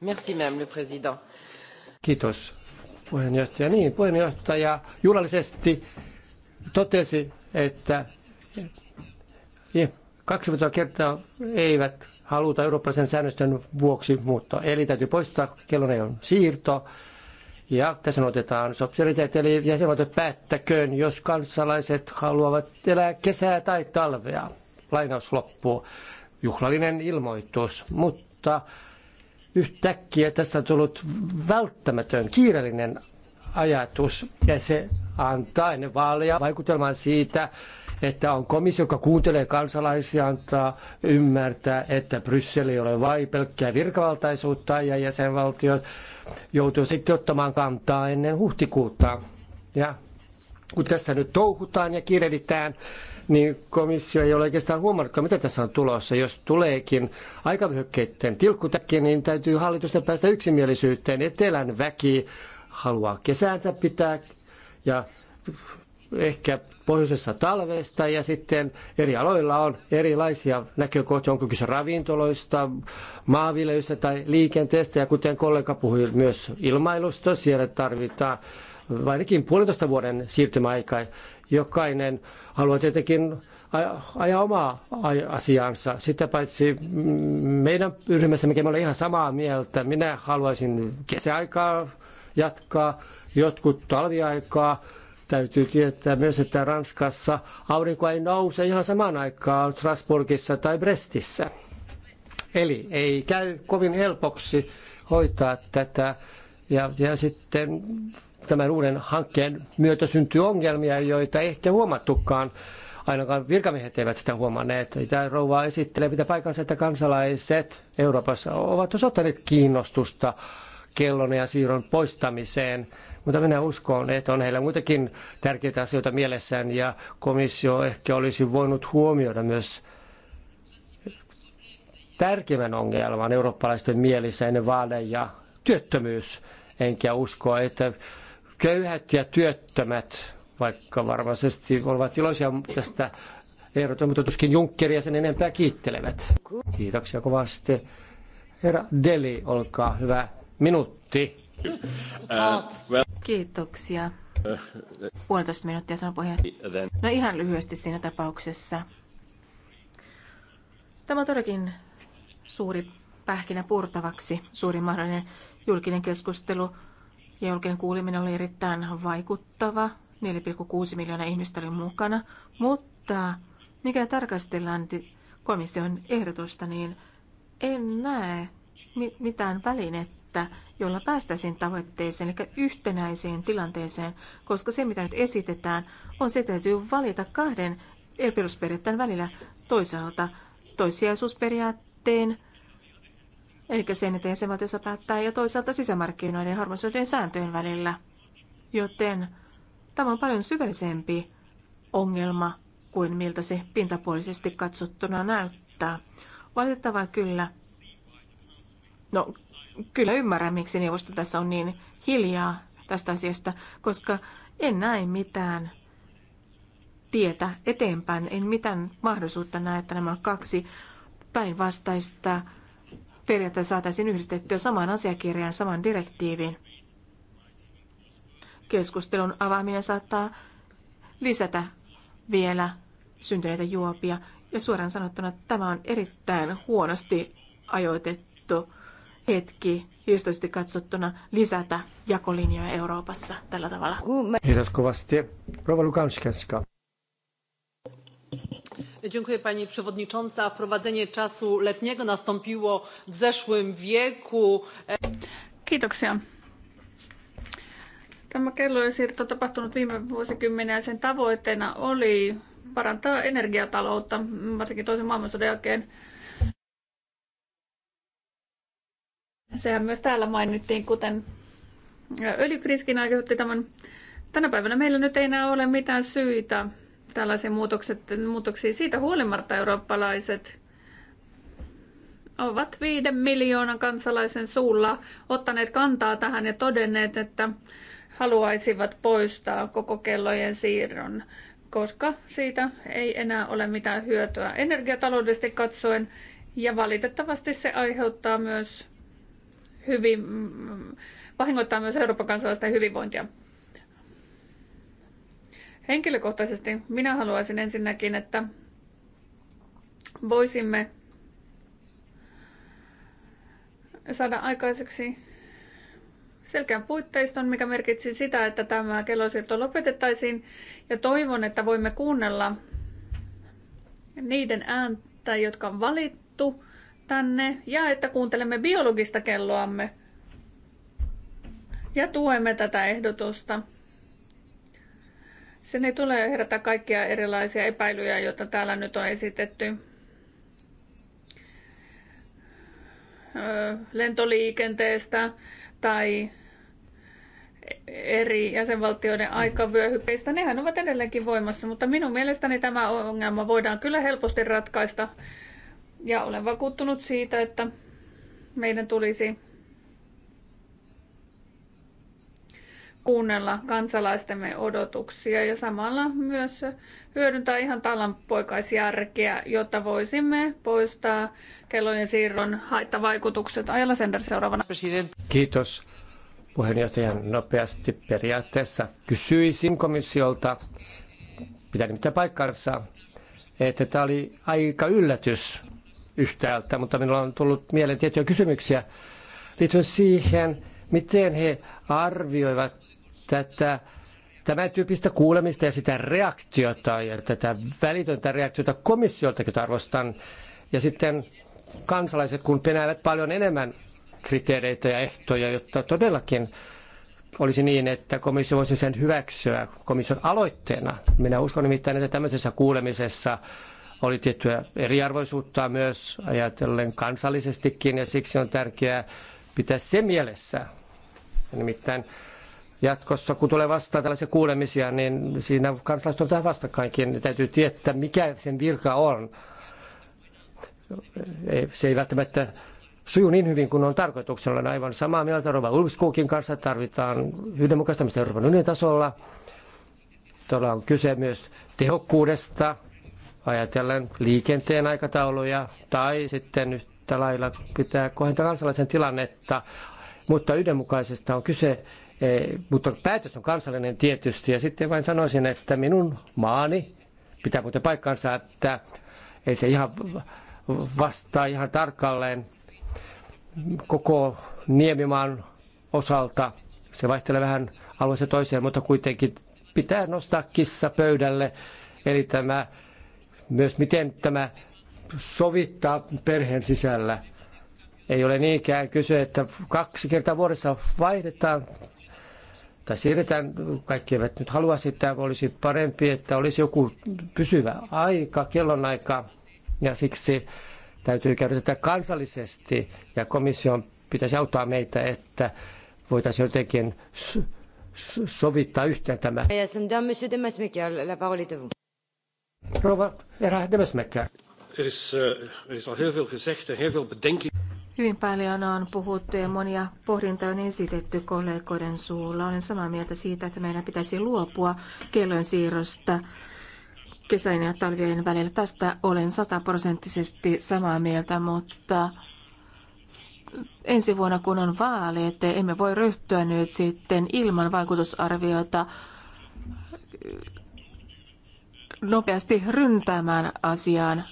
Merci, madame le président. Kiitos, puheenjohtaja. Niin, puheenjohtaja juhlallisesti totesi, että 20 kertaa eivät haluta eurooppalaisen säännöstön vuoksi muuttaa. Eli täytyy poistaa kellonajon siirto ja tässä otetaan subsidiariteetti, eli jäsenvaltio päättäköön, jos kansalaiset haluavat elää kesää tai talvea. Lainaus loppuu. Juhlallinen ilmoitus, mutta yhtäkkiä tästä on tullut välttämätön, kiireellinen ajatus, ja se antaa ennen vaaleja vaikutelman siitä, että on komissio, joka kuuntelee kansalaisia, antaa ymmärtää, että Bryssel ei ole vain pelkkää virkavaltaisuutta ja jäsenvaltiot joutuu sitten ottamaan kantaa ennen huhtikuuta. Ja kun tässä nyt touhutaan ja kiirehditään, niin komissio ei ole oikeastaan huomannutkaan, mitä tässä on tulossa. Jos tuleekin aikavyöhykkeiden tilkkutäkki, niin täytyy hallitusten päästä yksimielisyyteen. Etelän väki haluaa kesänsä pitää ja ehkä pohjoisessa talvesta ja sitten eri aloilla on erilaisia näkökohtia, onko kyse ravintoloista, maanviljelystä tai liikenteestä ja kuten kollega puhui myös ilmailusta, siellä tarvitaan ainakin puolentoista vuoden siirtymäaika. Jokainen haluaa tietenkin ajaa omaa asiaansa. Sitä paitsi meidän ryhmässä, mikä me olemme ihan samaa mieltä, minä haluaisin kesäaikaa jatkaa, jotkut talviaikaa, Täytyy tietää myös, että Ranskassa aurinko ei nouse ihan samaan aikaan Strasbourgissa tai Brestissä. Eli ei käy kovin helpoksi hoitaa tätä. Ja, ja sitten tämän uuden hankkeen myötä syntyy ongelmia, joita ei ehkä huomattukaan. Ainakaan virkamiehet eivät sitä huomanneet. Tämä rouva esittelee, mitä paikansa, että kansalaiset Euroopassa ovat osoittaneet kiinnostusta kellon ja siirron poistamiseen – mutta minä uskon, että on heillä muitakin tärkeitä asioita mielessään ja komissio ehkä olisi voinut huomioida myös tärkeimmän ongelman eurooppalaisten mielissä ennen vaaleja, työttömyys. Enkä usko, että köyhät ja työttömät, vaikka varmasti olivat iloisia tästä ehdotusta, mutta tuskin Junckeria sen enempää kiittelevät. Kiitoksia kovasti. Herra Deli, olkaa hyvä. Minuutti. Uh, Kiitoksia. Uh, Puolitoista minuuttia sanon No ihan lyhyesti siinä tapauksessa. Tämä on todellakin suuri pähkinä purtavaksi, suuri mahdollinen julkinen keskustelu ja julkinen kuuleminen oli erittäin vaikuttava. 4,6 miljoonaa ihmistä oli mukana, mutta mikä tarkastellaan komission ehdotusta, niin en näe mitään välinettä, jolla päästäisiin tavoitteeseen, eli yhtenäiseen tilanteeseen, koska se, mitä nyt esitetään, on se, että täytyy valita kahden perusperiaatteen välillä toisaalta toissijaisuusperiaatteen, eli sen, että jäsenvaltiossa päättää, ja toisaalta sisämarkkinoiden harmonisoiden sääntöjen välillä. Joten tämä on paljon syvällisempi ongelma kuin miltä se pintapuolisesti katsottuna näyttää. Valitettavaa kyllä, No, kyllä ymmärrän, miksi neuvosto tässä on niin hiljaa tästä asiasta, koska en näe mitään tietä eteenpäin. En mitään mahdollisuutta näe, että nämä kaksi päinvastaista periaatteessa saataisiin yhdistettyä samaan asiakirjaan, samaan direktiiviin. Keskustelun avaaminen saattaa lisätä vielä syntyneitä juopia. Ja suoraan sanottuna tämä on erittäin huonosti ajoitettu hetki historiallisesti katsottuna lisätä jakolinjoja Euroopassa tällä tavalla. Kiitos kovasti. Rova Lukanskenska. Dziękuję Pani Przewodnicząca. Wprowadzenie czasu letniego nastąpiło w zeszłym wieku. Kiitoksia. Tämä kellojen siirto tapahtunut viime vuosikymmenen ja sen tavoitteena oli parantaa energiataloutta, varsinkin toisen maailmansodan jälkeen Sehän myös täällä mainittiin, kuten öljykriskin aiheutti tämän. Tänä päivänä meillä nyt ei enää ole mitään syitä tällaisiin muutoksiin. Siitä huolimatta eurooppalaiset ovat viiden miljoonan kansalaisen suulla ottaneet kantaa tähän ja todenneet, että haluaisivat poistaa koko kellojen siirron, koska siitä ei enää ole mitään hyötyä energiataloudellisesti katsoen. Ja valitettavasti se aiheuttaa myös hyvin, mm, vahingoittaa myös Euroopan kansalaisten hyvinvointia. Henkilökohtaisesti minä haluaisin ensinnäkin, että voisimme saada aikaiseksi selkeän puitteiston, mikä merkitsi sitä, että tämä kellosiirto lopetettaisiin. Ja toivon, että voimme kuunnella niiden ääntä, jotka on valittu tänne ja että kuuntelemme biologista kelloamme ja tuemme tätä ehdotusta. Sen ei tule herätä kaikkia erilaisia epäilyjä, joita täällä nyt on esitetty. Lentoliikenteestä tai eri jäsenvaltioiden aikavyöhykkeistä, nehän ovat edelleenkin voimassa, mutta minun mielestäni tämä ongelma voidaan kyllä helposti ratkaista ja olen vakuuttunut siitä, että meidän tulisi kuunnella kansalaistemme odotuksia ja samalla myös hyödyntää ihan talanpoikaisjärkeä, jotta voisimme poistaa kellojen siirron haittavaikutukset. Ajalla Sender seuraavana. Kiitos puheenjohtajan nopeasti periaatteessa. Kysyisin komissiolta, pitää nimittäin paikkansa, että tämä oli aika yllätys yhtäältä, mutta minulla on tullut mieleen tiettyjä kysymyksiä liittyen siihen, miten he arvioivat tätä tämän tyyppistä kuulemista ja sitä reaktiota ja tätä välitöntä reaktiota komissiolta, jota arvostan. Ja sitten kansalaiset, kun penäävät paljon enemmän kriteereitä ja ehtoja, jotta todellakin olisi niin, että komissio voisi sen hyväksyä komission aloitteena. Minä uskon nimittäin, että tämmöisessä kuulemisessa oli tiettyä eriarvoisuutta myös ajatellen kansallisestikin ja siksi on tärkeää pitää se mielessä. Nimittäin jatkossa, kun tulee vastaan tällaisia kuulemisia, niin siinä kansalaiset on tähän vastakkainkin. Niin täytyy tietää, mikä sen virka on. Se ei välttämättä suju niin hyvin kuin on tarkoituksena. Olen aivan samaa mieltä Euroopan Ulfskukin kanssa. Tarvitaan yhdenmukaistamista Euroopan unionin tasolla. Tuolla on kyse myös tehokkuudesta ajatellen liikenteen aikatauluja tai sitten yhtä lailla pitää kohentaa kansalaisen tilannetta, mutta yhdenmukaisesta on kyse, e, mutta päätös on kansallinen tietysti ja sitten vain sanoisin, että minun maani pitää muuten paikkansa, että ei se ihan vastaa ihan tarkalleen koko Niemimaan osalta. Se vaihtelee vähän alueesta toiseen, mutta kuitenkin pitää nostaa kissa pöydälle. Eli tämä myös miten tämä sovittaa perheen sisällä. Ei ole niinkään kyse, että kaksi kertaa vuodessa vaihdetaan tai siirretään, kaikki eivät nyt halua sitä, olisi parempi, että olisi joku pysyvä aika, kellonaika, ja siksi täytyy käydä tätä kansallisesti, ja komission pitäisi auttaa meitä, että voitaisiin jotenkin sovittaa yhteen tämä. Uh, Rouva Vera Demesmekker. Er is, eh, er is al heel veel gezegd en heel veel Hyvin paljon on puhuttu ja monia pohdintoja on esitetty kollegoiden suulla. Olen samaa mieltä siitä, että meidän pitäisi luopua kellojen siirrosta kesän ja talvien välillä. Tästä olen sataprosenttisesti samaa mieltä, mutta ensi vuonna kun on vaali, että emme voi ryhtyä nyt sitten ilman vaikutusarviota nopeasti ryntäämään asiaan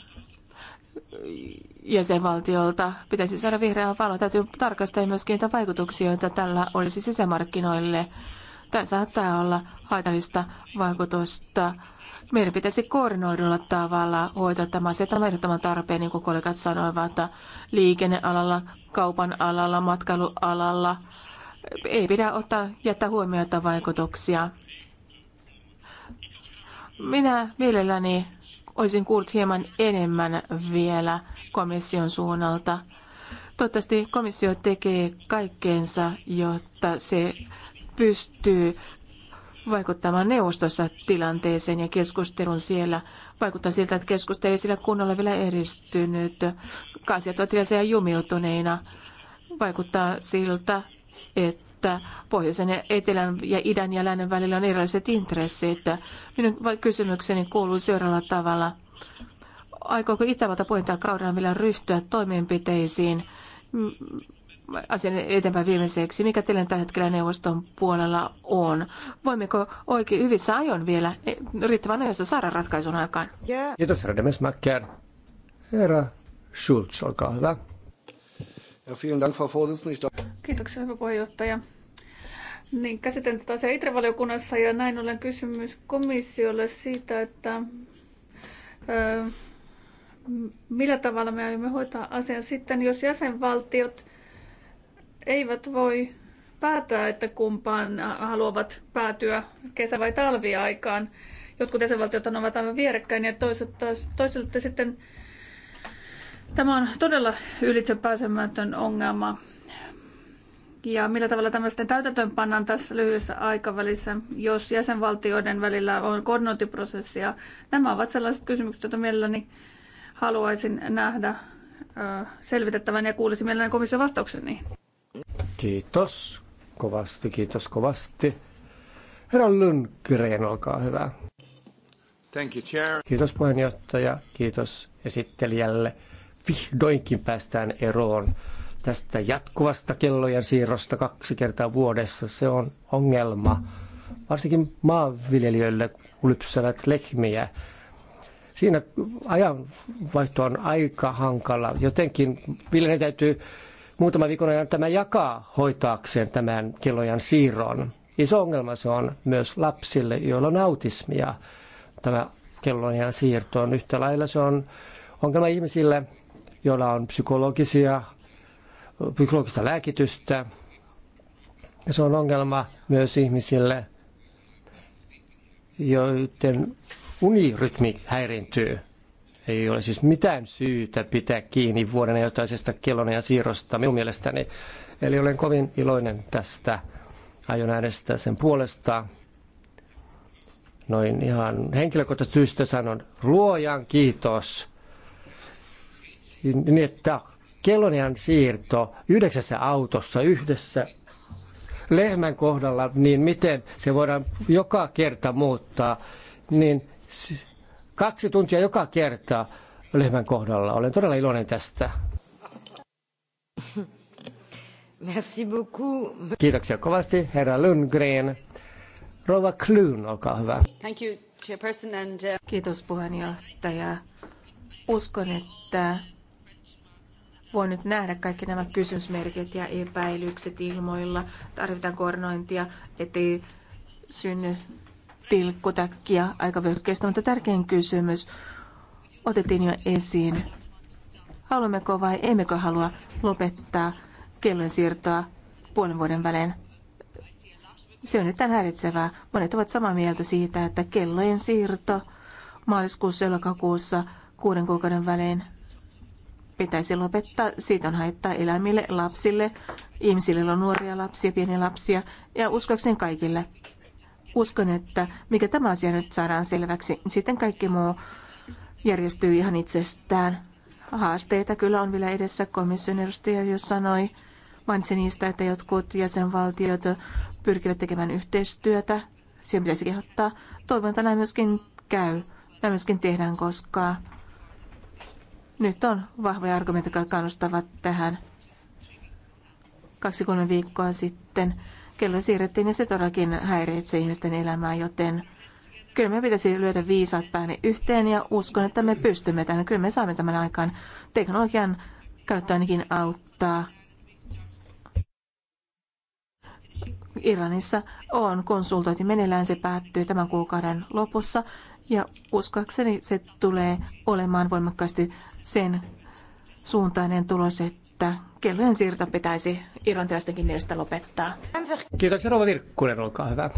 jäsenvaltiolta. Pitäisi saada vihreää valoa. Täytyy tarkastaa myöskin niitä vaikutuksia, joita tällä olisi sisämarkkinoille. Tämä saattaa olla haitallista vaikutusta. Meidän pitäisi koordinoidulla tavalla hoitaa tämä asia. Tämä ehdottoman tarpeen, niin kuin kollegat sanoivat, että liikennealalla, kaupan alalla, matkailualalla ei pidä ottaa, jättää huomiota vaikutuksia. Minä mielelläni olisin kuullut hieman enemmän vielä komission suunnalta. Toivottavasti komissio tekee kaikkeensa, jotta se pystyy vaikuttamaan neuvostossa tilanteeseen ja keskustelun siellä. Vaikuttaa siltä, että keskustelu ei sillä kunnolla vielä eristynyt. Kansiat ovat vielä jumiutuneina. Vaikuttaa siltä, että että pohjoisen ja etelän ja idän ja lännen välillä on erilaiset intressit. Minun kysymykseni kuuluu seuraavalla tavalla. Aikooko Itävalta kaudella vielä ryhtyä toimenpiteisiin asian eteenpäin viimeiseksi? Mikä teillä tällä hetkellä neuvoston puolella on? Voimmeko oikein hyvissä ajoin vielä e, riittävän ajoissa saada ratkaisun aikaan? Kiitos, herra Demesmacker. Herra Schulz, olkaa hyvä. Kiitoksia, hyvä puheenjohtaja. Niin, käsitän tätä asiaa ITRE-valiokunnassa ja näin ollen kysymys komissiolle siitä, että ö, millä tavalla me aiomme hoitaa asian sitten, jos jäsenvaltiot eivät voi päättää, että kumpaan haluavat päätyä kesä- vai talviaikaan. Jotkut jäsenvaltiot ovat aivan vierekkäin ja toiset, toisilta sitten Tämä on todella ylitsepääsemätön ongelma. Ja millä tavalla tämä sitten täytäntöön pannaan tässä lyhyessä aikavälissä, jos jäsenvaltioiden välillä on koordinointiprosessia? Nämä ovat sellaiset kysymykset, joita mielelläni haluaisin nähdä selvitettävän ja kuulisin mielelläni komission vastauksen niihin. Kiitos kovasti, kiitos kovasti. Herra Lundgren, olkaa hyvä. Thank you, chair. Kiitos puheenjohtaja, kiitos esittelijälle vihdoinkin päästään eroon tästä jatkuvasta kellojen siirrosta kaksi kertaa vuodessa. Se on ongelma, varsinkin maanviljelijöille lypsävät lehmiä. Siinä ajanvaihto on aika hankala. Jotenkin viljelijä täytyy muutama viikon ajan tämä jakaa hoitaakseen tämän kellojen siirron. Iso ongelma se on myös lapsille, joilla on autismia. Tämä kellojen siirto on yhtä lailla. Se on ongelma ihmisille, joilla on psykologisia, psykologista lääkitystä. Ja se on ongelma myös ihmisille, joiden unirytmi häirintyy. Ei ole siis mitään syytä pitää kiinni vuoden ajoittaisesta kellon ja siirrosta minun mielestäni. Eli olen kovin iloinen tästä. Aion äänestää sen puolesta. Noin ihan henkilökohtaisesti sanon luojan kiitos niin, että Kelonian siirto yhdeksässä autossa yhdessä lehmän kohdalla, niin miten se voidaan joka kerta muuttaa, niin kaksi tuntia joka kerta lehmän kohdalla. Olen todella iloinen tästä. Merci beaucoup. Kiitoksia kovasti, herra Lundgren. Rova Klun, olkaa hyvä. Thank you, uh, Kiitos puheenjohtaja. Uskon, että Voin nyt nähdä kaikki nämä kysymysmerkit ja epäilykset ilmoilla. Tarvitaan koordinointia, ettei synny tilkkutäkkiä aikavyöhykkeestä, mutta tärkein kysymys otettiin jo esiin. Haluammeko vai emmekö halua lopettaa kellon siirtoa puolen vuoden välein? Se on erittäin häiritsevää. Monet ovat samaa mieltä siitä, että kellojen siirto maaliskuussa lokakuussa kuuden kuukauden välein pitäisi lopettaa. Siitä on haittaa eläimille, lapsille, ihmisille, on nuoria lapsia, pieniä lapsia ja uskoakseni kaikille. Uskon, että mikä tämä asia nyt saadaan selväksi, sitten kaikki muu järjestyy ihan itsestään. Haasteita kyllä on vielä edessä, komission edustaja jo sanoi. Mainitsi niistä, että jotkut jäsenvaltiot pyrkivät tekemään yhteistyötä. Siihen pitäisi kehottaa. Toivon, että näin myöskin käy. Näin myöskin tehdään, koska nyt on vahvoja argumentteja, jotka kannustavat tähän. Kaksi-kolme viikkoa sitten kello siirrettiin ja se todellakin häiritsee ihmisten elämää, joten kyllä me pitäisi lyödä viisaat päämme yhteen ja uskon, että me pystymme tämän. Kyllä me saamme tämän aikaan. Teknologian käyttö ainakin auttaa. Iranissa on konsultointi meneillään, se päättyy tämän kuukauden lopussa ja uskoakseni se tulee olemaan voimakkaasti sen suuntainen tulos, että kellojen siirto pitäisi irlantilaistenkin mielestä lopettaa. Kiitoksia Rova Virkkunen, olkaa hyvä.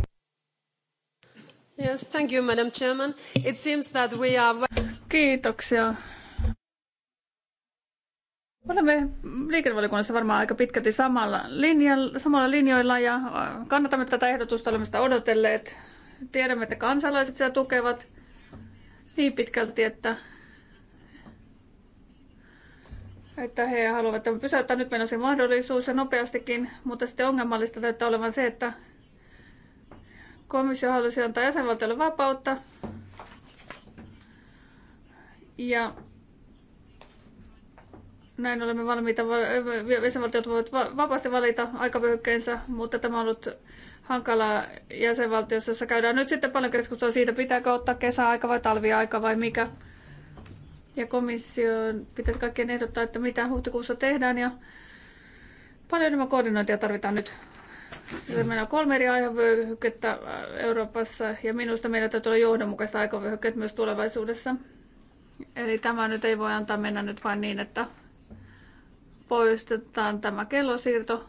Yes, thank you, Madam Chairman. It seems that we are... Kiitoksia. Olemme liikennevaliokunnassa varmaan aika pitkälti samalla, linjalla, samalla linjoilla ja kannatamme tätä ehdotusta, olemme sitä odotelleet Tiedämme, että kansalaiset sitä tukevat niin pitkälti, että, että he haluavat tämän pysäyttää. Nyt meillä on se mahdollisuus ja nopeastikin, mutta sitten ongelmallista näyttää olevan se, että komissio halusi antaa jäsenvaltiolle vapautta ja näin olemme valmiita, jäsenvaltiot voivat vapaasti valita aikavyöhykkeensä, mutta tämä on ollut hankala jäsenvaltiossa, jossa käydään nyt sitten paljon keskustelua siitä, pitääkö ottaa kesäaika vai talviaika vai mikä. Ja komissio pitäisi kaikkien ehdottaa, että mitä huhtikuussa tehdään ja paljon enemmän koordinointia tarvitaan nyt. Sillä meillä on kolme eri aikavyöhykettä Euroopassa ja minusta meillä täytyy olla johdonmukaista aikavyöhykkeet myös tulevaisuudessa. Eli tämä nyt ei voi antaa mennä nyt vain niin, että poistetaan tämä kellosiirto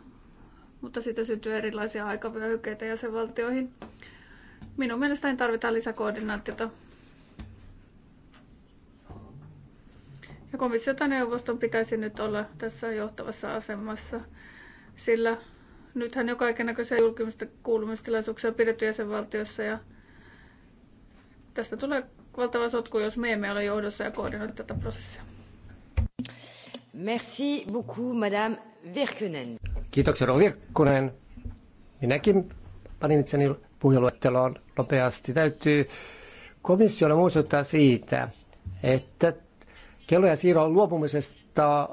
mutta siitä syntyy erilaisia aikavyöhykkeitä jäsenvaltioihin. Minun mielestäni tarvitaan lisäkoordinaatiota. Ja komissiota neuvoston pitäisi nyt olla tässä johtavassa asemassa, sillä nythän jo kaikenlaisia julkista kuulumistilaisuuksia on pidetty jäsenvaltiossa ja tästä tulee valtava sotku, jos me emme ole johdossa ja koordinoi tätä prosessia. Merci beaucoup, madame. Virkkunen. Kiitoksia Rova Virkkunen. Minäkin panin itseni puheluetteloon nopeasti. Täytyy komissiolle muistuttaa siitä, että kellojen siirron luopumisesta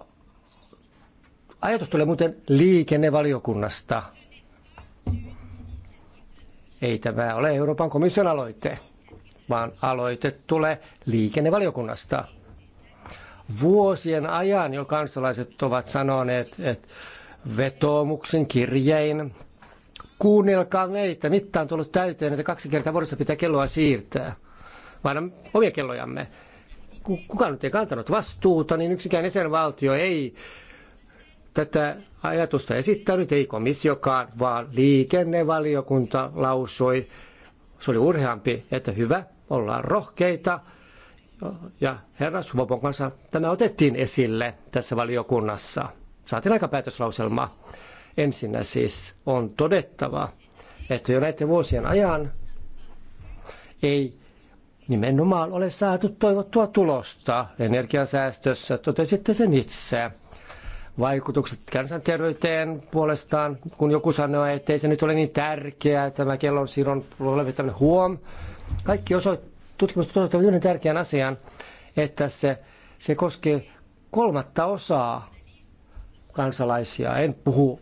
ajatus tulee muuten liikennevaliokunnasta. Ei tämä ole Euroopan komission aloite, vaan aloite tulee liikennevaliokunnasta. Vuosien ajan jo kansalaiset ovat sanoneet, että vetoomuksen kirjein, kuunnelkaa meitä, mitta on tullut täyteen, että kaksi kertaa vuodessa pitää kelloa siirtää, vaan omia kellojamme. Kukaan nyt ei kantanut vastuuta, niin yksikään jäsenvaltio ei tätä ajatusta esittänyt, ei komissiokaan, vaan liikennevaliokunta lausui, se oli urheampi, että hyvä, ollaan rohkeita, ja herra Suvopon kanssa tämä otettiin esille tässä valiokunnassa. Saatiin aika päätöslauselma. Ensinnä siis on todettava, että jo näiden vuosien ajan ei nimenomaan ole saatu toivottua tulosta energiansäästössä, Totesitte sen itse. Vaikutukset kansanterveyteen puolestaan, kun joku sanoo, että ei se nyt ole niin tärkeää, tämä kellon siirron huom. Kaikki osoittaa, tutkimus toteuttavat yhden tärkeän asian, että se, se koskee kolmatta osaa kansalaisia. En puhu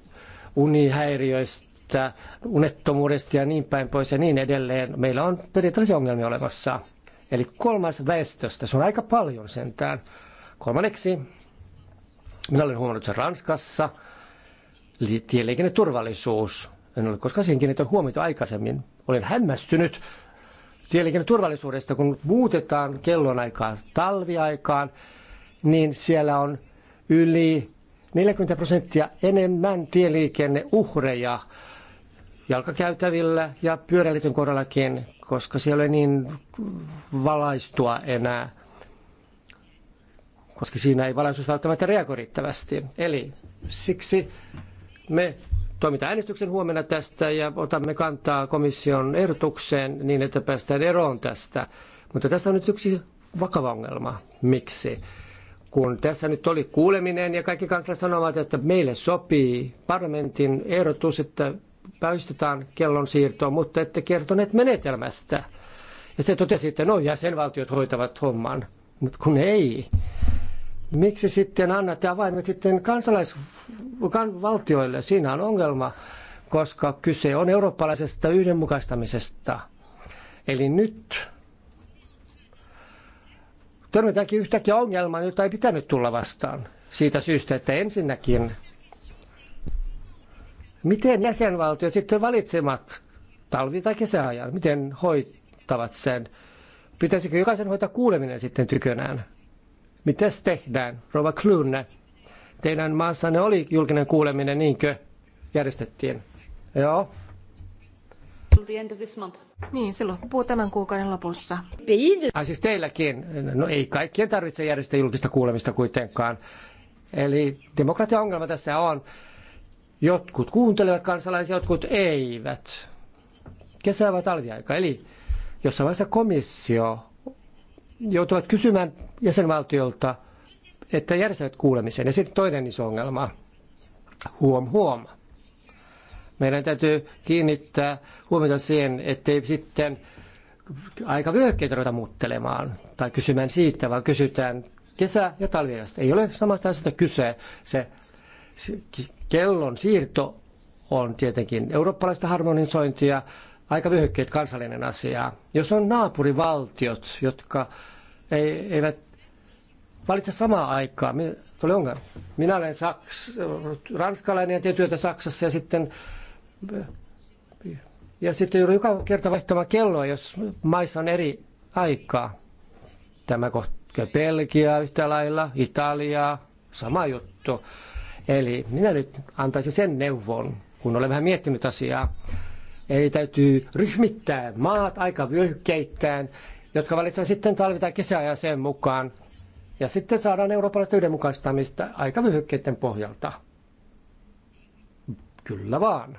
unihäiriöistä, unettomuudesta ja niin päin pois ja niin edelleen. Meillä on periaatteellisia ongelmia olemassa. Eli kolmas väestöstä, se on aika paljon sentään. Kolmanneksi, minä olen huomannut sen Ranskassa, tieliikenneturvallisuus. En ole koskaan siihen kiinnittänyt huomiota aikaisemmin. Olen hämmästynyt, tieliikenneturvallisuudesta, kun muutetaan kellonaikaa talviaikaan, niin siellä on yli 40 prosenttia enemmän tieliikenneuhreja jalkakäytävillä ja pyöräilijän kohdallakin, koska siellä ei ole niin valaistua enää, koska siinä ei valaistus välttämättä reagoi riittävästi. Eli siksi me toimita äänestyksen huomenna tästä ja otamme kantaa komission ehdotukseen niin, että päästään eroon tästä. Mutta tässä on nyt yksi vakava ongelma. Miksi? Kun tässä nyt oli kuuleminen ja kaikki kansalaiset sanovat, että meille sopii parlamentin ehdotus, että päästetään kellon siirtoon, mutta ette kertoneet menetelmästä. Ja se totesi, että no jäsenvaltiot hoitavat homman, mutta kun ei miksi sitten annatte avaimet sitten kansalaisvaltioille? Siinä on ongelma, koska kyse on eurooppalaisesta yhdenmukaistamisesta. Eli nyt törmätäänkin yhtäkkiä ongelmaan, jota ei pitänyt tulla vastaan. Siitä syystä, että ensinnäkin, miten jäsenvaltiot sitten valitsemat talvi- tai kesäajan, miten hoitavat sen? Pitäisikö jokaisen hoitaa kuuleminen sitten tykönään? Mitäs tehdään? Rova Klunne, teidän maassanne oli julkinen kuuleminen, niinkö järjestettiin? Joo. Niin, se loppuu tämän kuukauden lopussa. Ah, siis teilläkin. No ei kaikkien tarvitse järjestää julkista kuulemista kuitenkaan. Eli demokratian ongelma tässä on. Jotkut kuuntelevat kansalaisia, jotkut eivät. Kesä vai talviaika. Eli jossain vaiheessa komissio joutuvat kysymään jäsenvaltiolta, että järjestävät kuulemisen. Ja sitten toinen iso ongelma, huom huom. Meidän täytyy kiinnittää huomiota siihen, ettei sitten aika vyöhykkeitä ruveta muuttelemaan tai kysymään siitä, vaan kysytään kesä- ja talviajasta. Ei ole samasta asiasta kyse. Se, se kellon siirto on tietenkin eurooppalaista harmonisointia, aika vyöhykkeet kansallinen asia. Jos on naapurivaltiot, jotka ei, eivät valitse samaa aikaa. tuli ongelma. Minä olen Saks, ranskalainen ja teen työtä Saksassa ja sitten ja sitten joudun joka kerta vaihtamaan kelloa, jos maissa on eri aikaa. Tämä kohta Belgia yhtä lailla, Italia, sama juttu. Eli minä nyt antaisin sen neuvon, kun olen vähän miettinyt asiaa. Eli täytyy ryhmittää maat aika vyöhykkeittäin jotka valitsevat sitten talvi- tai kesäajan sen mukaan. Ja sitten saadaan eurooppalaista yhdenmukaistamista vyhykkeiden pohjalta. Kyllä vaan.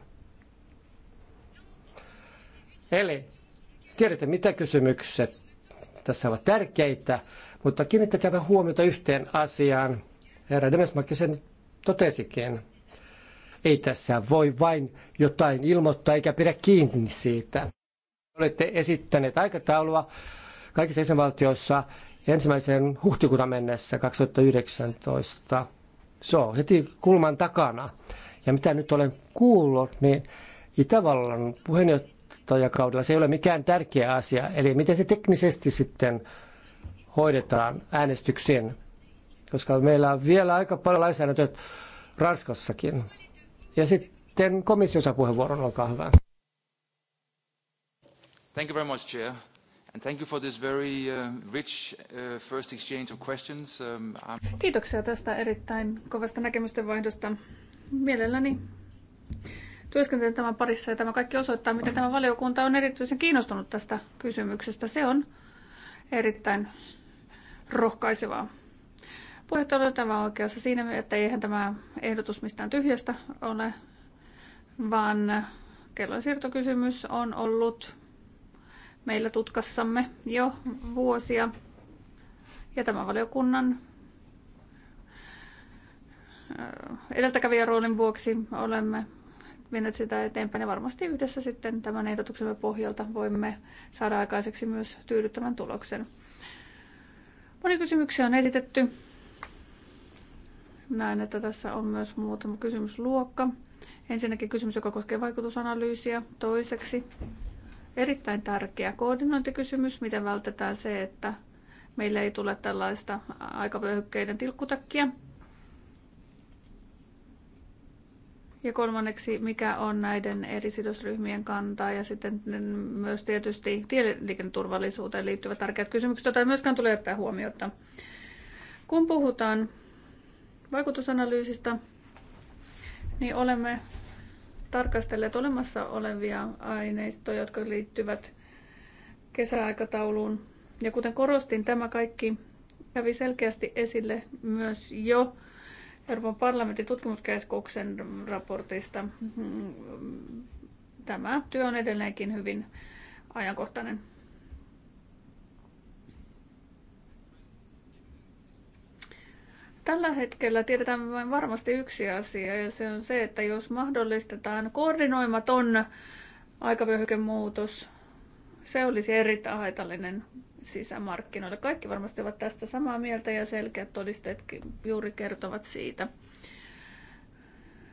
Eli tiedätte mitä kysymykset tässä ovat tärkeitä, mutta kiinnittäkää huomiota yhteen asiaan. Herra Demesmakki sen totesikin. Ei tässä voi vain jotain ilmoittaa eikä pidä kiinni siitä. Olette esittäneet aikataulua, kaikissa jäsenvaltioissa ensimmäisen huhtikuuta mennessä 2019. Se on heti kulman takana. Ja mitä nyt olen kuullut, niin Itävallan puheenjohtajakaudella se ei ole mikään tärkeä asia. Eli miten se teknisesti sitten hoidetaan äänestyksiin, koska meillä on vielä aika paljon lainsäädäntöä Ranskassakin. Ja sitten komissiossa puheenvuoron, olkaa hyvä. Thank you very much, Chair. Kiitoksia tästä erittäin kovasta näkemysten vaihdosta. Mielelläni työskentelen tämän parissa ja tämä kaikki osoittaa, miten tämä valiokunta on erityisen kiinnostunut tästä kysymyksestä. Se on erittäin rohkaisevaa. Puheenjohtaja tämä oikeassa siinä, että eihän tämä ehdotus mistään tyhjästä ole, vaan siirtokysymys on ollut meillä tutkassamme jo vuosia. Ja tämän valiokunnan edeltäkävijän roolin vuoksi olemme menneet sitä eteenpäin ja varmasti yhdessä sitten tämän ehdotuksemme pohjalta voimme saada aikaiseksi myös tyydyttävän tuloksen. Moni kysymyksiä on esitetty. Näen, että tässä on myös muutama kysymysluokka. Ensinnäkin kysymys, joka koskee vaikutusanalyysiä. Toiseksi erittäin tärkeä koordinointikysymys, miten vältetään se, että meillä ei tule tällaista aikavyöhykkeiden tilkkutakkia. Ja kolmanneksi, mikä on näiden eri sidosryhmien kantaa ja sitten myös tietysti tieliikenneturvallisuuteen liittyvät tärkeät kysymykset, joita ei myöskään tule jättää huomiota. Kun puhutaan vaikutusanalyysistä, niin olemme tarkastelleet olemassa olevia aineistoja, jotka liittyvät kesäaikatauluun. Ja kuten korostin, tämä kaikki kävi selkeästi esille myös jo Euroopan parlamentin tutkimuskeskuksen raportista. Tämä työ on edelleenkin hyvin ajankohtainen. Tällä hetkellä tiedetään vain varmasti yksi asia, ja se on se, että jos mahdollistetaan koordinoimaton aikavyöhykemuutos, se olisi erittäin haitallinen sisämarkkinoille. Kaikki varmasti ovat tästä samaa mieltä ja selkeät todisteet juuri kertovat siitä.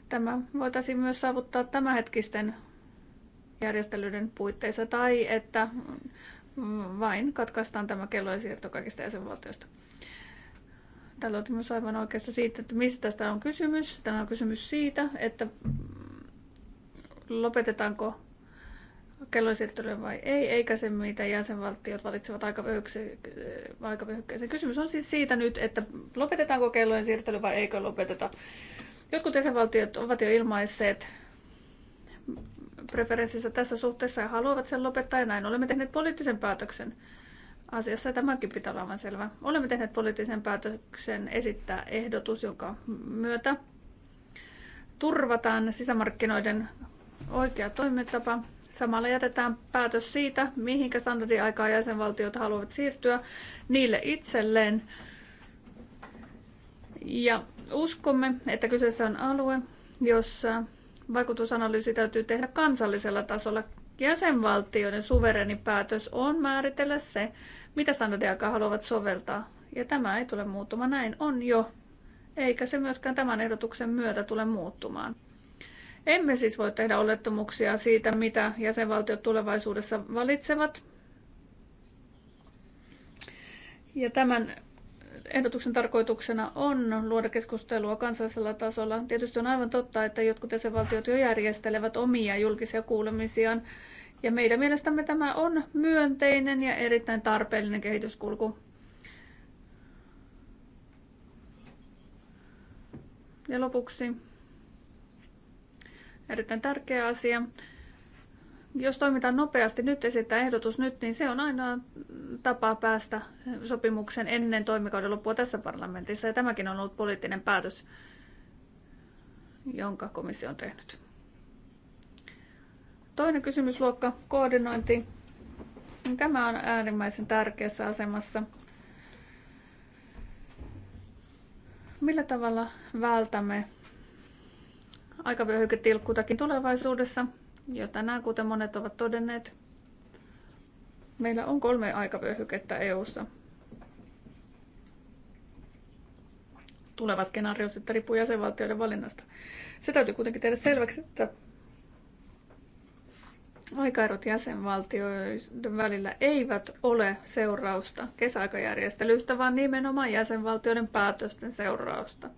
Tämä voitaisiin myös saavuttaa tämänhetkisten järjestelyiden puitteissa tai että vain katkaistaan tämä ja siirto kaikista jäsenvaltioista. Täällä otin myös aivan oikeasta siitä, että mistä tästä on kysymys. tämä on kysymys siitä, että lopetetaanko kellonsiirtelyä vai ei, eikä se mitä jäsenvaltiot valitsevat aikavyöhykkeeseen. Kysymys on siis siitä nyt, että lopetetaanko kellojen siirtely vai eikö lopeteta. Jotkut jäsenvaltiot ovat jo ilmaisseet preferenssissä tässä suhteessa ja haluavat sen lopettaa ja näin olemme tehneet poliittisen päätöksen asiassa. Tämäkin pitää olla aivan selvä. Olemme tehneet poliittisen päätöksen esittää ehdotus, jonka myötä turvataan sisämarkkinoiden oikea toimintatapa. Samalla jätetään päätös siitä, mihinkä standardiaikaa jäsenvaltiot haluavat siirtyä niille itselleen. Ja uskomme, että kyseessä on alue, jossa vaikutusanalyysi täytyy tehdä kansallisella tasolla. Jäsenvaltioiden suvereni päätös on määritellä se, mitä standardejakaan haluavat soveltaa. Ja tämä ei tule muuttumaan, näin on jo, eikä se myöskään tämän ehdotuksen myötä tule muuttumaan. Emme siis voi tehdä olettamuksia siitä, mitä jäsenvaltiot tulevaisuudessa valitsevat. Ja tämän ehdotuksen tarkoituksena on luoda keskustelua kansallisella tasolla. Tietysti on aivan totta, että jotkut jäsenvaltiot jo järjestelevät omia julkisia kuulemisiaan ja meidän mielestämme tämä on myönteinen ja erittäin tarpeellinen kehityskulku. Ja lopuksi erittäin tärkeä asia. Jos toimitaan nopeasti, nyt esittää ehdotus nyt, niin se on aina tapa päästä sopimuksen ennen toimikauden loppua tässä parlamentissa. Ja tämäkin on ollut poliittinen päätös, jonka komissio on tehnyt. Toinen kysymysluokka, koordinointi. Tämä on äärimmäisen tärkeässä asemassa. Millä tavalla vältämme aikavyöhyketilkkuutakin tulevaisuudessa, jo tänään, kuten monet ovat todenneet, meillä on kolme aikavyöhykettä EU:ssa. Tuleva skenaario sitten riippuu jäsenvaltioiden valinnasta. Se täytyy kuitenkin tehdä selväksi, että aikaerot jäsenvaltioiden välillä eivät ole seurausta kesäaikajärjestelyistä, vaan nimenomaan jäsenvaltioiden päätösten seurausta.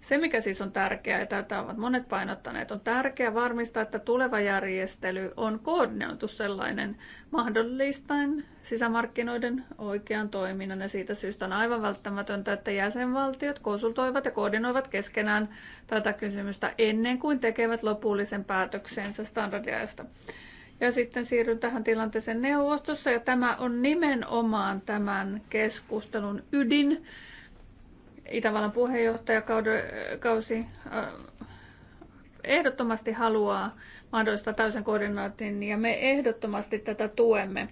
Se, mikä siis on tärkeää, ja tätä ovat monet painottaneet, on tärkeää varmistaa, että tuleva järjestely on koordinoitu sellainen mahdollistaen sisämarkkinoiden oikean toiminnan. Ja siitä syystä on aivan välttämätöntä, että jäsenvaltiot konsultoivat ja koordinoivat keskenään tätä kysymystä ennen kuin tekevät lopullisen päätöksensä standardiajasta. Ja sitten siirryn tähän tilanteeseen neuvostossa ja tämä on nimenomaan tämän keskustelun ydin. Itävallan puheenjohtajakausi äh, ehdottomasti haluaa mahdollista täysin koordinaatin ja me ehdottomasti tätä tuemme.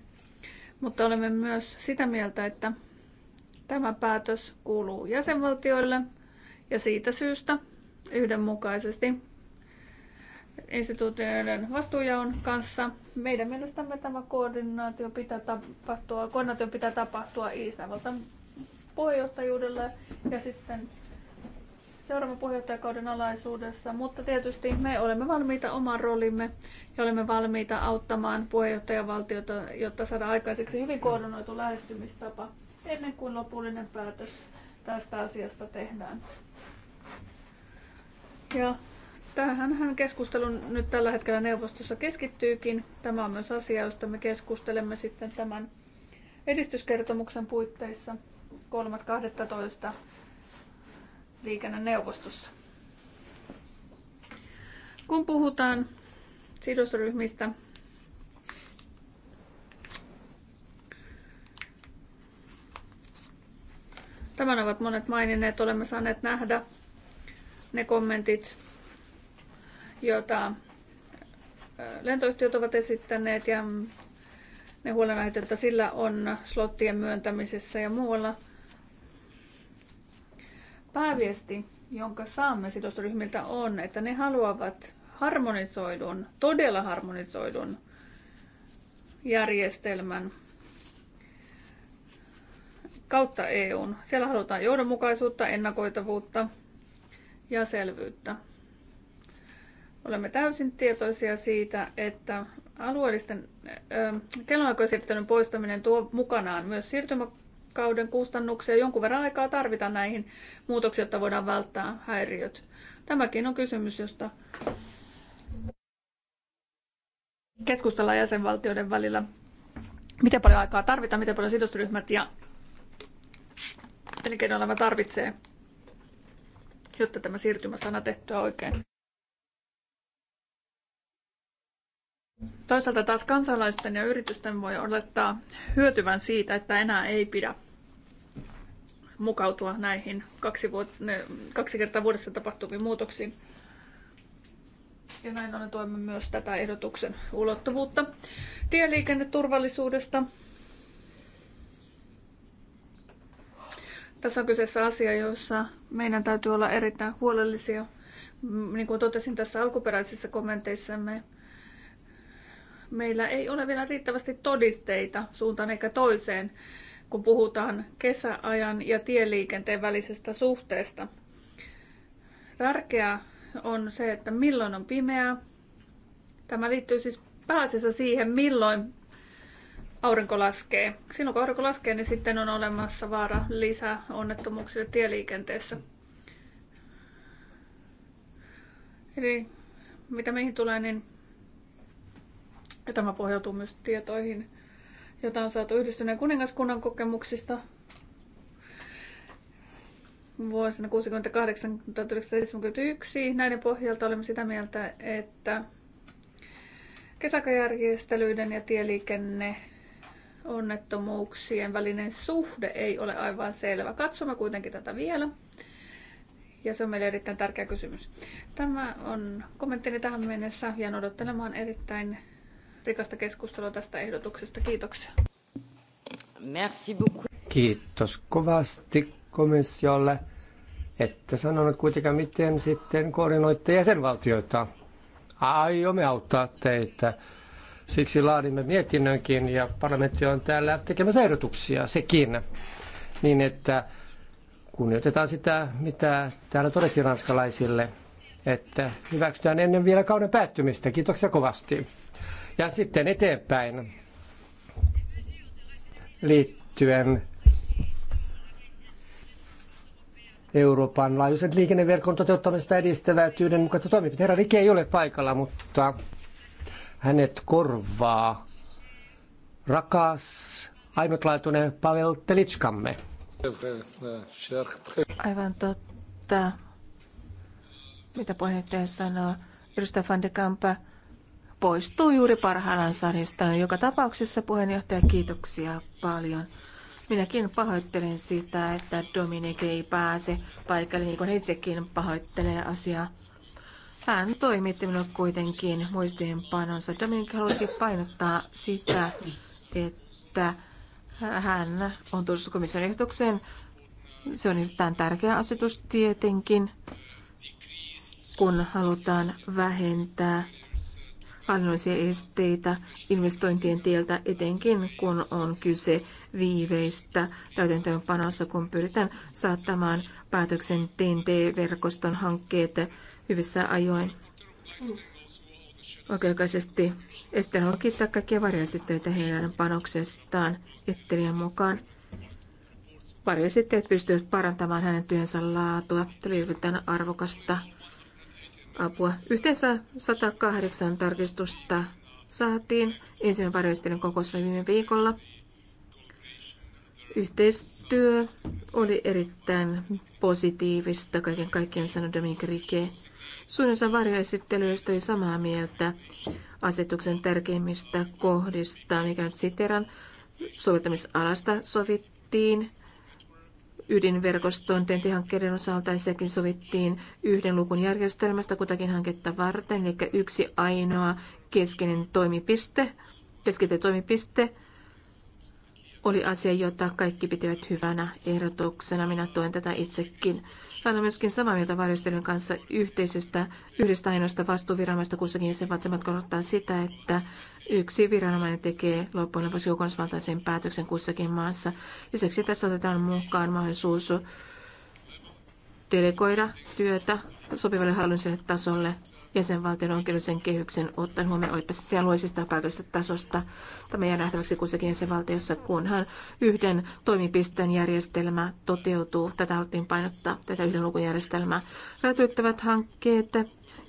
Mutta olemme myös sitä mieltä, että tämä päätös kuuluu jäsenvaltioille ja siitä syystä yhdenmukaisesti instituutioiden vastuujaon kanssa. Meidän mielestämme tämä koordinaatio pitää tapahtua, koordinaatio pitää tapahtua Iisnavalta puheenjohtajuudella ja sitten seuraavan puheenjohtajakauden alaisuudessa, mutta tietysti me olemme valmiita oman roolimme ja olemme valmiita auttamaan puheenjohtajavaltiota, jotta saada aikaiseksi hyvin koordinoitu lähestymistapa ennen kuin lopullinen päätös tästä asiasta tehdään. Ja Tähänhän keskustelu nyt tällä hetkellä neuvostossa keskittyykin. Tämä on myös asia, josta me keskustelemme sitten tämän edistyskertomuksen puitteissa 3.12. liikenneneuvostossa. Kun puhutaan sidosryhmistä, Tämän ovat monet maininneet, olemme saaneet nähdä ne kommentit, jota lentoyhtiöt ovat esittäneet ja ne huolenaiheet, joita sillä on slottien myöntämisessä ja muualla. Pääviesti, jonka saamme sidosryhmiltä on, että ne haluavat harmonisoidun, todella harmonisoidun järjestelmän kautta EUn. Siellä halutaan johdonmukaisuutta, ennakoitavuutta ja selvyyttä. Olemme täysin tietoisia siitä, että alueellisten ähm, kellonaikosiirtelyn poistaminen tuo mukanaan myös siirtymäkauden kustannuksia. Jonkun verran aikaa tarvitaan näihin muutoksiin, jotta voidaan välttää häiriöt. Tämäkin on kysymys, josta keskustellaan jäsenvaltioiden välillä. Miten paljon aikaa tarvitaan, miten paljon sidosryhmät ja elinkeinoelämä tarvitsee, jotta tämä siirtymä saadaan tehtyä oikein. Toisaalta taas kansalaisten ja yritysten voi olettaa hyötyvän siitä, että enää ei pidä mukautua näihin kaksi, vuot- kaksi kertaa vuodessa tapahtuviin muutoksiin. Ja näin ollen tuemme myös tätä ehdotuksen ulottuvuutta. Tieliikenneturvallisuudesta. Tässä on kyseessä asia, jossa meidän täytyy olla erittäin huolellisia. Niin kuin totesin tässä alkuperäisissä kommenteissamme, meillä ei ole vielä riittävästi todisteita suuntaan eikä toiseen, kun puhutaan kesäajan ja tieliikenteen välisestä suhteesta. Tärkeää on se, että milloin on pimeää. Tämä liittyy siis pääasiassa siihen, milloin aurinko laskee. Silloin kun aurinko laskee, niin sitten on olemassa vaara lisää onnettomuuksille tieliikenteessä. Eli mitä meihin tulee, niin ja tämä pohjautuu myös tietoihin, joita on saatu yhdistyneen kuningaskunnan kokemuksista vuosina 1978-1971. Näiden pohjalta olemme sitä mieltä, että kesäkajärjestelyiden ja tieliikenne onnettomuuksien välinen suhde ei ole aivan selvä. Katsomme kuitenkin tätä vielä. Ja se on meille erittäin tärkeä kysymys. Tämä on kommenttini tähän mennessä. Jään odottelemaan erittäin rikasta keskustelua tästä ehdotuksesta. Kiitoksia. Merci beaucoup. Kiitos kovasti komissiolle, että sanonut kuitenkaan, miten sitten koordinoitte jäsenvaltioita. Aiomme auttaa teitä. Siksi laadimme mietinnönkin ja parlamentti on täällä tekemässä ehdotuksia sekin, niin että kunnioitetaan sitä, mitä täällä todettiin ranskalaisille, että hyväksytään ennen vielä kauden päättymistä. Kiitoksia kovasti. Ja sitten eteenpäin liittyen Euroopan laajuisen liikenneverkon toteuttamista edistävää tyyden mukaista toimenpiteitä. Herra Rike ei ole paikalla, mutta hänet korvaa rakas, ainutlaatuinen Pavel Telitskamme. Aivan totta. Mitä puheenjohtaja sanoo? Edustaja van de Kampa poistuu juuri parhaillaan sarjasta. Joka tapauksessa puheenjohtaja kiitoksia paljon. Minäkin pahoittelen sitä, että Dominik ei pääse paikalle, niin kuin itsekin pahoittelee asiaa. Hän toimitti minulle kuitenkin muistiinpanonsa. Dominik halusi painottaa sitä, että hän on tullut komission ehdotukseen. Se on erittäin tärkeä asetus tietenkin, kun halutaan vähentää hallinnollisia esteitä investointien tieltä, etenkin kun on kyse viiveistä täytäntöönpanossa, kun pyritään saattamaan päätöksen TNT-verkoston hankkeet hyvissä ajoin oikeukaisesti. Esteen on kiittää kaikkia varjoesittelyitä heidän panoksestaan esittelijän mukaan. Varjoesittelijät pystyvät parantamaan hänen työnsä laatua. Tämä arvokasta apua. Yhteensä 108 tarkistusta saatiin. Ensimmäinen varjoistelun kokous oli viime viikolla. Yhteistyö oli erittäin positiivista, kaiken kaikkiaan sanoi Dominique Rike. Suunnassa osa varjoesittelyistä oli samaa mieltä asetuksen tärkeimmistä kohdista, mikä nyt siteran soveltamisalasta sovittiin ydinverkoston tentihankkeiden osalta sekin sovittiin yhden lukun järjestelmästä kutakin hanketta varten, eli yksi ainoa keskeinen toimipiste, keskeinen toimipiste oli asia, jota kaikki pitivät hyvänä ehdotuksena. Minä tuen tätä itsekin. Hän on myöskin samaa mieltä varjostelun kanssa yhteisestä yhdestä ainoasta vastuuviranomaista kussakin jäsenvaltiossa korottaa sitä, että yksi viranomainen tekee loppujen lopuksi kokonaisvaltaisen päätöksen kussakin maassa. Lisäksi tässä otetaan mukaan mahdollisuus delegoida työtä sopivalle hallinnolliselle tasolle jäsenvaltion oikeudellisen kehyksen ottaen huomioon oipaiset ja luisista ja paikallisesta tasosta. Tämä jää nähtäväksi kussakin jäsenvaltiossa, kunhan yhden toimipisteen järjestelmä toteutuu. Tätä haluttiin painottaa, tätä yhden lukun järjestelmää. Räätyyttävät hankkeet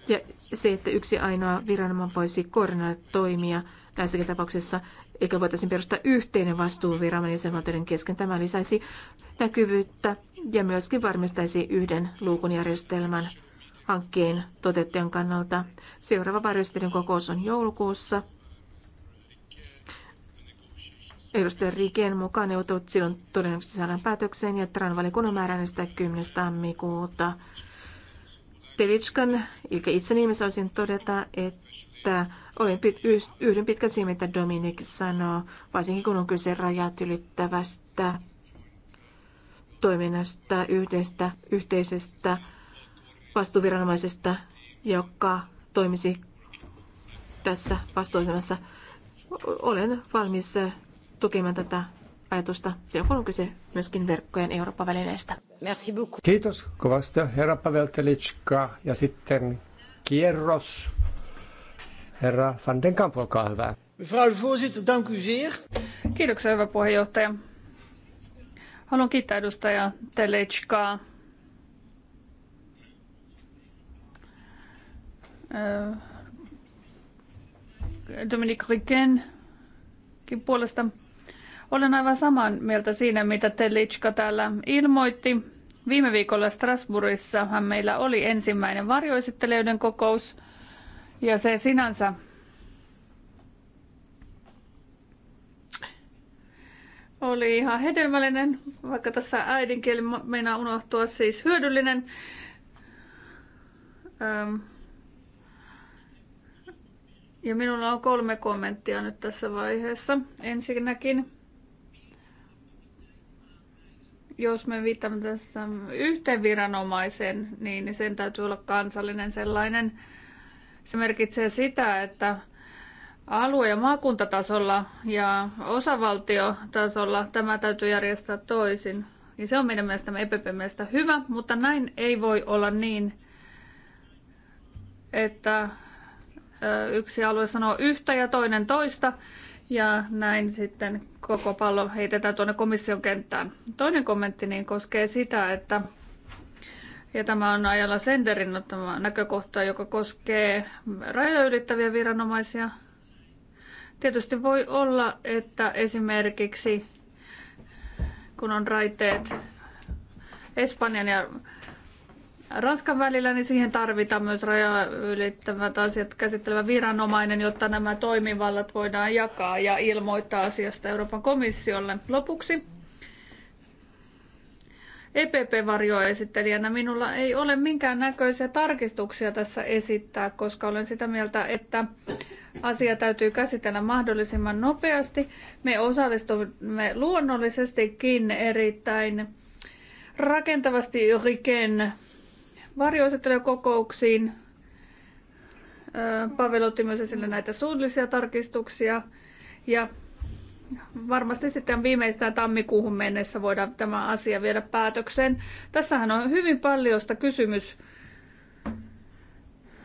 ja se, että yksi ainoa viranomainen voisi koordinoida toimia näissäkin tapauksissa, eikä voitaisiin perustaa yhteinen vastuu viranomainen jäsenvaltioiden kesken. Tämä lisäisi näkyvyyttä ja myöskin varmistaisi yhden luukun järjestelmän hankkeen toteuttajan kannalta. Seuraava varjostelun kokous on joulukuussa. Edustaja Riken mukaan neuvottelut silloin todennäköisesti saadaan päätökseen ja Tran valikunnan määrä 10. tammikuuta. Telitskan, eli itse nimessä olisin todeta, että olen pit, yhden pitkä siihen, mitä Dominik sanoo, varsinkin kun on kyse rajat ylittävästä toiminnasta, yhdestä yhteisestä vastuuviranomaisesta, joka toimisi tässä vastuullisemmassa. Olen valmis tukemaan tätä ajatusta siinä on kyse myöskin verkkojen Euroopan välineestä Kiitos kovasti, herra Pavel Telitska. Ja sitten kierros. Herra Van den Kamp, olkaa hyvä. Kiitoksia, hyvä puheenjohtaja. Haluan kiittää edustaja Telitskaa Dominic Riken puolesta. Olen aivan saman mieltä siinä, mitä Telitschka täällä ilmoitti. Viime viikolla Strasbourgissahan meillä oli ensimmäinen varjoesittelijöiden kokous ja se sinänsä oli ihan hedelmällinen, vaikka tässä äidinkieli meinaa unohtua, siis hyödyllinen. Öm ja minulla on kolme kommenttia nyt tässä vaiheessa. Ensinnäkin, jos me viittamme tässä yhteen viranomaisen, niin sen täytyy olla kansallinen sellainen. Se merkitsee sitä, että alue- ja maakuntatasolla ja osavaltiotasolla tämä täytyy järjestää toisin. Ja se on meidän mielestämme EPP mielestä hyvä, mutta näin ei voi olla niin, että yksi alue sanoo yhtä ja toinen toista, ja näin sitten koko pallo heitetään tuonne komission kenttään. Toinen kommentti niin koskee sitä, että ja tämä on ajalla senderin ottama näkökohta, joka koskee rajoja ylittäviä viranomaisia. Tietysti voi olla, että esimerkiksi kun on raiteet Espanjan ja Ranskan välillä, niin siihen tarvitaan myös raja ylittävät asiat käsittelevä viranomainen, jotta nämä toimivallat voidaan jakaa ja ilmoittaa asiasta Euroopan komissiolle. Lopuksi EPP-varjoesittelijänä minulla ei ole minkään näköisiä tarkistuksia tässä esittää, koska olen sitä mieltä, että asia täytyy käsitellä mahdollisimman nopeasti. Me osallistumme luonnollisestikin erittäin rakentavasti Riken varjoesittelykokouksiin. Pavel otti myös esille näitä suullisia tarkistuksia ja varmasti sitten viimeistään tammikuuhun mennessä voidaan tämä asia viedä päätökseen. Tässähän on hyvin paljon sitä kysymys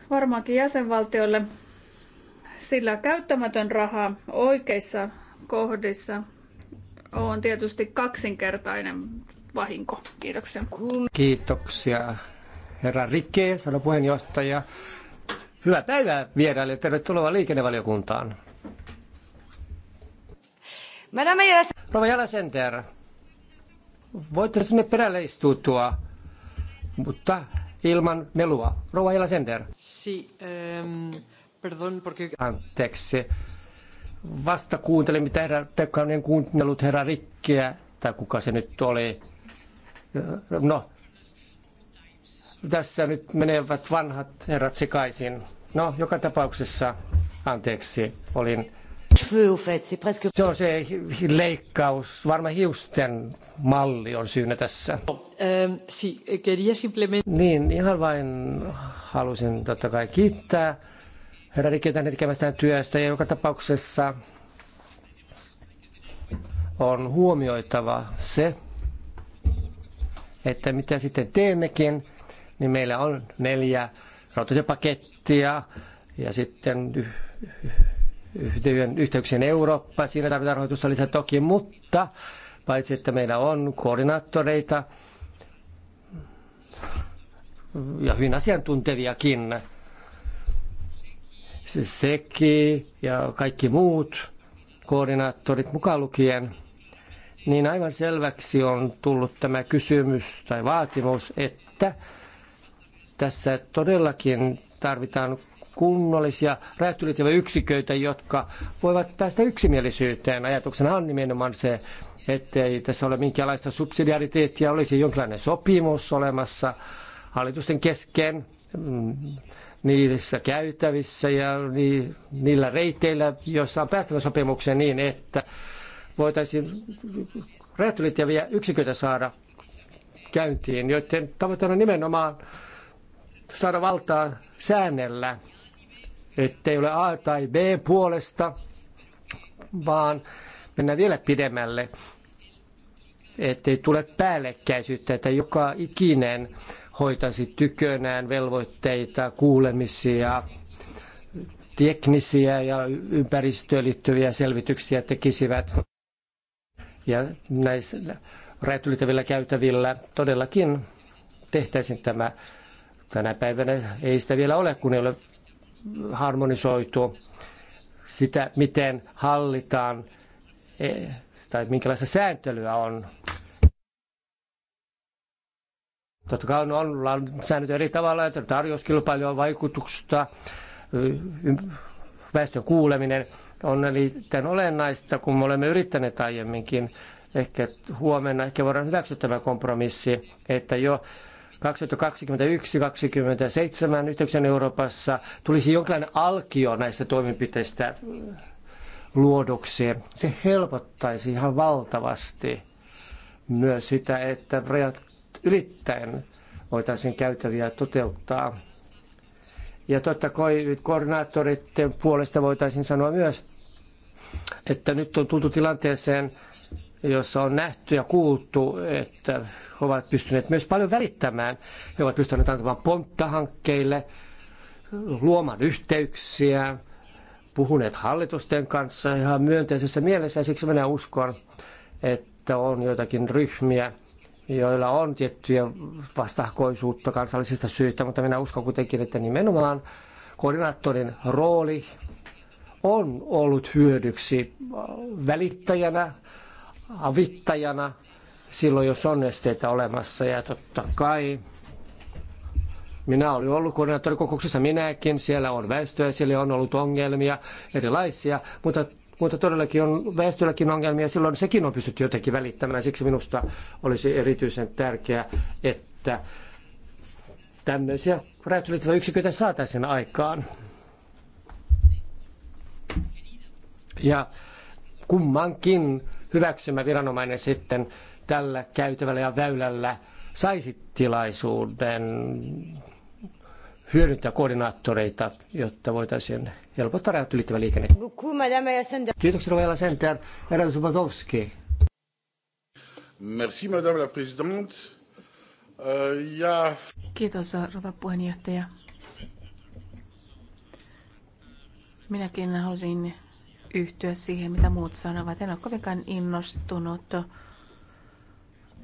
varmaankin jäsenvaltioille, sillä käyttämätön raha oikeissa kohdissa on tietysti kaksinkertainen vahinko. Kiitoksia. Kiitoksia herra Rikke, sanoi puheenjohtaja. Hyvää päivää vieraille. Tervetuloa liikennevaliokuntaan. Madame Jäläs... Rova Jäläsenter, voitte sinne perälle istuutua, mutta ilman melua. Rova Jäläsenter. Si, ähm, perdon, porque... Anteeksi. Vasta kuuntelin, mitä herra on kuuntelut herra Rikkiä, tai kuka se nyt oli. No, tässä nyt menevät vanhat herrat sekaisin. No, joka tapauksessa, anteeksi, olin... Se on se leikkaus, varmaan hiusten malli on syynä tässä. Ähm, niin, ihan vain halusin totta kai kiittää herra Riketä tekemästään työstä ja joka tapauksessa on huomioitava se, että mitä sitten teemmekin, niin meillä on neljä rautatiepakettia ja sitten yhteyksien Eurooppa. Siinä tarvitaan rahoitusta lisää toki, mutta paitsi että meillä on koordinaattoreita ja hyvin asiantunteviakin, se Seki ja kaikki muut koordinaattorit mukaan lukien, niin aivan selväksi on tullut tämä kysymys tai vaatimus, että tässä todellakin tarvitaan kunnollisia räätylitiellä yksiköitä, jotka voivat päästä yksimielisyyteen. Ajatuksena on nimenomaan se, ettei tässä ole minkäänlaista subsidiariteettia, olisi jonkinlainen sopimus olemassa hallitusten kesken mm, niissä käytävissä ja niillä reiteillä, joissa on päästävä sopimukseen niin, että voitaisiin räätylitiellä yksiköitä saada käyntiin, joiden tavoitteena on nimenomaan saada valtaa säännellä, ettei ole A tai B puolesta, vaan mennään vielä pidemmälle, ettei tule päällekkäisyyttä, että joka ikinen hoitaisi tykönään velvoitteita, kuulemisia, teknisiä ja ympäristöön liittyviä selvityksiä tekisivät. Ja näissä rajat käytävillä todellakin tehtäisiin tämä Tänä päivänä ei sitä vielä ole, kun ei ole harmonisoitu sitä, miten hallitaan e, tai minkälaista sääntelyä on. Totta kai on, on, on säännöt eri tavalla, että tarjouskilpailu on vaikutuksesta, väestön kuuleminen on eli olennaista, kun me olemme yrittäneet aiemminkin. Ehkä huomenna ehkä voidaan hyväksyä tämä kompromissi, että jo 2021-2027 yhteyksen Euroopassa tulisi jonkinlainen alkio näistä toimenpiteistä luoduksi. Se helpottaisi ihan valtavasti myös sitä, että rajat ylittäen voitaisiin käytäviä toteuttaa. Ja totta kai koordinaattoreiden puolesta voitaisiin sanoa myös, että nyt on tultu tilanteeseen, jossa on nähty ja kuultu, että he ovat pystyneet myös paljon välittämään. He ovat pystyneet antamaan pontta hankkeille, luomaan yhteyksiä, puhuneet hallitusten kanssa ihan myönteisessä mielessä. Ja siksi minä uskon, että on joitakin ryhmiä, joilla on tiettyjä vastahkoisuutta kansallisista syistä, mutta minä uskon kuitenkin, että nimenomaan koordinaattorin rooli on ollut hyödyksi välittäjänä, avittajana silloin, jos on esteitä olemassa. Ja totta kai minä olin ollut koordinaattorikokouksessa minäkin, siellä on väestöä, siellä on ollut ongelmia erilaisia, mutta, mutta todellakin on väestölläkin ongelmia, silloin sekin on pystytty jotenkin välittämään. Siksi minusta olisi erityisen tärkeää, että tämmöisiä räätylittäviä yksiköitä saataisiin aikaan. Ja kummankin hyväksymä viranomainen sitten tällä käytävällä ja väylällä saisi tilaisuuden hyödyntää koordinaattoreita, jotta voitaisiin helpottaa rajat ylittävä liikenne. Kiitoksia, rovella Center. Herra Zubatovski. Merci, madame la présidente. Uh, ja... Kiitos, rouva puheenjohtaja. Minäkin haluaisin yhtyä siihen, mitä muut sanovat. En ole kovinkaan innostunut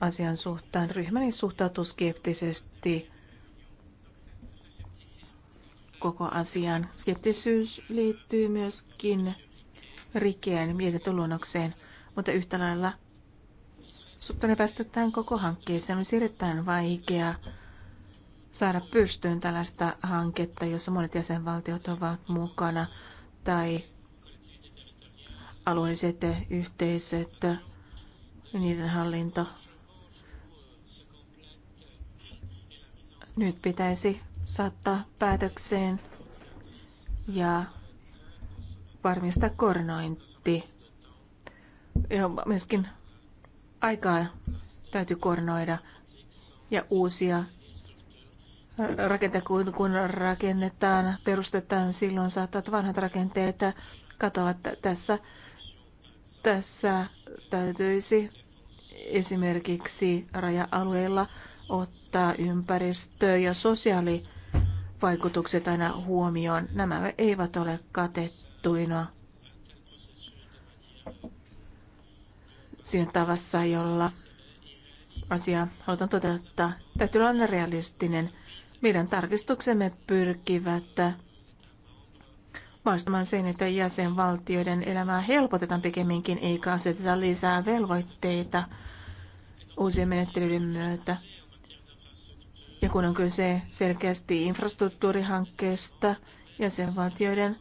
asian suhtaan. Ryhmäni suhtautuu skeptisesti koko asiaan. Skeptisyys liittyy myöskin rikeen mietintöluonnokseen, mutta yhtä lailla suhtaudumme päästetään koko hankkeeseen. Olisi erittäin vaikea saada pystyyn tällaista hanketta, jossa monet jäsenvaltiot ovat mukana tai alueelliset yhteisöt, niiden hallinto. Nyt pitäisi saattaa päätökseen ja varmistaa koordinointi. Ja myöskin aikaa täytyy koordinoida ja uusia rakenteita, kun, rakennetaan, perustetaan, silloin saattaa, että vanhat rakenteet katoavat tässä tässä täytyisi esimerkiksi raja-alueilla ottaa ympäristö- ja sosiaalivaikutukset aina huomioon. Nämä eivät ole katettuina siinä tavassa, jolla asia halutaan toteuttaa. Täytyy olla realistinen. Meidän tarkistuksemme pyrkivät poistamaan sen, että jäsenvaltioiden elämää helpotetaan pikemminkin, eikä aseteta lisää velvoitteita uusien menettelyiden myötä. Ja kun on kyse selkeästi infrastruktuurihankkeesta, jäsenvaltioiden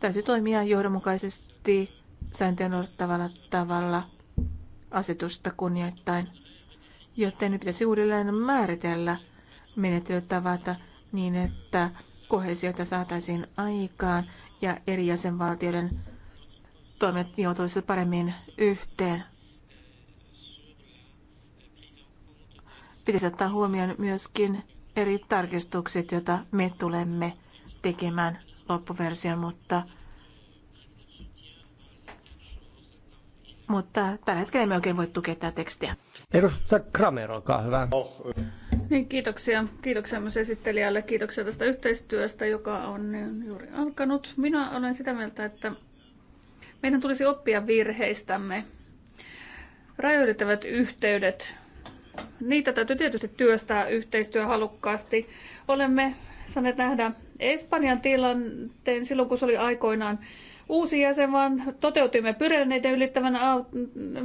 täytyy toimia johdonmukaisesti sääntöön odottavalla tavalla asetusta kunnioittain, joten nyt pitäisi uudelleen määritellä menettelytavata niin, että kohesiota saataisiin aikaan ja eri jäsenvaltioiden toimet joutuisivat paremmin yhteen. Pitäisi ottaa huomioon myöskin eri tarkistukset, joita me tulemme tekemään loppuversion, mutta, mutta tällä hetkellä me oikein voi tukea tätä tekstiä. Edustaja Kramer, olkaa hyvä. Oh. Niin, kiitoksia. Kiitoksia myös esittelijälle. Kiitoksia tästä yhteistyöstä, joka on niin juuri alkanut. Minä olen sitä mieltä, että meidän tulisi oppia virheistämme. rajoitettavat yhteydet. Niitä täytyy tietysti työstää yhteistyöhalukkaasti. Olemme saaneet nähdä Espanjan tilanteen silloin, kun se oli aikoinaan uusi jäsen, vaan toteutimme pyreneiden ylittävän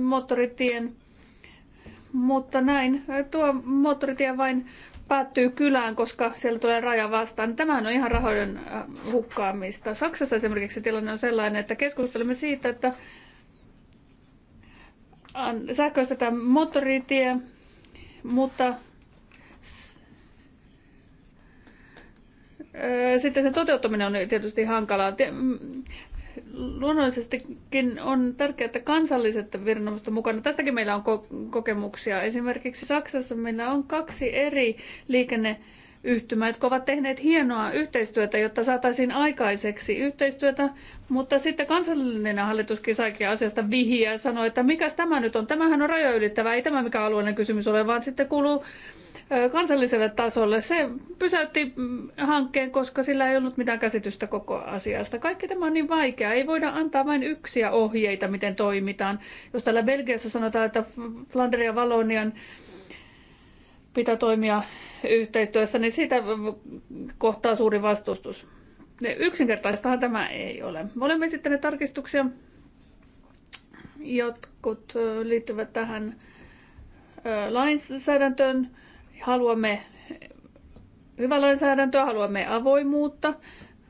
moottoritien mutta näin, tuo moottoritie vain päättyy kylään, koska siellä tulee raja vastaan. Tämä on ihan rahojen äh, hukkaamista. Saksassa esimerkiksi tilanne on sellainen, että keskustelemme siitä, että äh, sähköistetään moottoritie, mutta äh, sitten sen toteuttaminen on tietysti hankalaa luonnollisestikin on tärkeää, että kansalliset viranomaiset mukana. Tästäkin meillä on kokemuksia. Esimerkiksi Saksassa meillä on kaksi eri liikenneyhtymää, jotka ovat tehneet hienoa yhteistyötä, jotta saataisiin aikaiseksi yhteistyötä, mutta sitten kansallinen hallituskin saikin asiasta vihiä ja sanoi, että mikä tämä nyt on, tämähän on rajoylittävä, ei tämä mikä alueellinen kysymys ole, vaan sitten kuuluu kansalliselle tasolle. Se pysäytti mm, hankkeen, koska sillä ei ollut mitään käsitystä koko asiasta. Kaikki tämä on niin vaikeaa. Ei voida antaa vain yksiä ohjeita, miten toimitaan. Jos täällä Belgiassa sanotaan, että Flandria ja Valonian pitää toimia yhteistyössä, niin siitä kohtaa suuri vastustus. Yksinkertaistahan tämä ei ole. Olemme sitten ne tarkistuksia. Jotkut liittyvät tähän lainsäädäntöön Haluamme hyvää lainsäädäntöä, haluamme avoimuutta.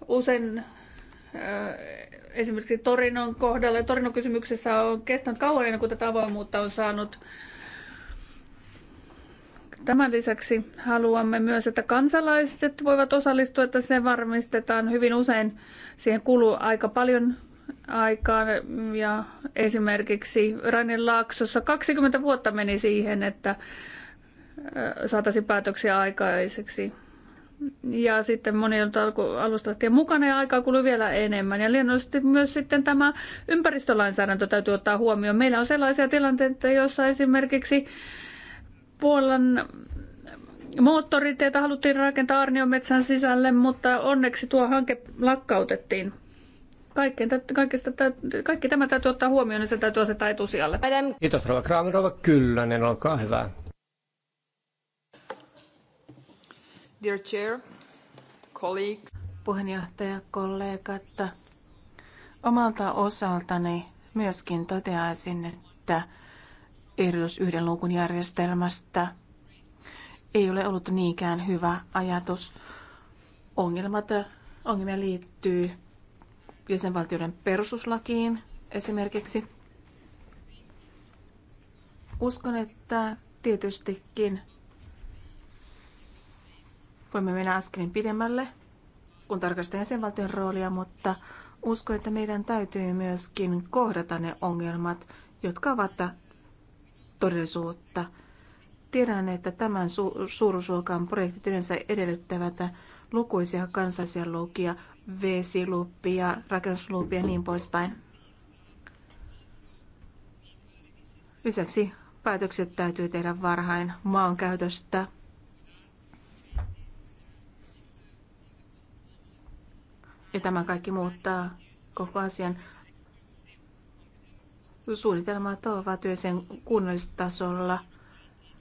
Usein äh, esimerkiksi Torinon kohdalla ja Torinon kysymyksessä on kestänyt kauan ennen kuin tätä avoimuutta on saanut. Tämän lisäksi haluamme myös, että kansalaiset voivat osallistua, että se varmistetaan. Hyvin usein siihen kuluu aika paljon aikaa ja esimerkiksi Rainen Laaksossa 20 vuotta meni siihen, että saataisiin päätöksiä aikaiseksi. Ja sitten moni on alusta lähtien mukana ja aikaa kului vielä enemmän. Ja liennollisesti myös sitten tämä ympäristölainsäädäntö täytyy ottaa huomioon. Meillä on sellaisia tilanteita, joissa esimerkiksi Puolan moottoriteitä haluttiin rakentaa Arniometsän sisälle, mutta onneksi tuo hanke lakkautettiin. Kaikkeen, kaikista, kaikki tämä täytyy ottaa huomioon ja se täytyy asettaa etusijalle. Kiitos Rova Kramer, Rova Kyllönen, olkaa hyvä. Dear Chair, colleagues. Puheenjohtaja, kollegat, omalta osaltani myöskin toteaisin, että ehdotus yhden luukun järjestelmästä ei ole ollut niinkään hyvä ajatus. Ongelmat, ongelmia liittyy jäsenvaltioiden perustuslakiin esimerkiksi. Uskon, että tietystikin Voimme mennä askelin pidemmälle, kun sen jäsenvaltion roolia, mutta uskon, että meidän täytyy myöskin kohdata ne ongelmat, jotka ovat todellisuutta. Tiedän, että tämän su- suuruusluokan projektit yleensä edellyttävät lukuisia kansallisia lukia, vesilupia, rakennuslupia ja niin poispäin. Lisäksi päätökset täytyy tehdä varhain maankäytöstä, Ja tämä kaikki muuttaa koko asian. Suunnitelmat ovat yleisen kunnallistasolla,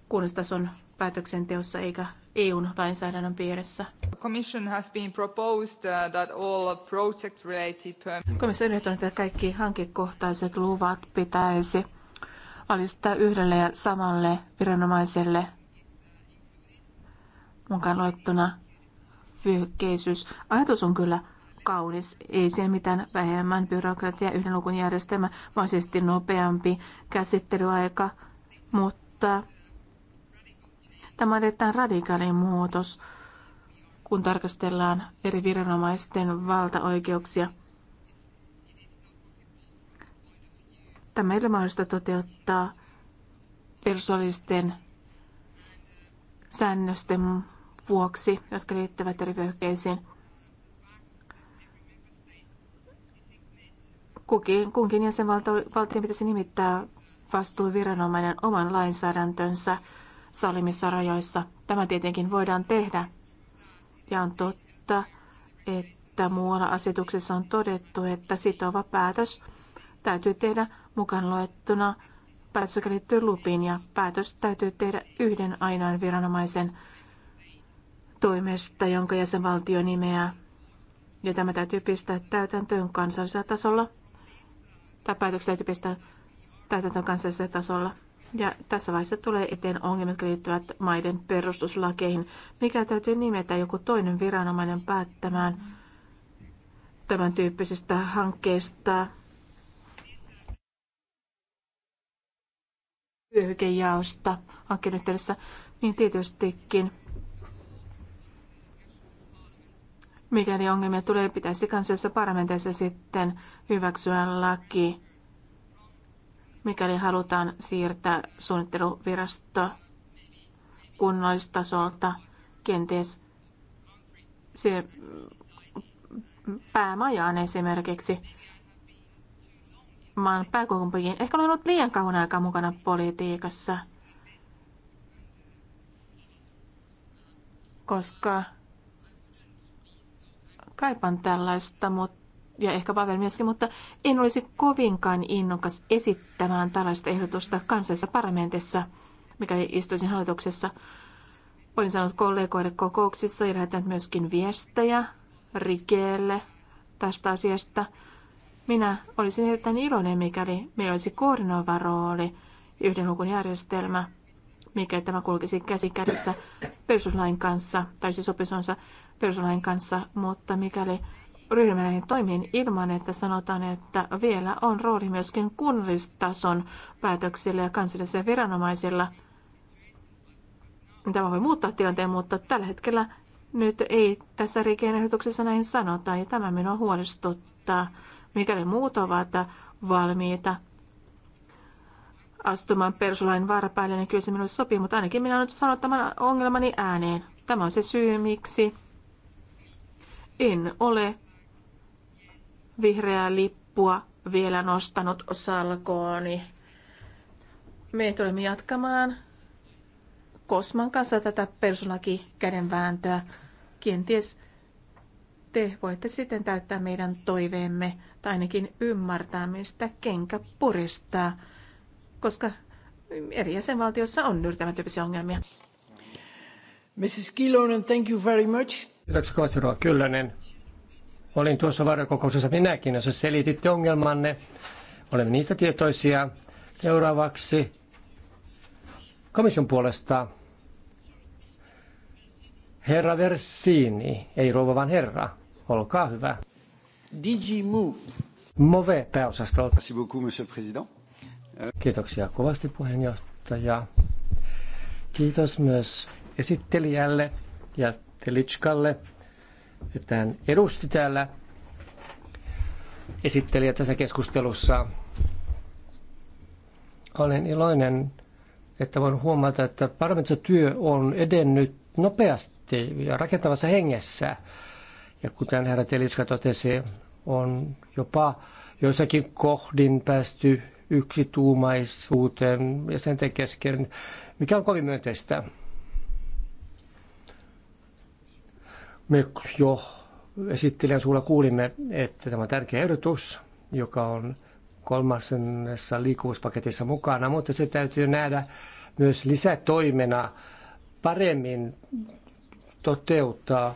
kunnallistason päätöksenteossa eikä EUn lainsäädännön piirissä. Commission has been proposed uh, that all project related Komissio on ehdottanut, että kaikki hankekohtaiset luvat pitäisi alistaa yhdelle ja samalle viranomaiselle mukaan luettuna vyöhykkeisyys. Ajatus on kyllä kaunis. Ei sen mitään vähemmän byrokratia, yhden lukun järjestelmä, vaan siis nopeampi käsittelyaika, mutta tämä on erittäin radikaali muutos, kun tarkastellaan eri viranomaisten valtaoikeuksia. Tämä ei ole mahdollista toteuttaa persoonallisten säännösten vuoksi, jotka liittyvät eri vyöhykkeisiin. Kukin, kunkin jäsenvaltion pitäisi nimittää vastuuviranomainen oman lainsäädäntönsä salimissa rajoissa. Tämä tietenkin voidaan tehdä. Ja on totta, että muualla asetuksessa on todettu, että sitova päätös täytyy tehdä mukaan luettuna päätös, joka liittyy lupiin, ja päätös täytyy tehdä yhden ainoan viranomaisen toimesta, jonka jäsenvaltio nimeää. Ja tämä täytyy pistää täytäntöön kansallisella tasolla tai päätöksiä täytyy pistää täytäntöön kansallisella tasolla. Ja tässä vaiheessa tulee eteen ongelmat, jotka liittyvät maiden perustuslakeihin, mikä täytyy nimetä joku toinen viranomainen päättämään tämän tyyppisestä hankkeista. Yöhykejaosta hankkeen yhteydessä, niin tietystikin Mikäli ongelmia tulee, pitäisi kansallisessa parlamentissa sitten hyväksyä laki, mikäli halutaan siirtää suunnitteluvirasto kunnallistasolta kenties se päämajaan esimerkiksi maan pääkaupunkiin. Ehkä olen ollut liian kauan aikaa mukana politiikassa, koska kaipaan tällaista, mutta ja ehkä Pavel myöskin, mutta en olisi kovinkaan innokas esittämään tällaista ehdotusta kansallisessa parlamentissa, mikä istuisin hallituksessa. Olin saanut kollegoille kokouksissa ja lähettänyt myöskin viestejä Rikeelle tästä asiasta. Minä olisin erittäin iloinen, mikäli meillä olisi koordinoiva rooli ja yhden lukun järjestelmä, mikä tämä kulkisi käsi kädessä perustuslain kanssa tai siis sopisonsa perustuslain kanssa, mutta mikäli ryhdymme näihin toimiin ilman, että sanotaan, että vielä on rooli myöskin kunnallistason päätöksillä ja kansallisilla viranomaisilla. Tämä voi muuttaa tilanteen, mutta tällä hetkellä nyt ei tässä rikeen ehdotuksessa näin sanota, ja tämä minua huolestuttaa, mikäli muut ovat valmiita astumaan persulain varpaille, niin kyllä se minulle sopii, mutta ainakin minä nyt sanonut tämän ongelmani ääneen. Tämä on se syy, miksi en ole vihreää lippua vielä nostanut salkooni. Me tulemme jatkamaan Kosman kanssa tätä kädenvääntöä. Kenties te voitte sitten täyttää meidän toiveemme tai ainakin ymmärtää, mistä kenkä puristaa, koska eri jäsenvaltioissa on tämän ongelmia. Mrs. Kilonen, thank you very much. Kiitoksia kovasti Kyllönen. Olin tuossa varjokokouksessa minäkin, jossa selititte ongelmanne. Olemme niistä tietoisia. Seuraavaksi komission puolesta herra Versini, ei rouva vaan herra. Olkaa hyvä. DG Move. Move pääosastolta. Kiitoksia kovasti puheenjohtaja. Kiitos myös esittelijälle ja Telitskalle, että hän edusti täällä esittelijä tässä keskustelussa. Olen iloinen, että voin huomata, että parlamentissa työ on edennyt nopeasti ja rakentavassa hengessä. Ja kuten herra Telitska totesi, on jopa joissakin kohdin päästy yksituumaisuuteen ja sen kesken, mikä on kovin myönteistä. Me jo esittelijän suulla kuulimme, että tämä on tärkeä ehdotus, joka on kolmasessa liikkuvuuspaketissa mukana, mutta se täytyy nähdä myös lisätoimena paremmin toteuttaa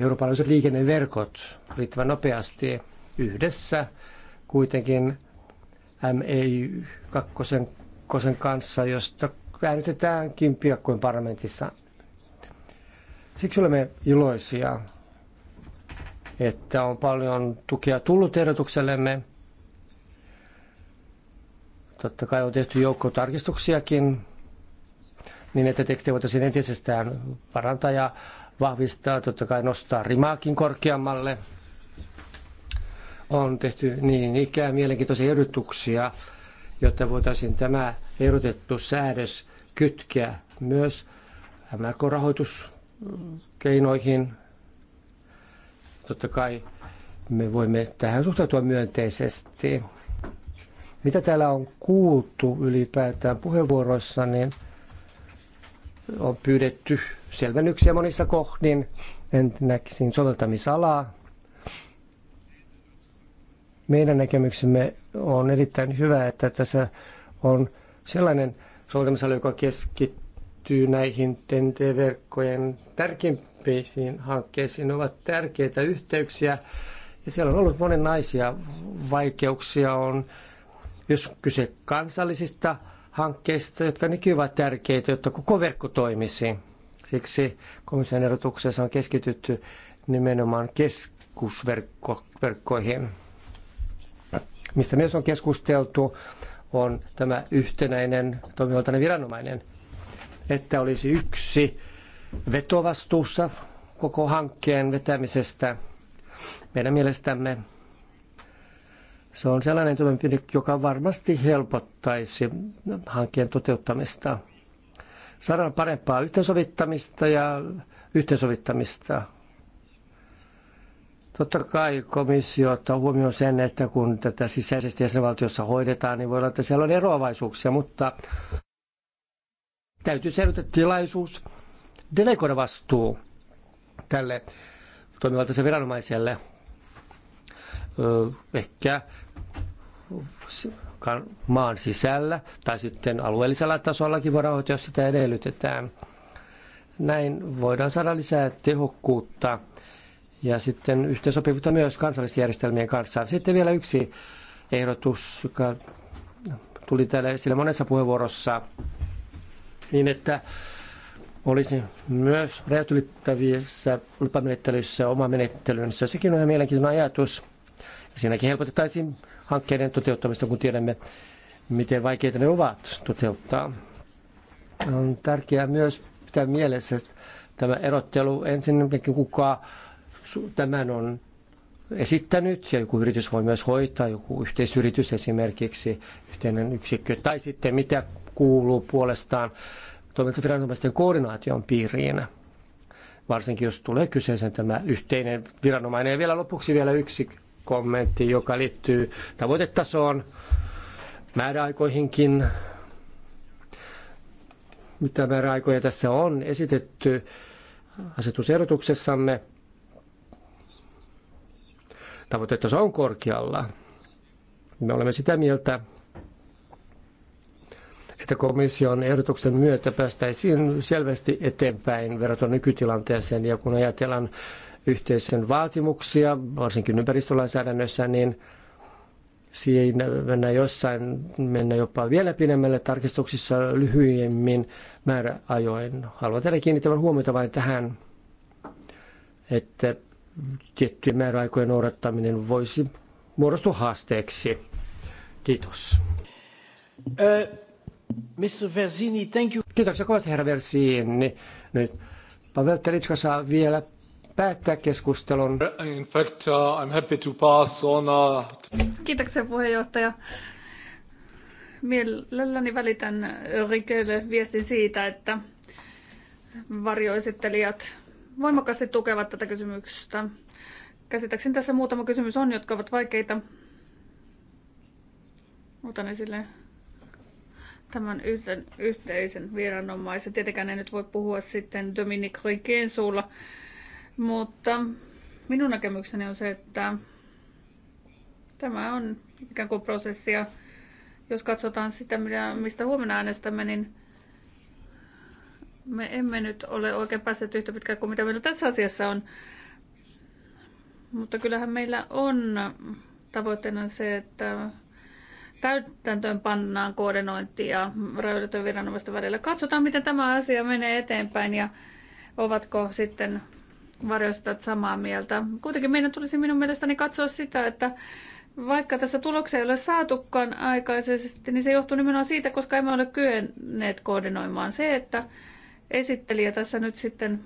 eurooppalaiset liikenneverkot riittävän nopeasti yhdessä kuitenkin MEI 2 kanssa, josta äänestetäänkin piakkoin parlamentissa Siksi olemme iloisia, että on paljon tukea tullut ehdotuksellemme. Totta kai on tehty joukko tarkistuksiakin, niin että tekstiä voitaisiin entisestään parantaa ja vahvistaa, totta kai nostaa rimaakin korkeammalle. On tehty niin ikään mielenkiintoisia ehdotuksia, jotta voitaisiin tämä ehdotettu säädös kytkeä myös MRK-rahoitus keinoihin. Totta kai me voimme tähän suhtautua myönteisesti. Mitä täällä on kuultu ylipäätään puheenvuoroissa, niin on pyydetty selvennyksiä monissa kohdin. Ensinnäkin soveltamisalaa. Meidän näkemyksemme on erittäin hyvä, että tässä on sellainen soveltamisala, joka keskittyy liittyy näihin TNT-verkkojen tärkeimpiin hankkeisiin. Ne ovat tärkeitä yhteyksiä ja siellä on ollut monenlaisia vaikeuksia. On, jos kyse kansallisista hankkeista, jotka nekin ovat tärkeitä, jotta koko verkko toimisi. Siksi komission erotuksessa on keskitytty nimenomaan keskusverkkoihin. Mistä myös on keskusteltu, on tämä yhtenäinen toimivaltainen viranomainen – että olisi yksi vetovastuussa koko hankkeen vetämisestä. Meidän mielestämme se on sellainen toimenpide, joka varmasti helpottaisi hankkeen toteuttamista. Saadaan parempaa yhteensovittamista ja yhteensovittamista. Totta kai komissio ottaa huomioon sen, että kun tätä sisäisesti jäsenvaltiossa hoidetaan, niin voi olla, että siellä on eroavaisuuksia, mutta täytyy seurata tilaisuus delegoida vastuu tälle toimivaltaiselle viranomaiselle. Ehkä maan sisällä tai sitten alueellisella tasollakin voidaan hoitaa, jos sitä edellytetään. Näin voidaan saada lisää tehokkuutta ja sitten yhteensopivuutta myös kansallisten järjestelmien kanssa. Sitten vielä yksi ehdotus, joka tuli täällä esille monessa puheenvuorossa, niin että olisi myös rajat ylittävissä lupamenettelyissä oma menettelynsä. Sekin on ihan mielenkiintoinen ajatus. Siinäkin helpotettaisiin hankkeiden toteuttamista, kun tiedämme, miten vaikeita ne ovat toteuttaa. On tärkeää myös pitää mielessä että tämä erottelu ensinnäkin, kuka tämän on esittänyt ja joku yritys voi myös hoitaa, joku yhteisyritys esimerkiksi, yhteinen yksikkö, tai sitten mitä kuuluu puolestaan toimintaviranomaisten koordinaation piiriin, varsinkin jos tulee kyseeseen tämä yhteinen viranomainen. Ja vielä lopuksi vielä yksi kommentti, joka liittyy tavoitetasoon, määräaikoihinkin, mitä määräaikoja tässä on esitetty asetusehdotuksessamme. Tavoitetaso on korkealla. Me olemme sitä mieltä, että komission ehdotuksen myötä päästäisiin selvästi eteenpäin verrattuna nykytilanteeseen. Ja kun ajatellaan yhteisön vaatimuksia, varsinkin ympäristölainsäädännössä, niin siinä mennään jossain, mennään jopa vielä pidemmälle tarkistuksissa lyhyemmin määräajoin. Haluan teille kiinnittävän huomiota vain tähän, että tiettyjen määräaikojen noudattaminen voisi muodostua haasteeksi. Kiitos. Ö Mr. Versini, thank you. Kiitoksia kovasti, herra Versini. Nyt Pavel Telitska saa vielä päättää keskustelun. In fact, uh, I'm happy to pass on... Uh... Kiitoksia, puheenjohtaja. Mielelläni välitän Rikelle viestin siitä, että varjoesittelijät voimakkaasti tukevat tätä kysymystä. Käsittääkseni tässä muutama kysymys on, jotka ovat vaikeita. Otan esille tämän yhden, yhteisen viranomaisen. Tietenkään en nyt voi puhua sitten Dominic Riquin suulla, mutta minun näkemykseni on se, että tämä on ikään kuin prosessi ja jos katsotaan sitä, mistä huomenna äänestämme, niin me emme nyt ole oikein päässeet yhtä pitkään kuin mitä meillä tässä asiassa on. Mutta kyllähän meillä on tavoitteena se, että täytäntöön pannaan ja rajoitetun viranomaisten välillä. Katsotaan, miten tämä asia menee eteenpäin ja ovatko sitten varjostat samaa mieltä. Kuitenkin meidän tulisi minun mielestäni katsoa sitä, että vaikka tässä tuloksia ei ole saatukaan aikaisesti, niin se johtuu nimenomaan siitä, koska emme ole kyenneet koordinoimaan se, että esittelijä tässä nyt sitten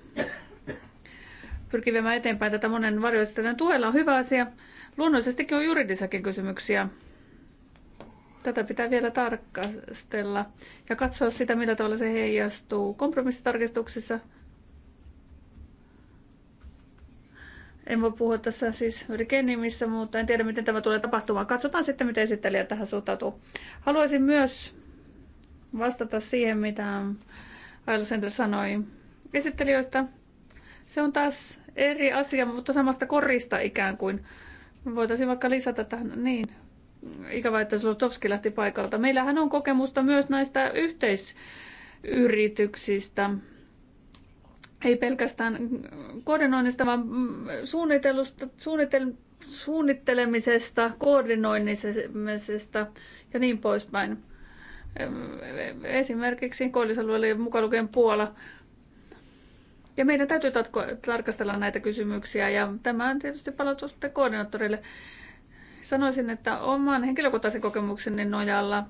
pyrkii viemään eteenpäin tätä monen varjoistettajan tuella on hyvä asia. Luonnollisestikin on juridisakin kysymyksiä, Tätä pitää vielä tarkastella ja katsoa sitä, millä tavalla se heijastuu kompromissitarkistuksissa. En voi puhua tässä siis yrikkeen nimissä, mutta en tiedä, miten tämä tulee tapahtumaan. Katsotaan sitten, miten esittelijä tähän suhtautuu. Haluaisin myös vastata siihen, mitä Aila Sender sanoi esittelijöistä. Se on taas eri asia, mutta samasta korista ikään kuin. Voitaisiin vaikka lisätä tähän, niin ikävä, että Zlotowski lähti paikalta. Meillähän on kokemusta myös näistä yhteisyrityksistä. Ei pelkästään koordinoinnista, vaan suunnittelusta, suunnitel, suunnittelemisesta, koordinoinnisesta ja niin poispäin. Esimerkiksi koillisalueelle mukaan lukien Puola. Ja meidän täytyy tarkastella näitä kysymyksiä ja tämä on tietysti palautus koordinaattorille sanoisin, että oman henkilökohtaisen kokemukseni nojalla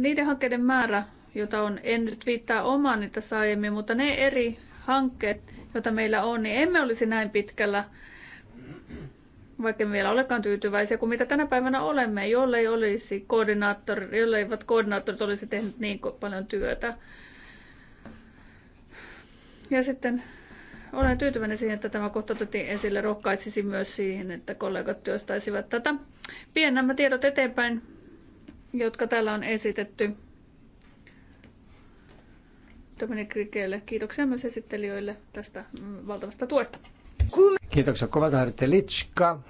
niiden hankkeiden määrä, jota on, en nyt viittaa omaan niitä aiemmin, mutta ne eri hankkeet, joita meillä on, niin emme olisi näin pitkällä, vaikka emme vielä olekaan tyytyväisiä kuin mitä tänä päivänä olemme, jollei olisi koordinaattori, jolleivät koordinaattorit olisi tehnyt niin paljon työtä. Ja sitten olen tyytyväinen siihen, että tämä kohta otettiin esille. Rohkaisisin myös siihen, että kollegat työstäisivät tätä. Vien nämä tiedot eteenpäin, jotka täällä on esitetty. Dominik Rikeelle. Kiitoksia myös esittelijöille tästä mm, valtavasta tuesta. Kiitoksia Kovasaharite Litska.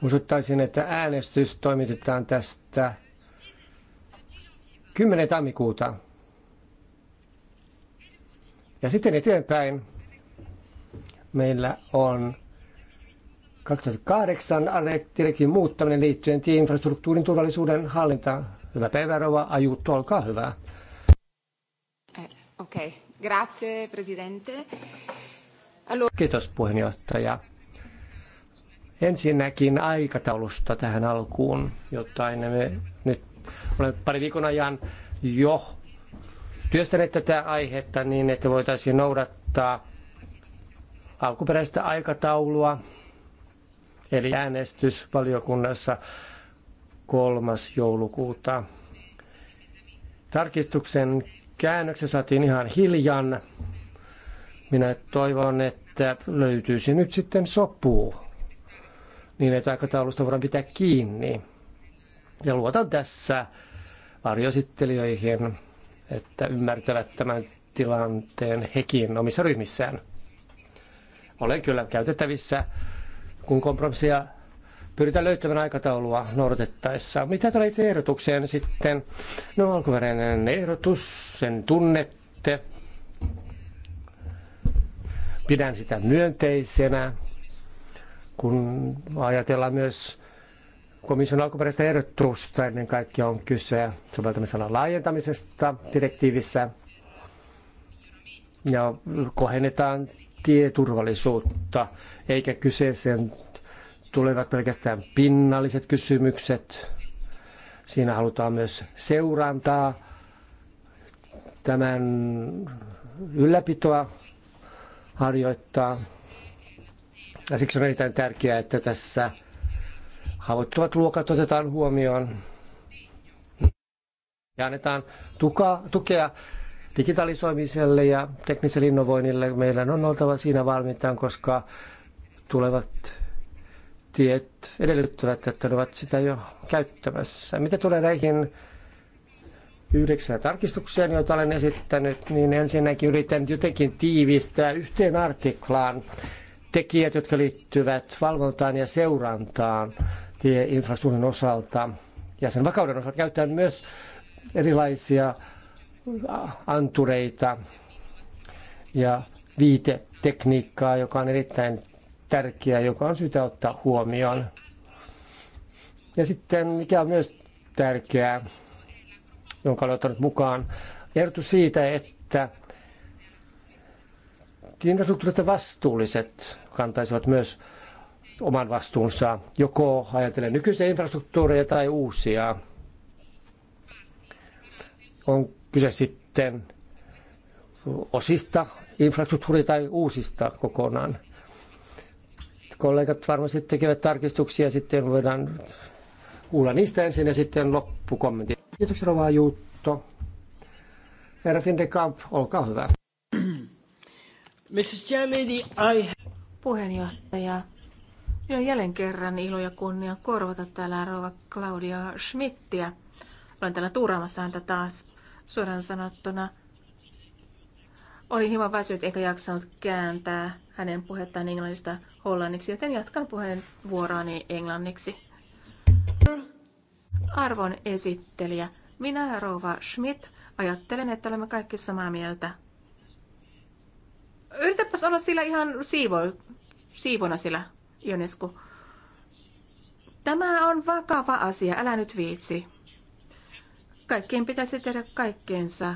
Muistuttaisin, että äänestys toimitetaan tästä 10. tammikuuta ja sitten eteenpäin meillä on 2008 direktiivin muuttaminen liittyen tieinfrastruktuurin turvallisuuden hallintaan. Hyvää päivää, Rova Ajuttu, olkaa hyvä. Eh, okei, okay. grazie presidente. Allora... Kiitos puheenjohtaja. Ensinnäkin aikataulusta tähän alkuun, jotain me nyt olemme pari viikon ajan jo työstäneet tätä aihetta niin, että voitaisiin noudattaa alkuperäistä aikataulua, eli äänestys valiokunnassa 3. joulukuuta. Tarkistuksen käännöksen saatiin ihan hiljan. Minä toivon, että löytyisi nyt sitten sopuu, niin että aikataulusta voidaan pitää kiinni. Ja luotan tässä varjosittelijöihin että ymmärtävät tämän tilanteen hekin omissa ryhmissään. Olen kyllä käytettävissä, kun kompromissia pyritään löytämään aikataulua noudatettaessa. Mitä tulee itse ehdotukseen sitten? No alkuperäinen ehdotus, sen tunnette. Pidän sitä myönteisenä, kun ajatellaan myös komission alkuperäistä ehdotusta ennen kaikkea on kyse soveltamisalan laajentamisesta direktiivissä ja kohennetaan tieturvallisuutta, eikä kyseeseen tulevat pelkästään pinnalliset kysymykset. Siinä halutaan myös seurantaa, tämän ylläpitoa harjoittaa. Ja siksi on erittäin tärkeää, että tässä Haavoittuvat luokat otetaan huomioon ja annetaan tuka, tukea digitalisoimiselle ja tekniselle innovoinnille. Meidän on oltava siinä valmiitaan, koska tulevat tiet edellyttävät, että ne ovat sitä jo käyttämässä. Mitä tulee näihin yhdeksän tarkistukseen, joita olen esittänyt, niin ensinnäkin yritän jotenkin tiivistää yhteen artiklaan tekijät, jotka liittyvät valvontaan ja seurantaan tieinfrastruktuurin osalta ja sen vakauden osalta käytetään myös erilaisia antureita ja viitetekniikkaa, joka on erittäin tärkeää, joka on syytä ottaa huomioon. Ja sitten mikä on myös tärkeää, jonka olen ottanut mukaan, ehdotus siitä, että infrastruktuurista vastuulliset kantaisivat myös oman vastuunsa, joko ajatellen nykyisiä infrastruktuureja tai uusia. On kyse sitten osista infrastruktuuria tai uusista kokonaan. Kollegat varmasti tekevät tarkistuksia, sitten voidaan kuulla niistä ensin ja sitten loppukommentti. Kiitoksia Rova Juutto. Herra Findekamp, olkaa hyvä. Mrs. Jaledi, I... Puheenjohtaja, ja jälleen kerran ilo ja kunnia korvata täällä rouva Claudia Schmidtiä. Olen täällä tuuraamassa häntä taas suoraan sanottuna. Olin hieman väsynyt eikä jaksanut kääntää hänen puhettaan englannista hollanniksi, joten jatkan puheenvuoroani englanniksi. Arvon esittelijä, minä rouva Schmidt ajattelen, että olemme kaikki samaa mieltä. Yritäpäs olla sillä ihan siivo, siivona sillä Ionesku. Tämä on vakava asia, älä nyt viitsi. Kaikkien pitäisi tehdä kaikkeensa,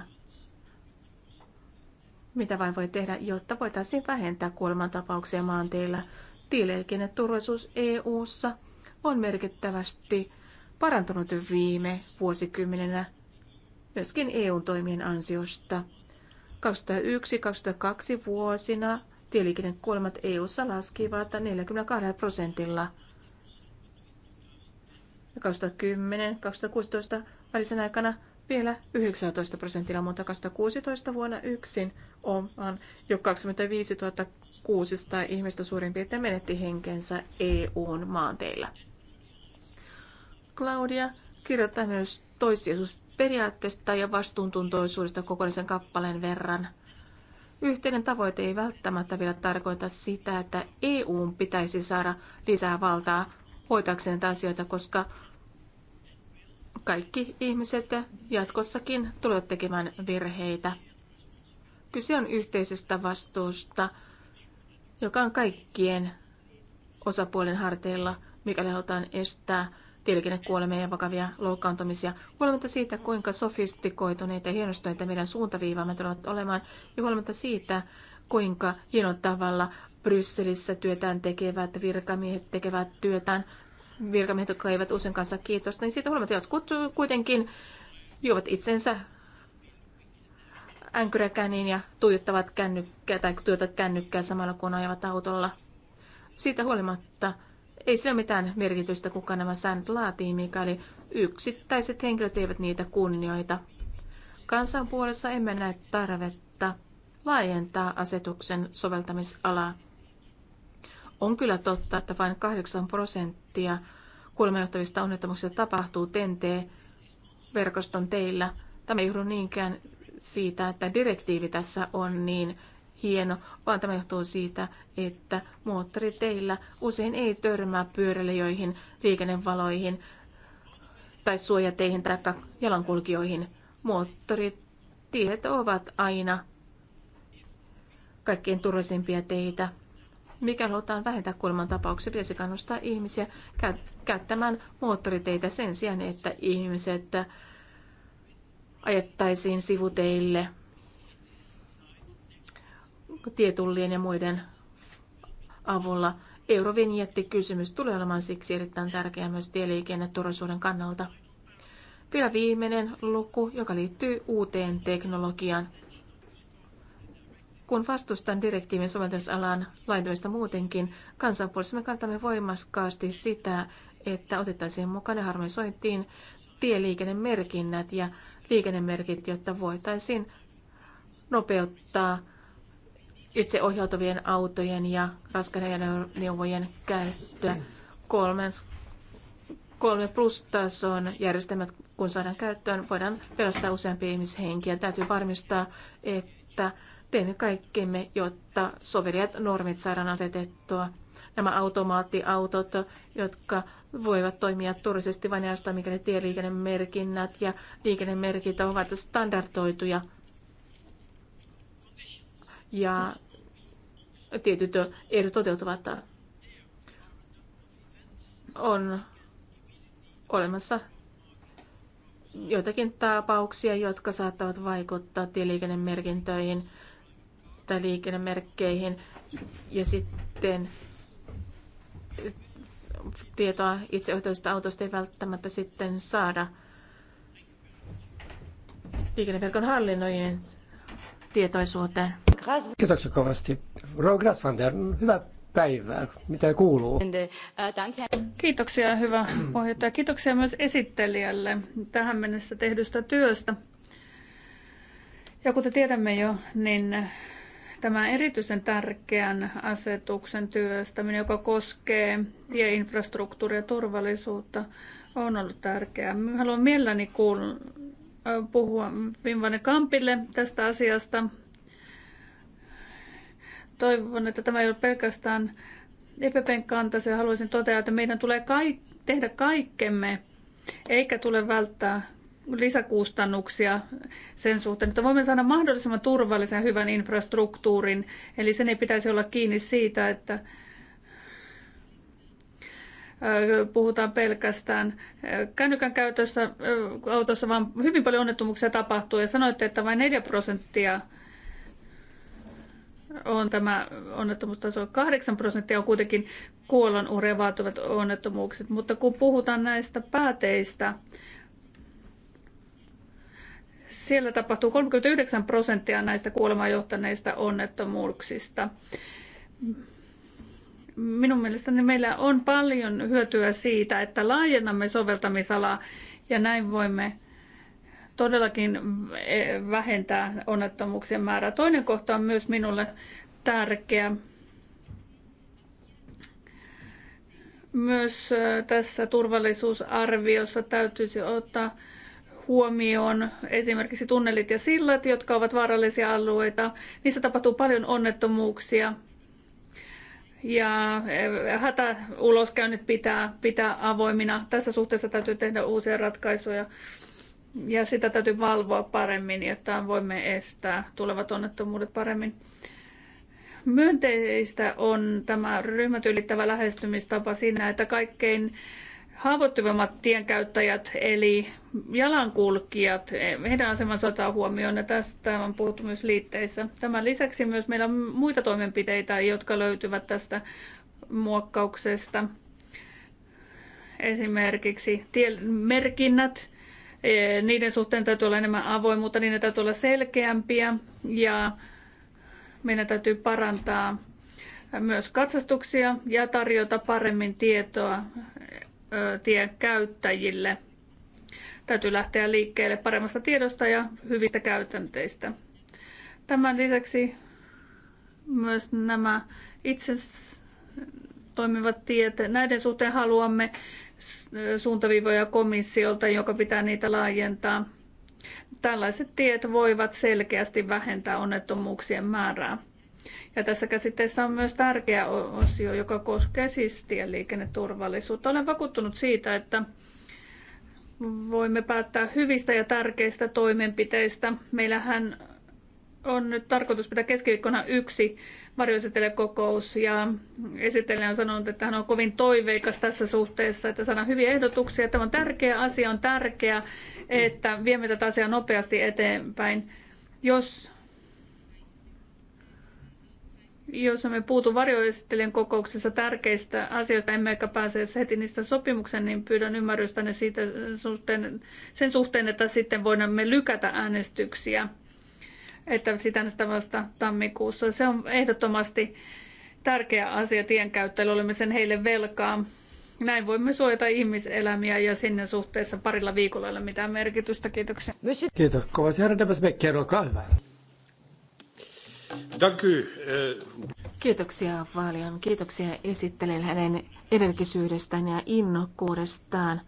mitä vain voi tehdä, jotta voitaisiin vähentää kuolemantapauksia maanteilla. Tieliikenneturvallisuus EU-ssa on merkittävästi parantunut viime vuosikymmenenä myöskin eu toimien ansiosta. 2001-2002 vuosina Tieliikennekuolemat EU-ssa laskivat 42 prosentilla. 2010-2016 välisen aikana vielä 19 prosentilla, mutta 2016 vuonna yksin on jo 25 600 ihmistä suurin piirtein menetti henkensä EUn maanteilla. Claudia kirjoittaa myös toissijaisuusperiaatteesta ja vastuuntuntoisuudesta kokonaisen kappaleen verran – Yhteinen tavoite ei välttämättä vielä tarkoita sitä, että EU pitäisi saada lisää valtaa hoitakseen näitä asioita, koska kaikki ihmiset jatkossakin tulevat tekemään virheitä. Kyse on yhteisestä vastuusta, joka on kaikkien osapuolen harteilla, mikäli halutaan estää tieliikennekuolemia ja vakavia loukkaantumisia. Huolimatta siitä, kuinka sofistikoituneita ja hienostuneita meidän suuntaviivamme tulevat olemaan, ja huolimatta siitä, kuinka hienolla tavalla Brysselissä työtään tekevät virkamiehet tekevät työtään, virkamiehet, jotka eivät usein kanssa kiitosta, niin siitä huolimatta jotkut kuitenkin juovat itsensä änkyräkäniin ja tuijottavat kännykkää tai tuijottavat kännykkää samalla kun ajavat autolla. Siitä huolimatta ei se ole mitään merkitystä, kuka nämä säännöt laatii, mikäli yksittäiset henkilöt eivät niitä kunnioita. Kansan puolessa emme näe tarvetta laajentaa asetuksen soveltamisalaa. On kyllä totta, että vain 8 prosenttia kuolemanjohtavista onnettomuuksista tapahtuu tentee verkoston teillä. Tämä ei johdu niinkään siitä, että direktiivi tässä on niin hieno, vaan tämä johtuu siitä, että moottoriteillä usein ei törmää joihin liikennevaloihin tai suojateihin tai jalankulkijoihin. Moottoritiet ovat aina kaikkein turvallisimpia teitä. Mikä halutaan vähentää kuoleman tapauksia, pitäisi kannustaa ihmisiä käyttämään moottoriteitä sen sijaan, että ihmiset ajettaisiin sivuteille – tietullien ja muiden avulla. Eurovinjettikysymys tulee olemaan siksi erittäin tärkeä myös tieliikenneturvallisuuden kannalta. Vielä viimeinen luku, joka liittyy uuteen teknologiaan. Kun vastustan direktiivin soveltamisalan laajentamista muutenkin, kansanpuolisemme kantamme voimakkaasti sitä, että otettaisiin mukaan ja harmonisointiin tieliikennemerkinnät ja liikennemerkit, jotta voitaisiin nopeuttaa itseohjautuvien autojen ja neuvojen käyttö. Kolmen, kolme plus tason järjestelmät, kun saadaan käyttöön, voidaan pelastaa useampia ihmishenkiä. Täytyy varmistaa, että teemme kaikkemme, jotta soveliat normit saadaan asetettua. Nämä automaattiautot, jotka voivat toimia turvallisesti vain ainoastaan, mikäli tieliikennemerkinnät ja liikennemerkit ovat standardoituja – ja tietyt ehdot toteutuvat. On olemassa joitakin tapauksia, jotka saattavat vaikuttaa tieliikennemerkintöihin tai liikennemerkkeihin ja sitten tietoa itseohjautuvista autosta ei välttämättä sitten saada liikenneverkon hallinnoijien tietoisuuteen. Kiitoksia kovasti. Rau Grasvander, hyvää päivää. Mitä kuuluu? Äh, Kiitoksia hyvä puheenjohtaja. Kiitoksia myös esittelijälle tähän mennessä tehdystä työstä. Ja kuten tiedämme jo, niin tämä erityisen tärkeän asetuksen työstäminen, joka koskee tieinfrastruktuuria ja turvallisuutta, on ollut tärkeää. Haluan mielelläni kuulla, äh, puhua Vimvanen Kampille tästä asiasta toivon, että tämä ei ole pelkästään EPPn kanta. Se haluaisin todeta, että meidän tulee kaik- tehdä kaikkemme, eikä tule välttää lisäkustannuksia sen suhteen, että voimme saada mahdollisimman turvallisen ja hyvän infrastruktuurin. Eli sen ei pitäisi olla kiinni siitä, että puhutaan pelkästään kännykän käytössä autossa, vaan hyvin paljon onnettomuuksia tapahtuu. Ja sanoitte, että vain 4 prosenttia on tämä onnettomuustaso. 8 prosenttia on kuitenkin kuolonuhreja vaativat onnettomuukset, mutta kun puhutaan näistä pääteistä, siellä tapahtuu 39 prosenttia näistä kuolemaan johtaneista onnettomuuksista. Minun mielestäni meillä on paljon hyötyä siitä, että laajennamme soveltamisalaa ja näin voimme todellakin eh, vähentää onnettomuuksien määrää. Toinen kohta on myös minulle tärkeä. Myös eh, tässä turvallisuusarviossa täytyisi ottaa huomioon esimerkiksi tunnelit ja sillat, jotka ovat vaarallisia alueita. Niissä tapahtuu paljon onnettomuuksia ja eh, hätäuloskäynnit pitää pitää avoimina. Tässä suhteessa täytyy tehdä uusia ratkaisuja. Ja sitä täytyy valvoa paremmin, jotta voimme estää tulevat onnettomuudet paremmin. Myönteistä on tämä ryhmät ylittävä lähestymistapa siinä, että kaikkein haavoittuvimmat tienkäyttäjät eli jalankulkijat, heidän asemansa otetaan huomioon ja tästä on puhuttu myös liitteissä. Tämän lisäksi myös meillä on muita toimenpiteitä, jotka löytyvät tästä muokkauksesta. Esimerkiksi merkinnät, Eh, niiden suhteen täytyy olla enemmän avoimuutta, ne täytyy olla selkeämpiä ja meidän täytyy parantaa myös katsastuksia ja tarjota paremmin tietoa tien käyttäjille. Täytyy lähteä liikkeelle paremmasta tiedosta ja hyvistä käytänteistä. Tämän lisäksi myös nämä itse toimivat tiet. Näiden suhteen haluamme suuntaviivoja komissiolta, joka pitää niitä laajentaa. Tällaiset tiet voivat selkeästi vähentää onnettomuuksien määrää. Ja tässä käsitteessä on myös tärkeä osio, joka koskee siis tieliikenneturvallisuutta. Olen vakuuttunut siitä, että voimme päättää hyvistä ja tärkeistä toimenpiteistä. Meillähän on nyt tarkoitus pitää keskiviikkona yksi varjoesittelijäkokous ja esittelijä on sanonut, että hän on kovin toiveikas tässä suhteessa, että saadaan hyviä ehdotuksia. Tämä on tärkeä asia, on tärkeää, että viemme tätä asiaa nopeasti eteenpäin. Jos jos me puutu varjoesittelijän kokouksessa tärkeistä asioista, emmekä pääse heti niistä sopimuksen, niin pyydän ymmärrystäne siitä suhteen, sen suhteen, että sitten voimme lykätä äänestyksiä että sitä näistä vasta tammikuussa. Se on ehdottomasti tärkeä asia tienkäyttäjille, olemme sen heille velkaa. Näin voimme suojata ihmiselämiä ja sinne suhteessa parilla viikolla ei ole mitään merkitystä. Kiitoksia. Kiitos. Kovasti herra Debesbecker, olkaa hyvä. Eh. Kiitoksia Valion, Kiitoksia esittelijälle hänen energisyydestään ja innokkuudestaan.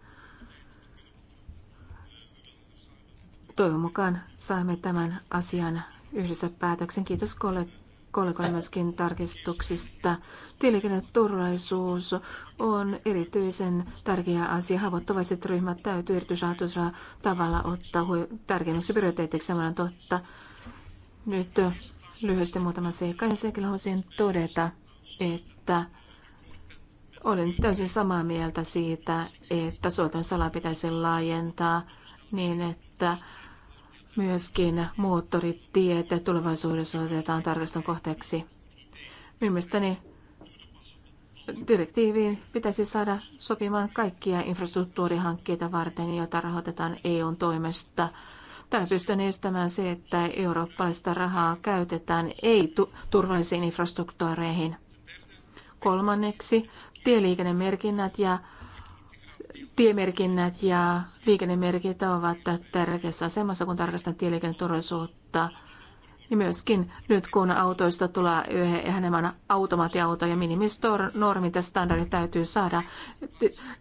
Toivon mukaan saamme tämän asian yhdessä päätöksen. Kiitos kollegoille myöskin tarkistuksista. Tieliikenneturvallisuus on erityisen tärkeä asia. Haavoittuvaiset ryhmät täytyy erityisrahoitusella tavalla ottaa tärkeimmäksi prioriteetiksi. Samalla totta. Nyt lyhyesti muutama seikka. Ensinnäkin haluaisin todeta, että olen täysin samaa mieltä siitä, että suoton sala pitäisi laajentaa niin, että Myöskin moottoritiet tulevaisuudessa otetaan tarkaston kohteeksi. Mielestäni direktiiviin pitäisi saada sopimaan kaikkia infrastruktuurihankkeita varten, joita rahoitetaan EUn toimesta. Tällä pystytään estämään se, että eurooppalaista rahaa käytetään ei-turvallisiin infrastruktuureihin. Kolmanneksi, tieliikennemerkinnät ja Tiemerkinnät ja liikennemerkit ovat tärkeässä asemassa, kun tarkastetaan tieliikenneturvallisuutta. Ja myöskin nyt kun autoista tulee yhä enemmän ja miniminormit ja standardit täytyy saada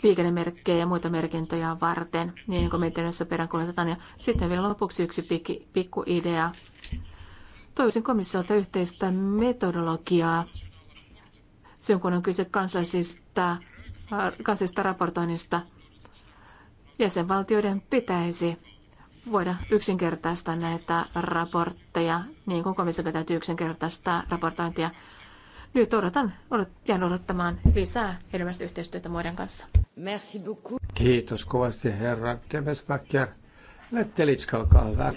liikennemerkkejä ja muita merkintöjä varten, niin kuin meitä peräänkuljetetaan. Ja sitten vielä lopuksi yksi pikki, pikku idea. Toivoisin komissiolta yhteistä metodologiaa silloin, kun on kyse kansallisista, kansallisista raportoinnista – Jäsenvaltioiden pitäisi voida yksinkertaistaa näitä raportteja, niin kuin komissio täytyy yksinkertaistaa raportointia. Nyt odotan, jään odottamaan lisää hedelmästä yhteistyötä muiden kanssa. Merci beaucoup. Kiitos kovasti herra Demesbacher. Lettelitska, olkaa hyvä.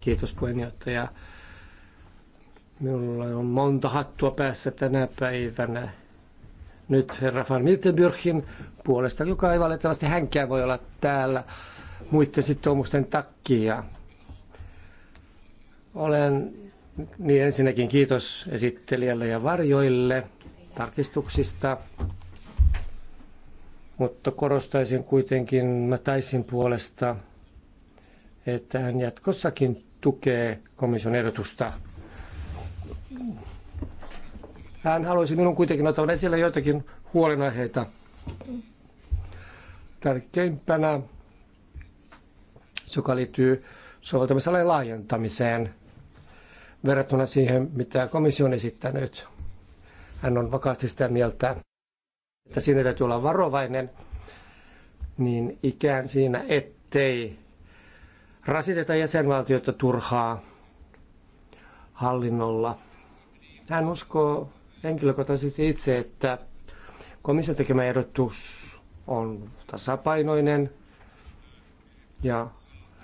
Kiitos puheenjohtaja. Minulla on monta hattua päässä tänä päivänä nyt herra van Miltenbyrgin puolesta, joka ei valitettavasti hänkään voi olla täällä muiden sitoumusten takia. Olen niin ensinnäkin kiitos esittelijälle ja varjoille tarkistuksista, mutta korostaisin kuitenkin Mätäisin puolesta, että hän jatkossakin tukee komission ehdotusta hän haluaisi minun kuitenkin ottaa esille joitakin huolenaiheita. Tärkeimpänä, joka liittyy soveltamisalan laajentamiseen verrattuna siihen, mitä komissio on esittänyt. Hän on vakaasti sitä mieltä, että siinä täytyy olla varovainen, niin ikään siinä, ettei rasiteta jäsenvaltioita turhaa hallinnolla. Hän uskoo, henkilökohtaisesti itse, että komission tekemä ehdotus on tasapainoinen ja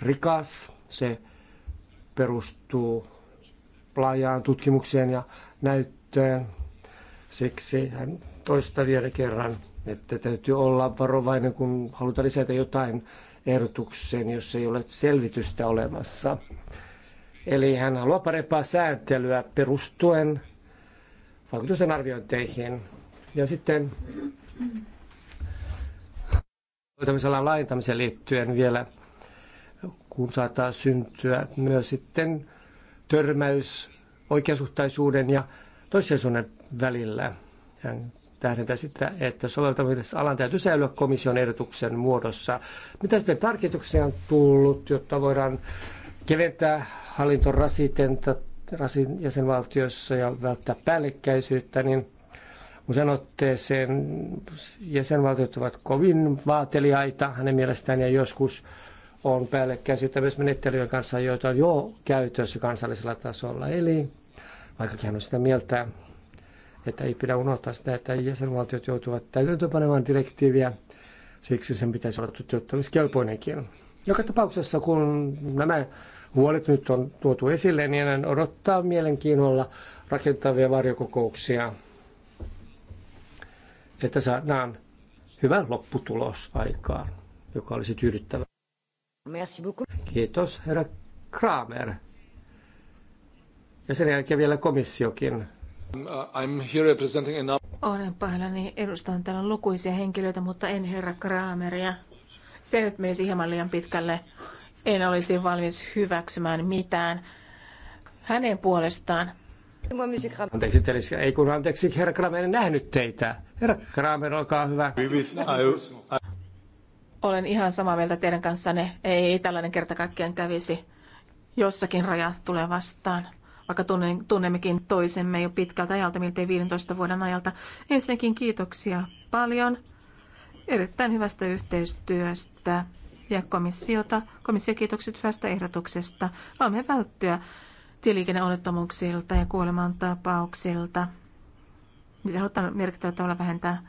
rikas. Se perustuu laajaan tutkimukseen ja näyttöön. Siksi hän toista vielä kerran, että täytyy olla varovainen, kun halutaan lisätä jotain ehdotukseen, jos ei ole selvitystä olemassa. Eli hän haluaa parempaa sääntelyä perustuen vaikutusten arviointeihin. Ja sitten hoitamisalan laajentamiseen liittyen vielä, kun saattaa syntyä myös sitten törmäys oikeasuhtaisuuden ja toissijaisuuden välillä. Hän tähdentää sitä, että soveltamisalan täytyy säilyä komission ehdotuksen muodossa. Mitä sitten tarkoituksia on tullut, jotta voidaan keventää hallintorasitenta rasin jäsenvaltioissa ja välttää päällekkäisyyttä, niin usein otteeseen jäsenvaltiot ovat kovin vaateliaita hänen mielestään ja joskus on päällekkäisyyttä myös menettelyjen kanssa, joita on jo käytössä kansallisella tasolla. Eli vaikkakin hän on sitä mieltä, että ei pidä unohtaa sitä, että jäsenvaltiot joutuvat täytäntöönpanemaan direktiiviä, siksi sen pitäisi olla toteuttamiskelpoinenkin. Joka tapauksessa, kun nämä huolet nyt on tuotu esille, niin hän odottaa mielenkiinnolla rakentavia varjokokouksia, että saadaan hyvä lopputulos aikaan, joka olisi tyydyttävä. Merci beaucoup. Kiitos, herra Kramer. Ja sen jälkeen vielä komissiokin. I'm here representing a Olen pahoillani, edustan täällä lukuisia henkilöitä, mutta en herra Krameria. Se nyt menisi hieman liian pitkälle en olisi valmis hyväksymään mitään hänen puolestaan. Anteeksi, teliska. ei kun anteeksi, herra Kramer, en nähnyt teitä. Herra Kramer, olkaa hyvä. Olen ihan samaa mieltä teidän kanssanne. Ei, ei tällainen kerta kaikkiaan kävisi. Jossakin raja tulee vastaan vaikka tunnemmekin toisemme jo pitkältä ajalta, miltei 15 vuoden ajalta. Ensinnäkin kiitoksia paljon erittäin hyvästä yhteistyöstä ja komissiota. Komissio kiitokset hyvästä ehdotuksesta. Voimme välttyä tieliikenneonnettomuuksilta ja kuolemantapauksilta. Mitä halutaan merkittävällä tavalla vähentää.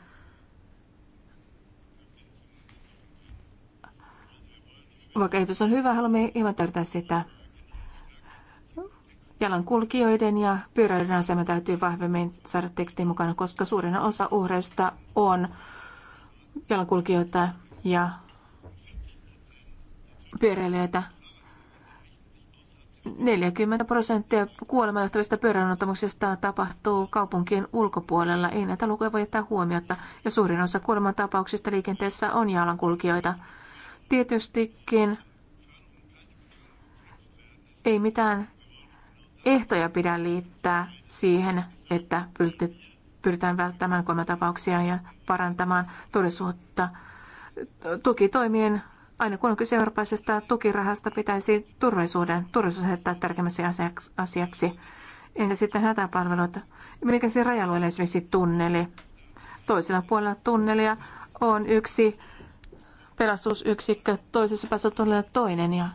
Vaikka kehitys on hyvä, haluamme hieman täydentää sitä. Jalankulkijoiden ja pyöräilijöiden asema täytyy vahvemmin saada tekstin mukana, koska suurin osa uhreista on jalankulkijoita ja pyöräilijöitä. 40 prosenttia kuolemaan johtavista pyöräilyonnettomuuksista tapahtuu kaupunkien ulkopuolella. Ei näitä lukuja voi jättää huomiota ja suurin osa kuolemantapauksista liikenteessä on jalankulkijoita. Tietystikin ei mitään ehtoja pidä liittää siihen, että pyritään välttämään kuolemantapauksia ja parantamaan todellisuutta. Tukitoimien Aina kun on kyse eurooppalaisesta tukirahasta, pitäisi turvallisuuden, turvallisuus asettaa tärkeimmäksi asiaksi. Entä sitten hätäpalvelut? Mikä se rajalueella esimerkiksi tunneli? Toisella puolella tunnelia on yksi pelastusyksikkö, toisessa päässä tunnelia toinen ja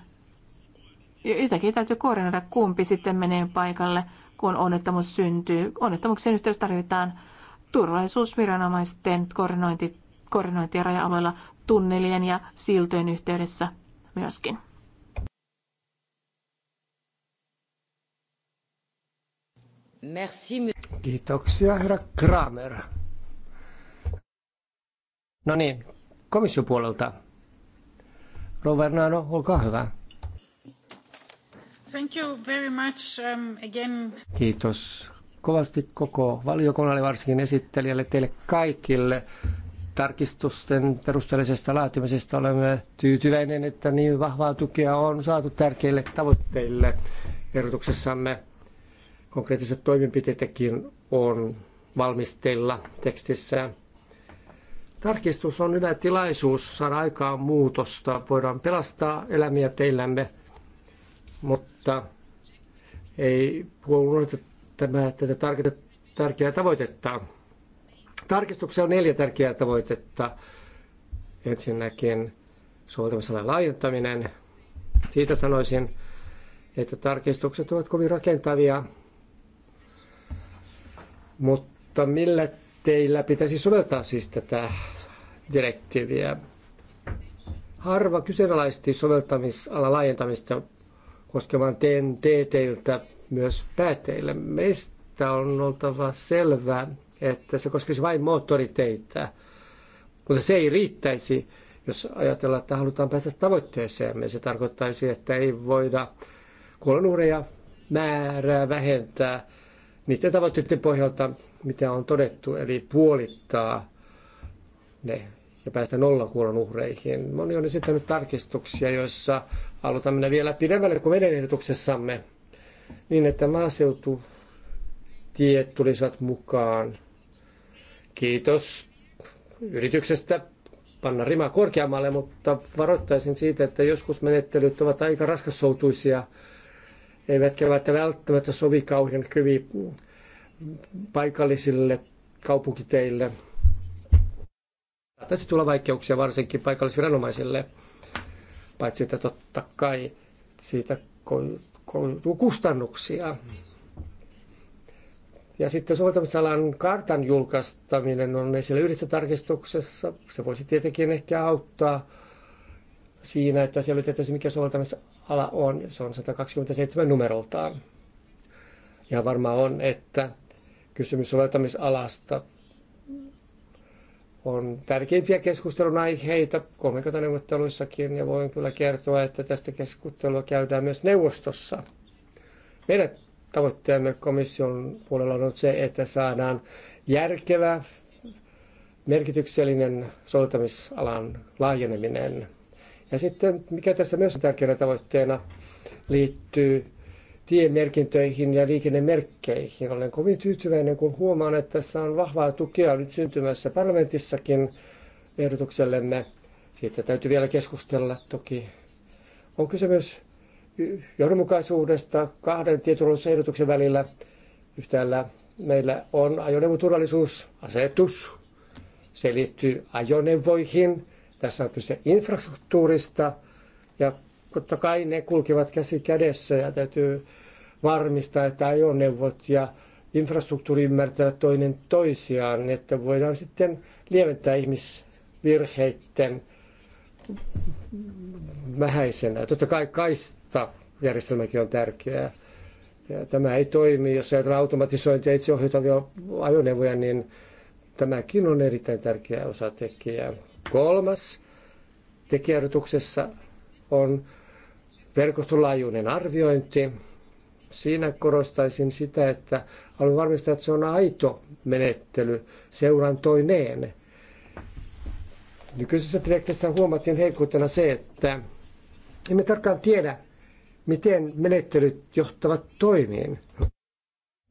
yhtäkkiä täytyy koordinoida, kumpi sitten menee paikalle, kun onnettomuus syntyy. Onnettomuuksien yhteydessä tarvitaan turvallisuusviranomaisten koordinointi koordinointia raja-alueilla tunnelien ja siltojen yhteydessä myöskin. Merci. Kiitoksia, herra Kramer. No niin, komission puolelta. Rovernano, olkaa hyvä. Thank you very much, um, again. Kiitos kovasti koko valiokunnalle, varsinkin esittelijälle, teille kaikille tarkistusten perusteellisesta laatimisesta olemme tyytyväinen, että niin vahvaa tukea on saatu tärkeille tavoitteille. Ehdotuksessamme konkreettiset toimenpiteitäkin on valmisteilla tekstissä. Tarkistus on hyvä tilaisuus saada aikaan muutosta. Voidaan pelastaa elämiä teillämme, mutta ei unohdeta tätä tärkeää tavoitetta. Tarkistuksella on neljä tärkeää tavoitetta. Ensinnäkin soveltamisalan laajentaminen. Siitä sanoisin, että tarkistukset ovat kovin rakentavia, mutta millä teillä pitäisi soveltaa siis tätä direktiiviä? Harva kyseenalaisti soveltamisalan laajentamista koskevan TTiltä myös pääteille. Meistä on oltava selvää, että se koskisi vain moottoriteitä. Mutta se ei riittäisi, jos ajatellaan, että halutaan päästä tavoitteeseemme. Se tarkoittaisi, että ei voida kuolonuhreja määrää vähentää niiden tavoitteiden pohjalta, mitä on todettu, eli puolittaa ne ja päästä nollakuolon uhreihin. Moni on esittänyt tarkistuksia, joissa halutaan mennä vielä pidemmälle kuin meidän ehdotuksessamme, niin että maaseututiet tulisivat mukaan Kiitos yrityksestä panna rima korkeammalle, mutta varoittaisin siitä, että joskus menettelyt ovat aika raskassoutuisia, eivätkä välttämättä sovi kauhean hyvin paikallisille kaupunkiteille. Tässä tulee vaikeuksia varsinkin paikallisviranomaisille, paitsi että totta kai siitä koituu kustannuksia. Ja sitten soveltamisalan kartan julkaistaminen on esillä yhdessä tarkistuksessa. Se voisi tietenkin ehkä auttaa siinä, että selvitettäisiin, mikä soveltamisala on. Se on 127 numeroltaan. Ja varmaan on, että kysymys soveltamisalasta on tärkeimpiä keskustelun aiheita kolmikantaneuvotteluissakin ja voin kyllä kertoa, että tästä keskustelua käydään myös neuvostossa. Meidän Tavoitteemme komission puolella on ollut se, että saadaan järkevä, merkityksellinen soveltamisalan laajeneminen. Ja sitten, mikä tässä myös on tärkeänä tavoitteena, liittyy tiemerkintöihin ja liikennemerkkeihin. Olen kovin tyytyväinen, kun huomaan, että tässä on vahvaa tukea nyt syntymässä parlamentissakin ehdotuksellemme. Siitä täytyy vielä keskustella toki. On kyse myös johdonmukaisuudesta kahden tietoturvallisuusehdotuksen välillä. Yhtäällä meillä on ajoneuvoturvallisuusasetus. Se liittyy ajoneuvoihin. Tässä on kyse infrastruktuurista ja totta kai ne kulkevat käsi kädessä ja täytyy varmistaa, että ajoneuvot ja infrastruktuuri ymmärtävät toinen toisiaan, että voidaan sitten lieventää ihmisvirheiden vähäisenä. Totta kai kaist mutta järjestelmäkin on tärkeä. Ja tämä ei toimi, jos ajatellaan automatisointia itseohjautavia ajoneuvoja, niin tämäkin on erittäin tärkeä osa tekijää. Kolmas tekijärytuksessa on verkostolaajuinen arviointi. Siinä korostaisin sitä, että haluan varmistaa, että se on aito menettely seurantoineen. Nykyisessä direktissä huomattiin heikkuutena se, että emme tarkkaan tiedä, miten menettelyt johtavat toimiin.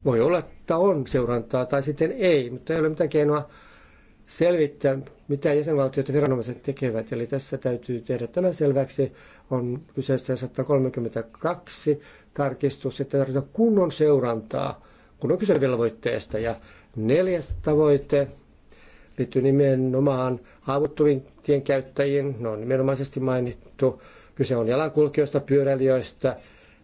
Voi olla, että on seurantaa tai sitten ei, mutta ei ole mitään keinoa selvittää, mitä jäsenvaltiot ja viranomaiset tekevät. Eli tässä täytyy tehdä tämä selväksi. On kyseessä 132 tarkistus, että tarvitaan kunnon seurantaa, kun on kyse velvoitteesta. Ja neljäs tavoite liittyy nimenomaan haavoittuviin tienkäyttäjiin. Ne no, on nimenomaisesti mainittu Kyse on jalankulkijoista, pyöräilijöistä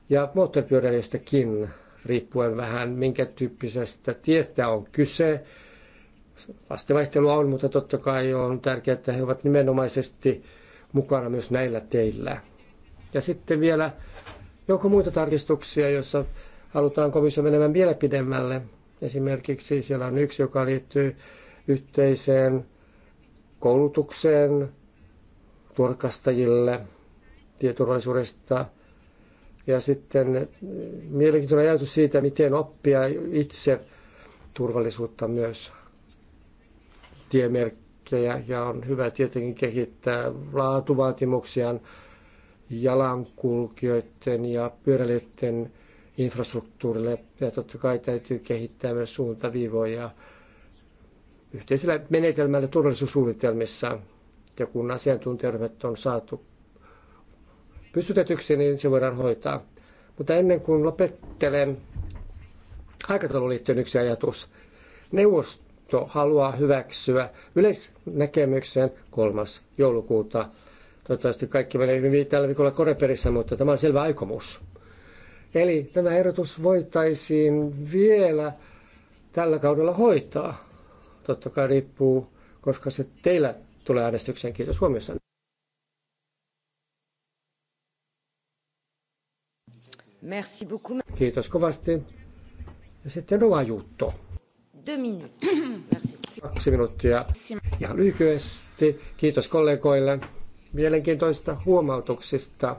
ja moottoripyöräilijöistäkin, riippuen vähän minkä tyyppisestä tiestä on kyse. Vastevaihtelua on, mutta totta kai on tärkeää, että he ovat nimenomaisesti mukana myös näillä teillä. Ja sitten vielä joko muita tarkistuksia, joissa halutaan komissio menemään vielä pidemmälle. Esimerkiksi siellä on yksi, joka liittyy yhteiseen koulutukseen tuorkastajille – Tietoturvallisuudesta Ja sitten mielenkiintoinen ajatus siitä, miten oppia itse turvallisuutta myös tiemerkkejä ja on hyvä tietenkin kehittää laatuvaatimuksiaan jalankulkijoiden ja pyöräilijöiden infrastruktuurille ja totta kai täytyy kehittää myös suuntaviivoja yhteisellä menetelmällä turvallisuussuunnitelmissa ja kun asiantuntijaryhmät on saatu pystytetyksi, niin se voidaan hoitaa. Mutta ennen kuin lopettelen, aikatauluun liittyen yksi ajatus. Neuvosto haluaa hyväksyä yleisnäkemyksen kolmas joulukuuta. Toivottavasti kaikki menee hyvin tällä viikolla Koreperissä, mutta tämä on selvä aikomus. Eli tämä ehdotus voitaisiin vielä tällä kaudella hoitaa. Totta kai riippuu, koska se teillä tulee äänestykseen. Kiitos huomiosta. Merci beaucoup. Kiitos kovasti. Ja sitten Rova Juutto. Kaksi minuuttia. Ihan lyhyesti. Kiitos kollegoille mielenkiintoista huomautuksista.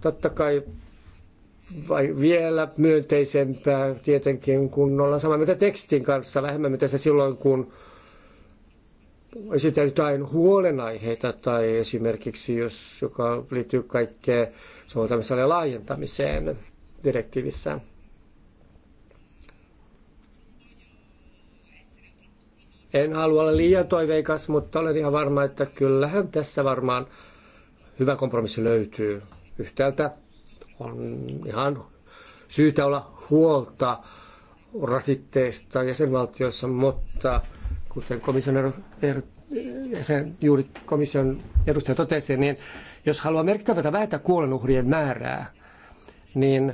Totta kai vai vielä myönteisempää tietenkin, kun ollaan samaa mieltä tekstin kanssa, vähemmän mitä se silloin, kun esitän jotain huolenaiheita tai esimerkiksi jos, joka liittyy kaikkeen soveltamiselle laajentamiseen direktiivissä. En halua olla liian toiveikas, mutta olen ihan varma, että kyllähän tässä varmaan hyvä kompromissi löytyy. Yhtäältä on ihan syytä olla huolta rasitteista jäsenvaltioissa, mutta kuten komission er- sen juuri komission edustaja totesi, niin jos haluaa merkittävätä vähentää kuolenuhrien määrää, niin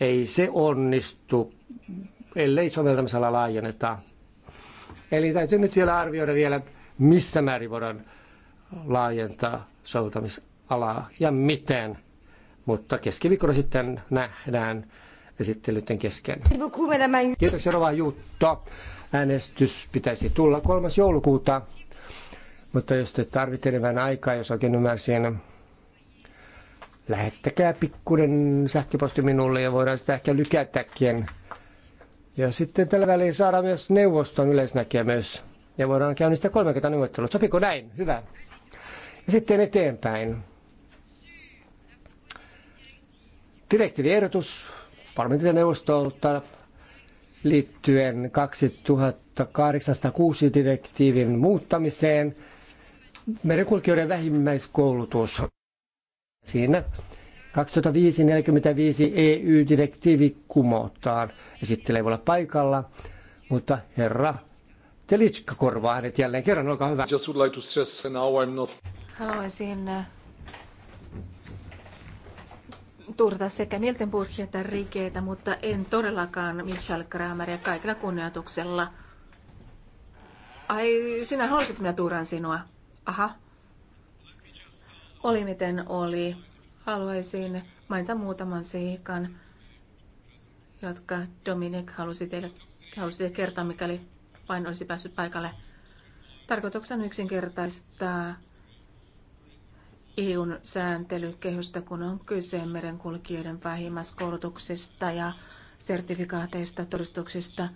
ei se onnistu, ellei soveltamisala laajenneta. Eli täytyy nyt vielä arvioida vielä, missä määrin voidaan laajentaa soveltamisalaa ja miten. Mutta keskiviikkona sitten nähdään esittelyiden kesken. Kiitoksia Rova Jutto äänestys pitäisi tulla 3. joulukuuta. Mutta jos te tarvitte enemmän aikaa, jos oikein ymmärsin, lähettäkää pikkuinen sähköposti minulle ja voidaan sitä ehkä lykätäkin. Ja sitten tällä väliin saadaan myös neuvoston yleisnäkemys ja voidaan käynnistää 30 neuvottelua. Sopiko näin? Hyvä. Ja sitten eteenpäin. Direktiiviehdotus parlamentin neuvostolta liittyen 2806 direktiivin muuttamiseen merenkulkijoiden vähimmäiskoulutus. Siinä 2005-45 EU-direktiivi kumotaan. Esittelee voi olla paikalla, mutta herra Telitska korvaa hänet jälleen kerran, olkaa hyvä. Just would like to stress, now I'm not... Haluaisin turta sekä Miltenburgia että Rikeitä, mutta en todellakaan Michael Krameria kaikilla kunnioituksella. Ai, sinä halusit, minä tuuran sinua. Aha. Oli miten oli. Haluaisin mainita muutaman seikan, jotka Dominic halusi teille, halusi teille kertoa, mikäli vain olisi päässyt paikalle. Tarkoituksena yksinkertaistaa EUn sääntelykehystä, kun on kyse merenkulkijoiden vähimmäiskoulutuksesta ja sertifikaateista, todistuksista,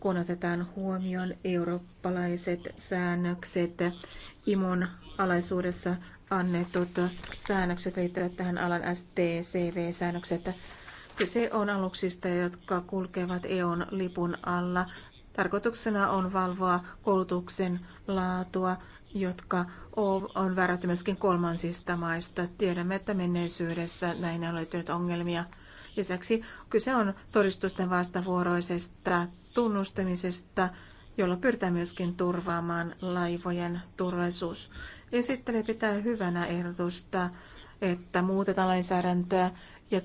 kun otetaan huomioon eurooppalaiset säännökset, IMON alaisuudessa annetut säännökset liittyvät tähän alan STCV-säännökset. Kyse on aluksista, jotka kulkevat EUn lipun alla. Tarkoituksena on valvoa koulutuksen laatua, jotka on varattu myöskin kolmansista maista. Tiedämme, että menneisyydessä näin on löytynyt ongelmia. Lisäksi kyse on todistusten vastavuoroisesta tunnustamisesta, jolla pyritään myöskin turvaamaan laivojen turvallisuus. Esittely pitää hyvänä ehdotusta, että muutetaan lainsäädäntöä ja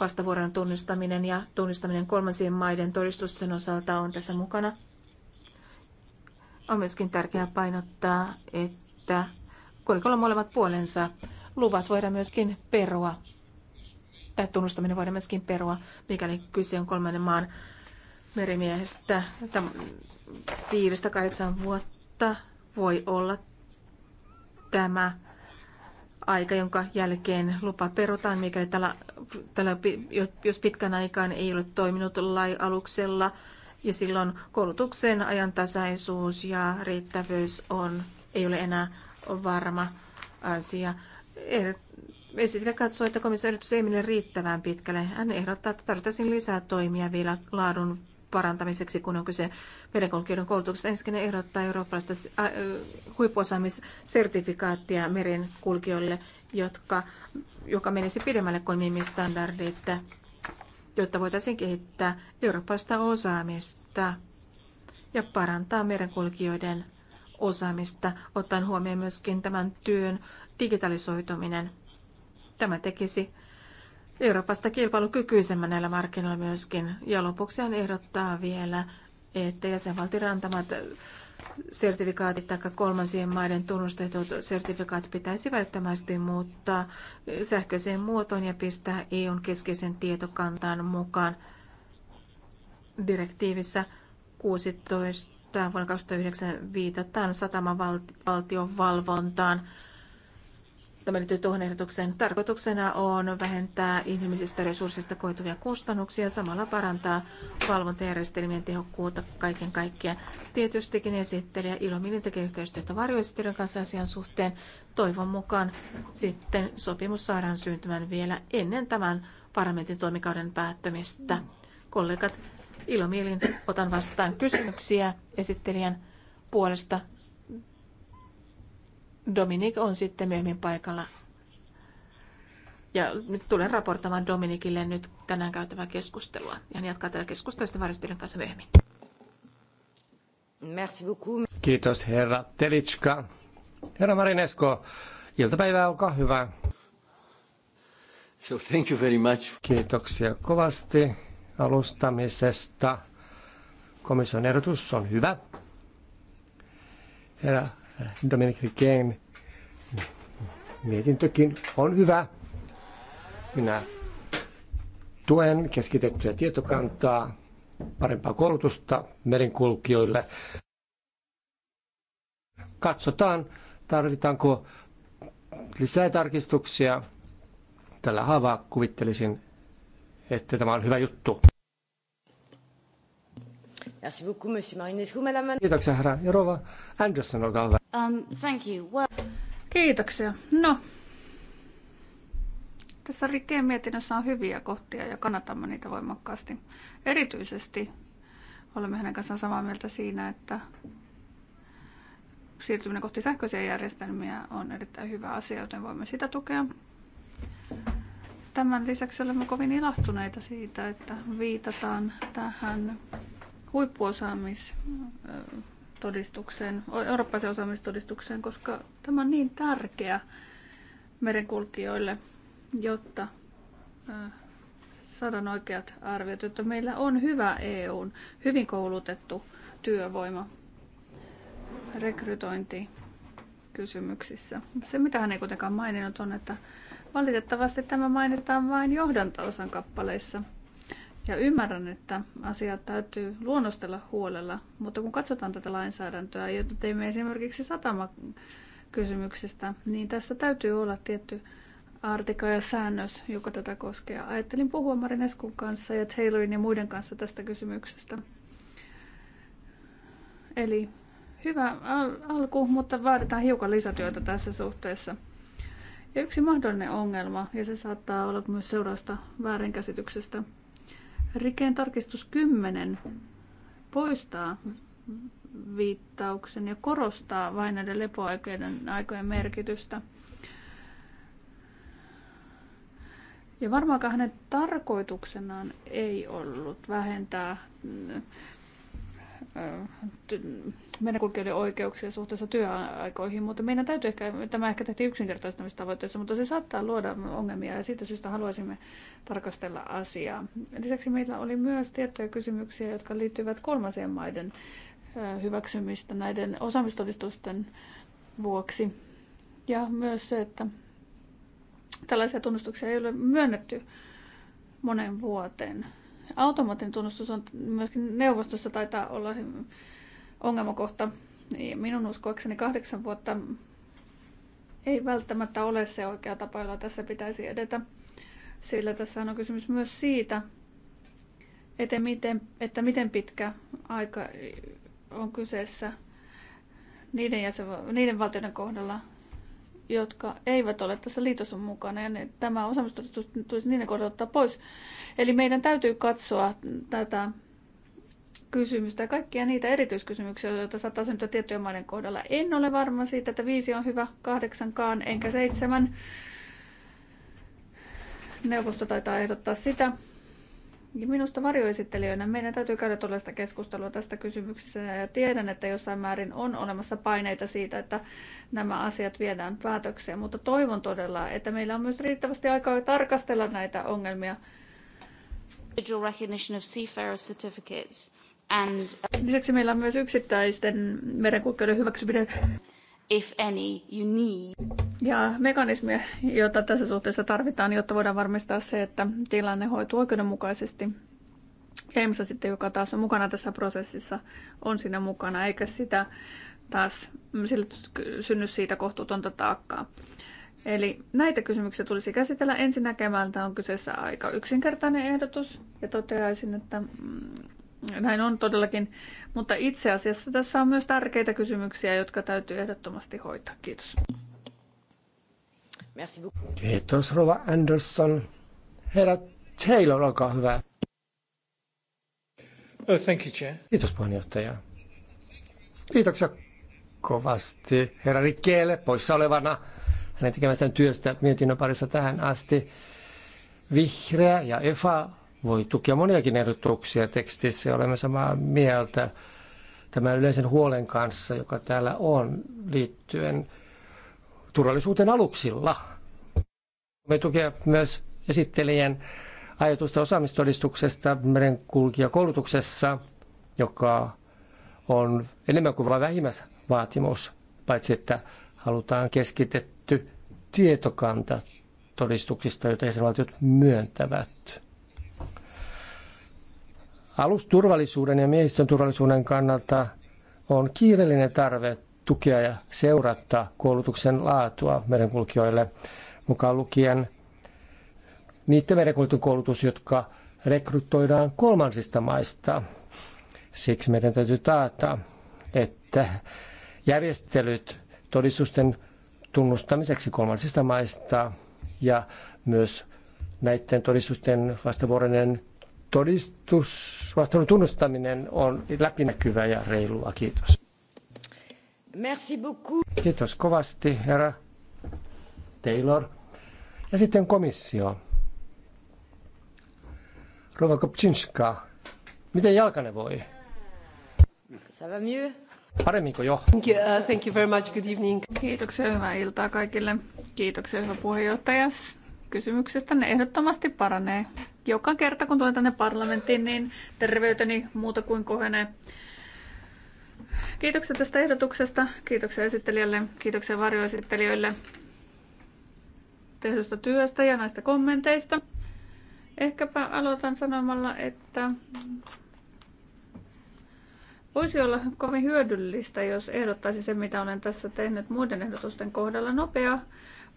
vastavuoron tunnistaminen ja tunnistaminen kolmansien maiden todistusten osalta on tässä mukana. On myöskin tärkeää painottaa, että että kolikolla molemmat puolensa luvat voidaan myöskin perua, tai tunnustaminen voidaan myöskin perua, mikäli kyse on kolmannen maan merimiehestä. Viidestä kahdeksan vuotta voi olla tämä aika, jonka jälkeen lupa perutaan, mikäli tällä, tällä, jos pitkän aikaan ei ole toiminut lai aluksella, ja silloin koulutuksen ajantasaisuus ja riittävyys on ei ole enää varma asia. Esitellä katsoo, että komission ehdotus ei mene riittävän pitkälle. Hän ehdottaa, että tarvittaisiin lisää toimia vielä laadun parantamiseksi, kun on kyse merenkulkijoiden koulutuksesta. Ensinnäkin ehdottaa eurooppalaista äh, huippuosaamissertifikaattia merenkulkijoille, jotka, joka menisi pidemmälle kuin minimistandardit, jotta voitaisiin kehittää eurooppalaista osaamista ja parantaa merenkulkijoiden osaamista, ottaen huomioon myöskin tämän työn digitalisoituminen. Tämä tekisi Euroopasta kilpailukykyisemmän näillä markkinoilla myöskin. Ja lopuksi hän ehdottaa vielä, että jäsenvaltion antamat sertifikaatit tai kolmansien maiden tunnustetut sertifikaatit pitäisi välttämättä muuttaa sähköiseen muotoon ja pistää EUn keskeisen tietokantaan mukaan direktiivissä 16 tähän vuonna 2009 viitataan satamavaltion valvontaan. Tämä liittyy tuohon ehdotukseen. Tarkoituksena on vähentää inhimillisistä resursseista koituvia kustannuksia ja samalla parantaa valvontajärjestelmien tehokkuutta kaiken kaikkiaan. Tietystikin esittelijä Ilomilin tekee yhteistyötä varjoesittelijän kanssa asian suhteen. Toivon mukaan sitten sopimus saadaan syntymään vielä ennen tämän parlamentin toimikauden päättymistä. Kollegat, Ilomielin otan vastaan kysymyksiä esittelijän puolesta. Dominik on sitten myöhemmin paikalla. Ja nyt tulen raportamaan Dominikille nyt tänään käytävää keskustelua. Ja hän jatkaa tätä keskustelua varjostelun kanssa myöhemmin. Merci beaucoup. Kiitos herra Telitska. Herra Marinesko, iltapäivää, olkaa hyvä. So thank you very much. Kiitoksia kovasti alustamisesta. Komission ehdotus on hyvä. Herra Dominic Riquet mietintökin on hyvä. Minä tuen keskitettyä tietokantaa, parempaa koulutusta merenkulkijoille. Katsotaan, tarvitaanko lisää tarkistuksia. Tällä haavaa kuvittelisin, että tämä on hyvä juttu. Merci beaucoup, monsieur Marinescu. Madame... Kiitoksia, herra. Ja Anderson, olkaa hyvä. Um, thank you. Well... Kiitoksia. No, tässä Rikkeen mietinnössä on hyviä kohtia ja kannatamme niitä voimakkaasti. Erityisesti olemme hänen kanssaan samaa mieltä siinä, että siirtyminen kohti sähköisiä järjestelmiä on erittäin hyvä asia, joten voimme sitä tukea. Tämän lisäksi olemme kovin ilahtuneita siitä, että viitataan tähän huippuosaamistodistukseen, eurooppalaisen osaamistodistukseen, koska tämä on niin tärkeä merenkulkijoille, jotta saadaan oikeat arviot, että meillä on hyvä EUn hyvin koulutettu työvoima rekrytointi kysymyksissä. Se, mitä hän ei kuitenkaan maininnut, on, että valitettavasti tämä mainitaan vain johdantaosan kappaleissa – ja ymmärrän, että asiat täytyy luonnostella huolella, mutta kun katsotaan tätä lainsäädäntöä, jota teimme esimerkiksi satamakysymyksistä, niin tässä täytyy olla tietty artikla ja säännös, joka tätä koskee. Ajattelin puhua Marineskun kanssa ja Taylorin ja muiden kanssa tästä kysymyksestä. Eli hyvä al- alku, mutta vaaditaan hiukan lisätyötä tässä suhteessa. Ja yksi mahdollinen ongelma, ja se saattaa olla myös seurausta väärinkäsityksestä, Rikeen tarkistus 10 poistaa viittauksen ja korostaa vain näiden lepoaikojen aikojen merkitystä. Ja varmaankaan hänen tarkoituksenaan ei ollut vähentää merenkulkijoiden oikeuksia suhteessa työaikoihin, mutta meidän täytyy ehkä, tämä ehkä tehtiin yksinkertaistamistavoitteessa, mutta se saattaa luoda ongelmia ja siitä syystä haluaisimme tarkastella asiaa. Lisäksi meillä oli myös tiettyjä kysymyksiä, jotka liittyvät kolmansien maiden hyväksymistä näiden osaamistodistusten vuoksi. Ja myös se, että tällaisia tunnustuksia ei ole myönnetty monen vuoteen. Automaattinen tunnustus on myöskin neuvostossa taitaa olla ongelmakohta. Minun uskoakseni kahdeksan vuotta ei välttämättä ole se oikea tapa, jolla tässä pitäisi edetä. Sillä tässä on kysymys myös siitä, että miten, että miten pitkä aika on kyseessä niiden, jäsen, niiden valtioiden kohdalla, jotka eivät ole tässä liitossa mukana, ja ne, tämä osaamistodistus tulisi niiden kohdalla ottaa pois. Eli meidän täytyy katsoa tätä kysymystä ja kaikkia niitä erityiskysymyksiä, joita saattaa syntyä tiettyjen maiden kohdalla. En ole varma siitä, että viisi on hyvä, kahdeksankaan, enkä seitsemän. Neuvosto taitaa ehdottaa sitä. Ja minusta varjoesittelijöinä meidän täytyy käydä tuollaista keskustelua tästä kysymyksestä ja tiedän, että jossain määrin on olemassa paineita siitä, että nämä asiat viedään päätökseen, mutta toivon todella, että meillä on myös riittävästi aikaa tarkastella näitä ongelmia. Uh, Lisäksi meillä on myös yksittäisten merenkulkijoiden hyväksyminen if any, you need. Ja mekanismia, jota tässä suhteessa tarvitaan, jotta voidaan varmistaa se, että tilanne hoituu oikeudenmukaisesti. Ja sitten, joka taas on mukana tässä prosessissa, on siinä mukana, eikä sitä taas sillä synny siitä kohtuutonta taakkaa. Eli näitä kysymyksiä tulisi käsitellä näkemältä. On kyseessä aika yksinkertainen ehdotus ja toteaisin, että mm, näin on todellakin mutta itse asiassa tässä on myös tärkeitä kysymyksiä, jotka täytyy ehdottomasti hoitaa. Kiitos. Kiitos Rova Anderson. Herra Taylor, olkaa hyvä. Oh, thank you, Chair. Kiitos puheenjohtaja. Kiitoksia kovasti herra Rikkeelle poissa olevana hänen tekemästään työstä mietinnön parissa tähän asti. Vihreä ja EFA voi tukea moniakin ehdotuksia tekstissä ja olemme samaa mieltä tämän yleisen huolen kanssa, joka täällä on liittyen turvallisuuteen aluksilla. Me tukea myös esittelijän ajatusta osaamistodistuksesta merenkulkijakoulutuksessa, joka on enemmän kuin vain vähimmäisvaatimus, paitsi että halutaan keskitetty tietokanta todistuksista, joita jäsenvaltiot myöntävät. Alusturvallisuuden ja miehistön turvallisuuden kannalta on kiireellinen tarve tukea ja seurata koulutuksen laatua merenkulkijoille, mukaan lukien niiden koulutus, jotka rekrytoidaan kolmansista maista. Siksi meidän täytyy taata, että järjestelyt todistusten tunnustamiseksi kolmansista maista ja myös näiden todistusten vastavuoroinen todistusvastaanun tunnustaminen on läpinäkyvää ja reilua. Kiitos. Merci beaucoup. Kiitos kovasti, herra Taylor. Ja sitten komissio. Rova Kopczynska, miten jalkane voi? Ça va mieux? Paremminko jo? Thank you, uh, thank you very much. Good evening. Kiitoksia, hyvää iltaa kaikille. Kiitoksia, hyvä puheenjohtaja kysymyksestä ne ehdottomasti paranee. Joka kerta kun tulen tänne parlamenttiin, niin terveyteni muuta kuin kohenee. Kiitoksia tästä ehdotuksesta, kiitoksia esittelijälle, kiitoksia varjoesittelijöille tehdystä työstä ja näistä kommenteista. Ehkäpä aloitan sanomalla, että voisi olla kovin hyödyllistä, jos ehdottaisi se, mitä olen tässä tehnyt muiden ehdotusten kohdalla, nopea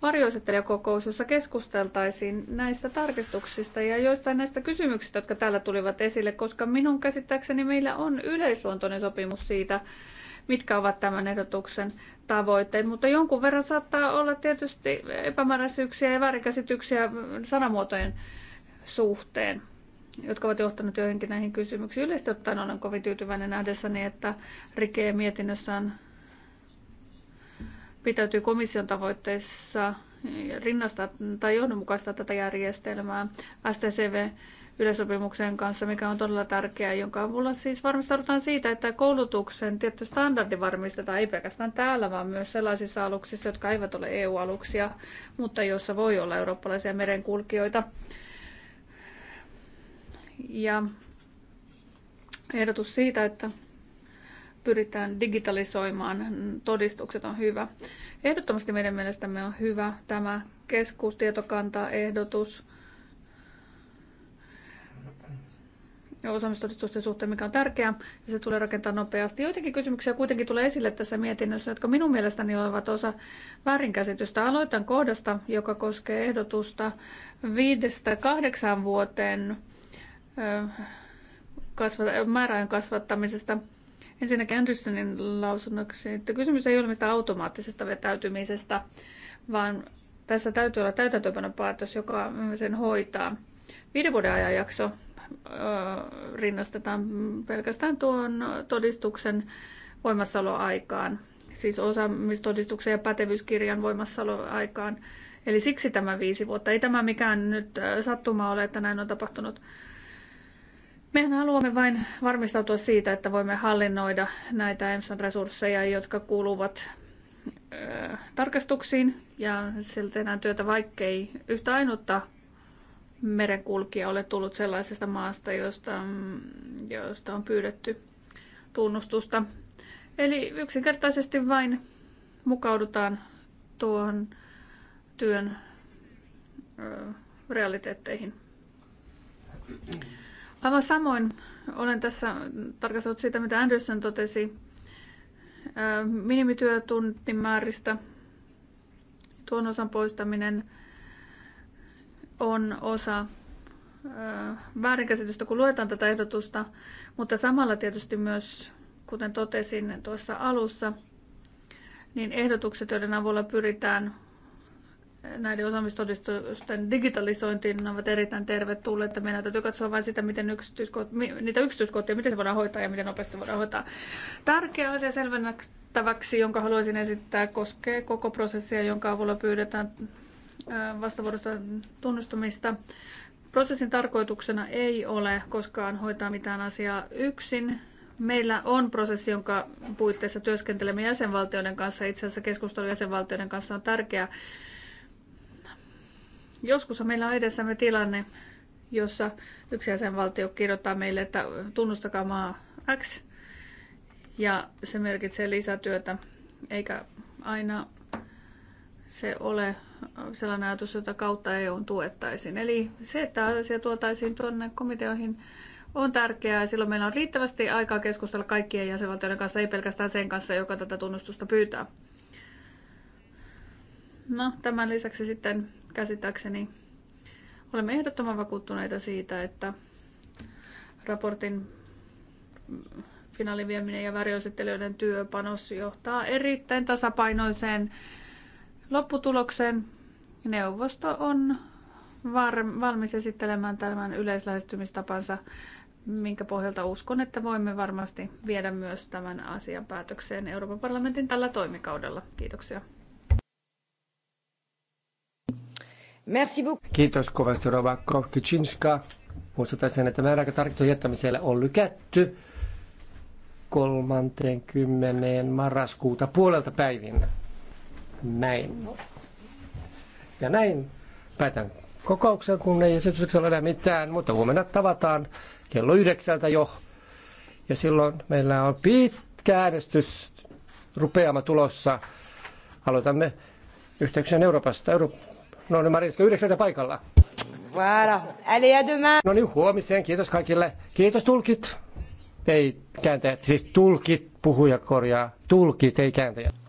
varjoesittelijäkokous, jossa keskusteltaisiin näistä tarkistuksista ja joistain näistä kysymyksistä, jotka täällä tulivat esille, koska minun käsittääkseni meillä on yleisluontoinen sopimus siitä, mitkä ovat tämän ehdotuksen tavoitteet, mutta jonkun verran saattaa olla tietysti epämääräisyyksiä ja väärinkäsityksiä sanamuotojen suhteen jotka ovat johtaneet joihinkin näihin kysymyksiin. Yleisesti ottaen olen kovin tyytyväinen nähdessäni, että Rike mietinnössään pitäytyy komission tavoitteissa rinnastaa tai johdonmukaistaa tätä järjestelmää STCV yleisopimuksen kanssa, mikä on todella tärkeää, jonka avulla siis varmistaudutaan siitä, että koulutuksen tietty standardi varmistetaan ei pelkästään täällä, vaan myös sellaisissa aluksissa, jotka eivät ole EU-aluksia, mutta joissa voi olla eurooppalaisia merenkulkijoita. Ja ehdotus siitä, että pyritään digitalisoimaan, todistukset on hyvä. Ehdottomasti meidän mielestämme on hyvä tämä keskustietokanta ehdotus osaamistodistusten suhteen, mikä on tärkeää, ja se tulee rakentaa nopeasti. Joitakin kysymyksiä kuitenkin tulee esille tässä mietinnössä, jotka minun mielestäni ovat osa väärinkäsitystä. Aloitan kohdasta, joka koskee ehdotusta viidestä kahdeksan vuoteen kasvata, määräajan kasvattamisesta – Ensinnäkin Andersonin lausunnoksi, että kysymys ei ole mistä automaattisesta vetäytymisestä, vaan tässä täytyy olla täytäntöönpanopäätös, joka sen hoitaa. Viiden vuoden ajanjakso rinnastetaan pelkästään tuon todistuksen voimassaoloaikaan, siis osaamistodistuksen ja pätevyyskirjan voimassaoloaikaan. Eli siksi tämä viisi vuotta. Ei tämä mikään nyt sattuma ole, että näin on tapahtunut. Mehän haluamme vain varmistautua siitä, että voimme hallinnoida näitä EMSan resursseja, jotka kuuluvat ö, tarkastuksiin. Ja sillä tehdään työtä, vaikkei yhtä ainutta merenkulkija ole tullut sellaisesta maasta, josta, mm, josta on pyydetty tunnustusta. Eli yksinkertaisesti vain mukaudutaan tuohon työn ö, realiteetteihin. Mm-hmm. Aivan samoin olen tässä tarkastellut sitä, mitä Anderson totesi minimityötuntimääristä. Tuon osan poistaminen on osa väärinkäsitystä, kun luetaan tätä ehdotusta, mutta samalla tietysti myös, kuten totesin tuossa alussa, niin ehdotukset, joiden avulla pyritään näiden osaamistodistusten digitalisointiin ovat erittäin tervetulleita. Meidän täytyy katsoa vain sitä, miten yksityiskoht- niitä yksityiskohtia, miten se voidaan hoitaa ja miten nopeasti voidaan hoitaa. Tärkeä asia selvennettäväksi, jonka haluaisin esittää, koskee koko prosessia, jonka avulla pyydetään vastavuorosta tunnustamista. Prosessin tarkoituksena ei ole koskaan hoitaa mitään asiaa yksin, meillä on prosessi, jonka puitteissa työskentelemme jäsenvaltioiden kanssa. Itse asiassa keskustelu jäsenvaltioiden kanssa on tärkeää. Joskus meillä on edessämme tilanne, jossa yksi jäsenvaltio kirjoittaa meille, että tunnustakaa maa X, ja se merkitsee lisätyötä, eikä aina se ole sellainen ajatus, jota kautta EU tuettaisiin. Eli se, että asia tuotaisiin tuonne komiteoihin, on tärkeää ja silloin meillä on riittävästi aikaa keskustella kaikkien jäsenvaltioiden kanssa, ei pelkästään sen kanssa, joka tätä tunnustusta pyytää. No, tämän lisäksi sitten käsittääkseni olemme ehdottoman vakuuttuneita siitä, että raportin finaalivieminen vieminen ja väriosittelijoiden työpanos johtaa erittäin tasapainoiseen lopputulokseen. Neuvosto on valmis esittelemään tämän yleislähestymistapansa, minkä pohjalta uskon, että voimme varmasti viedä myös tämän asian päätökseen Euroopan parlamentin tällä toimikaudella. Kiitoksia. Merci beaucoup. Kiitos kovasti Rova Kovkicinska. Muistutan sen, että määräaika tarkistuksen jättämiselle on lykätty 30. marraskuuta puolelta päivinä. Näin. Ja näin päätän kokouksen, kun ei esityksellä ole mitään, mutta huomenna tavataan kello yhdeksältä jo. Ja silloin meillä on pitkä äänestys rupeama tulossa. Aloitamme yhteyksien Euroopasta. Eurooppa No niin, Mariska, yhdeksältä paikalla. Voilà. Allez, à demain. No niin, huomiseen. Kiitos kaikille. Kiitos tulkit. Ei kääntäjät, siis tulkit, puhuja korjaa. Tulkit, ei kääntäjät.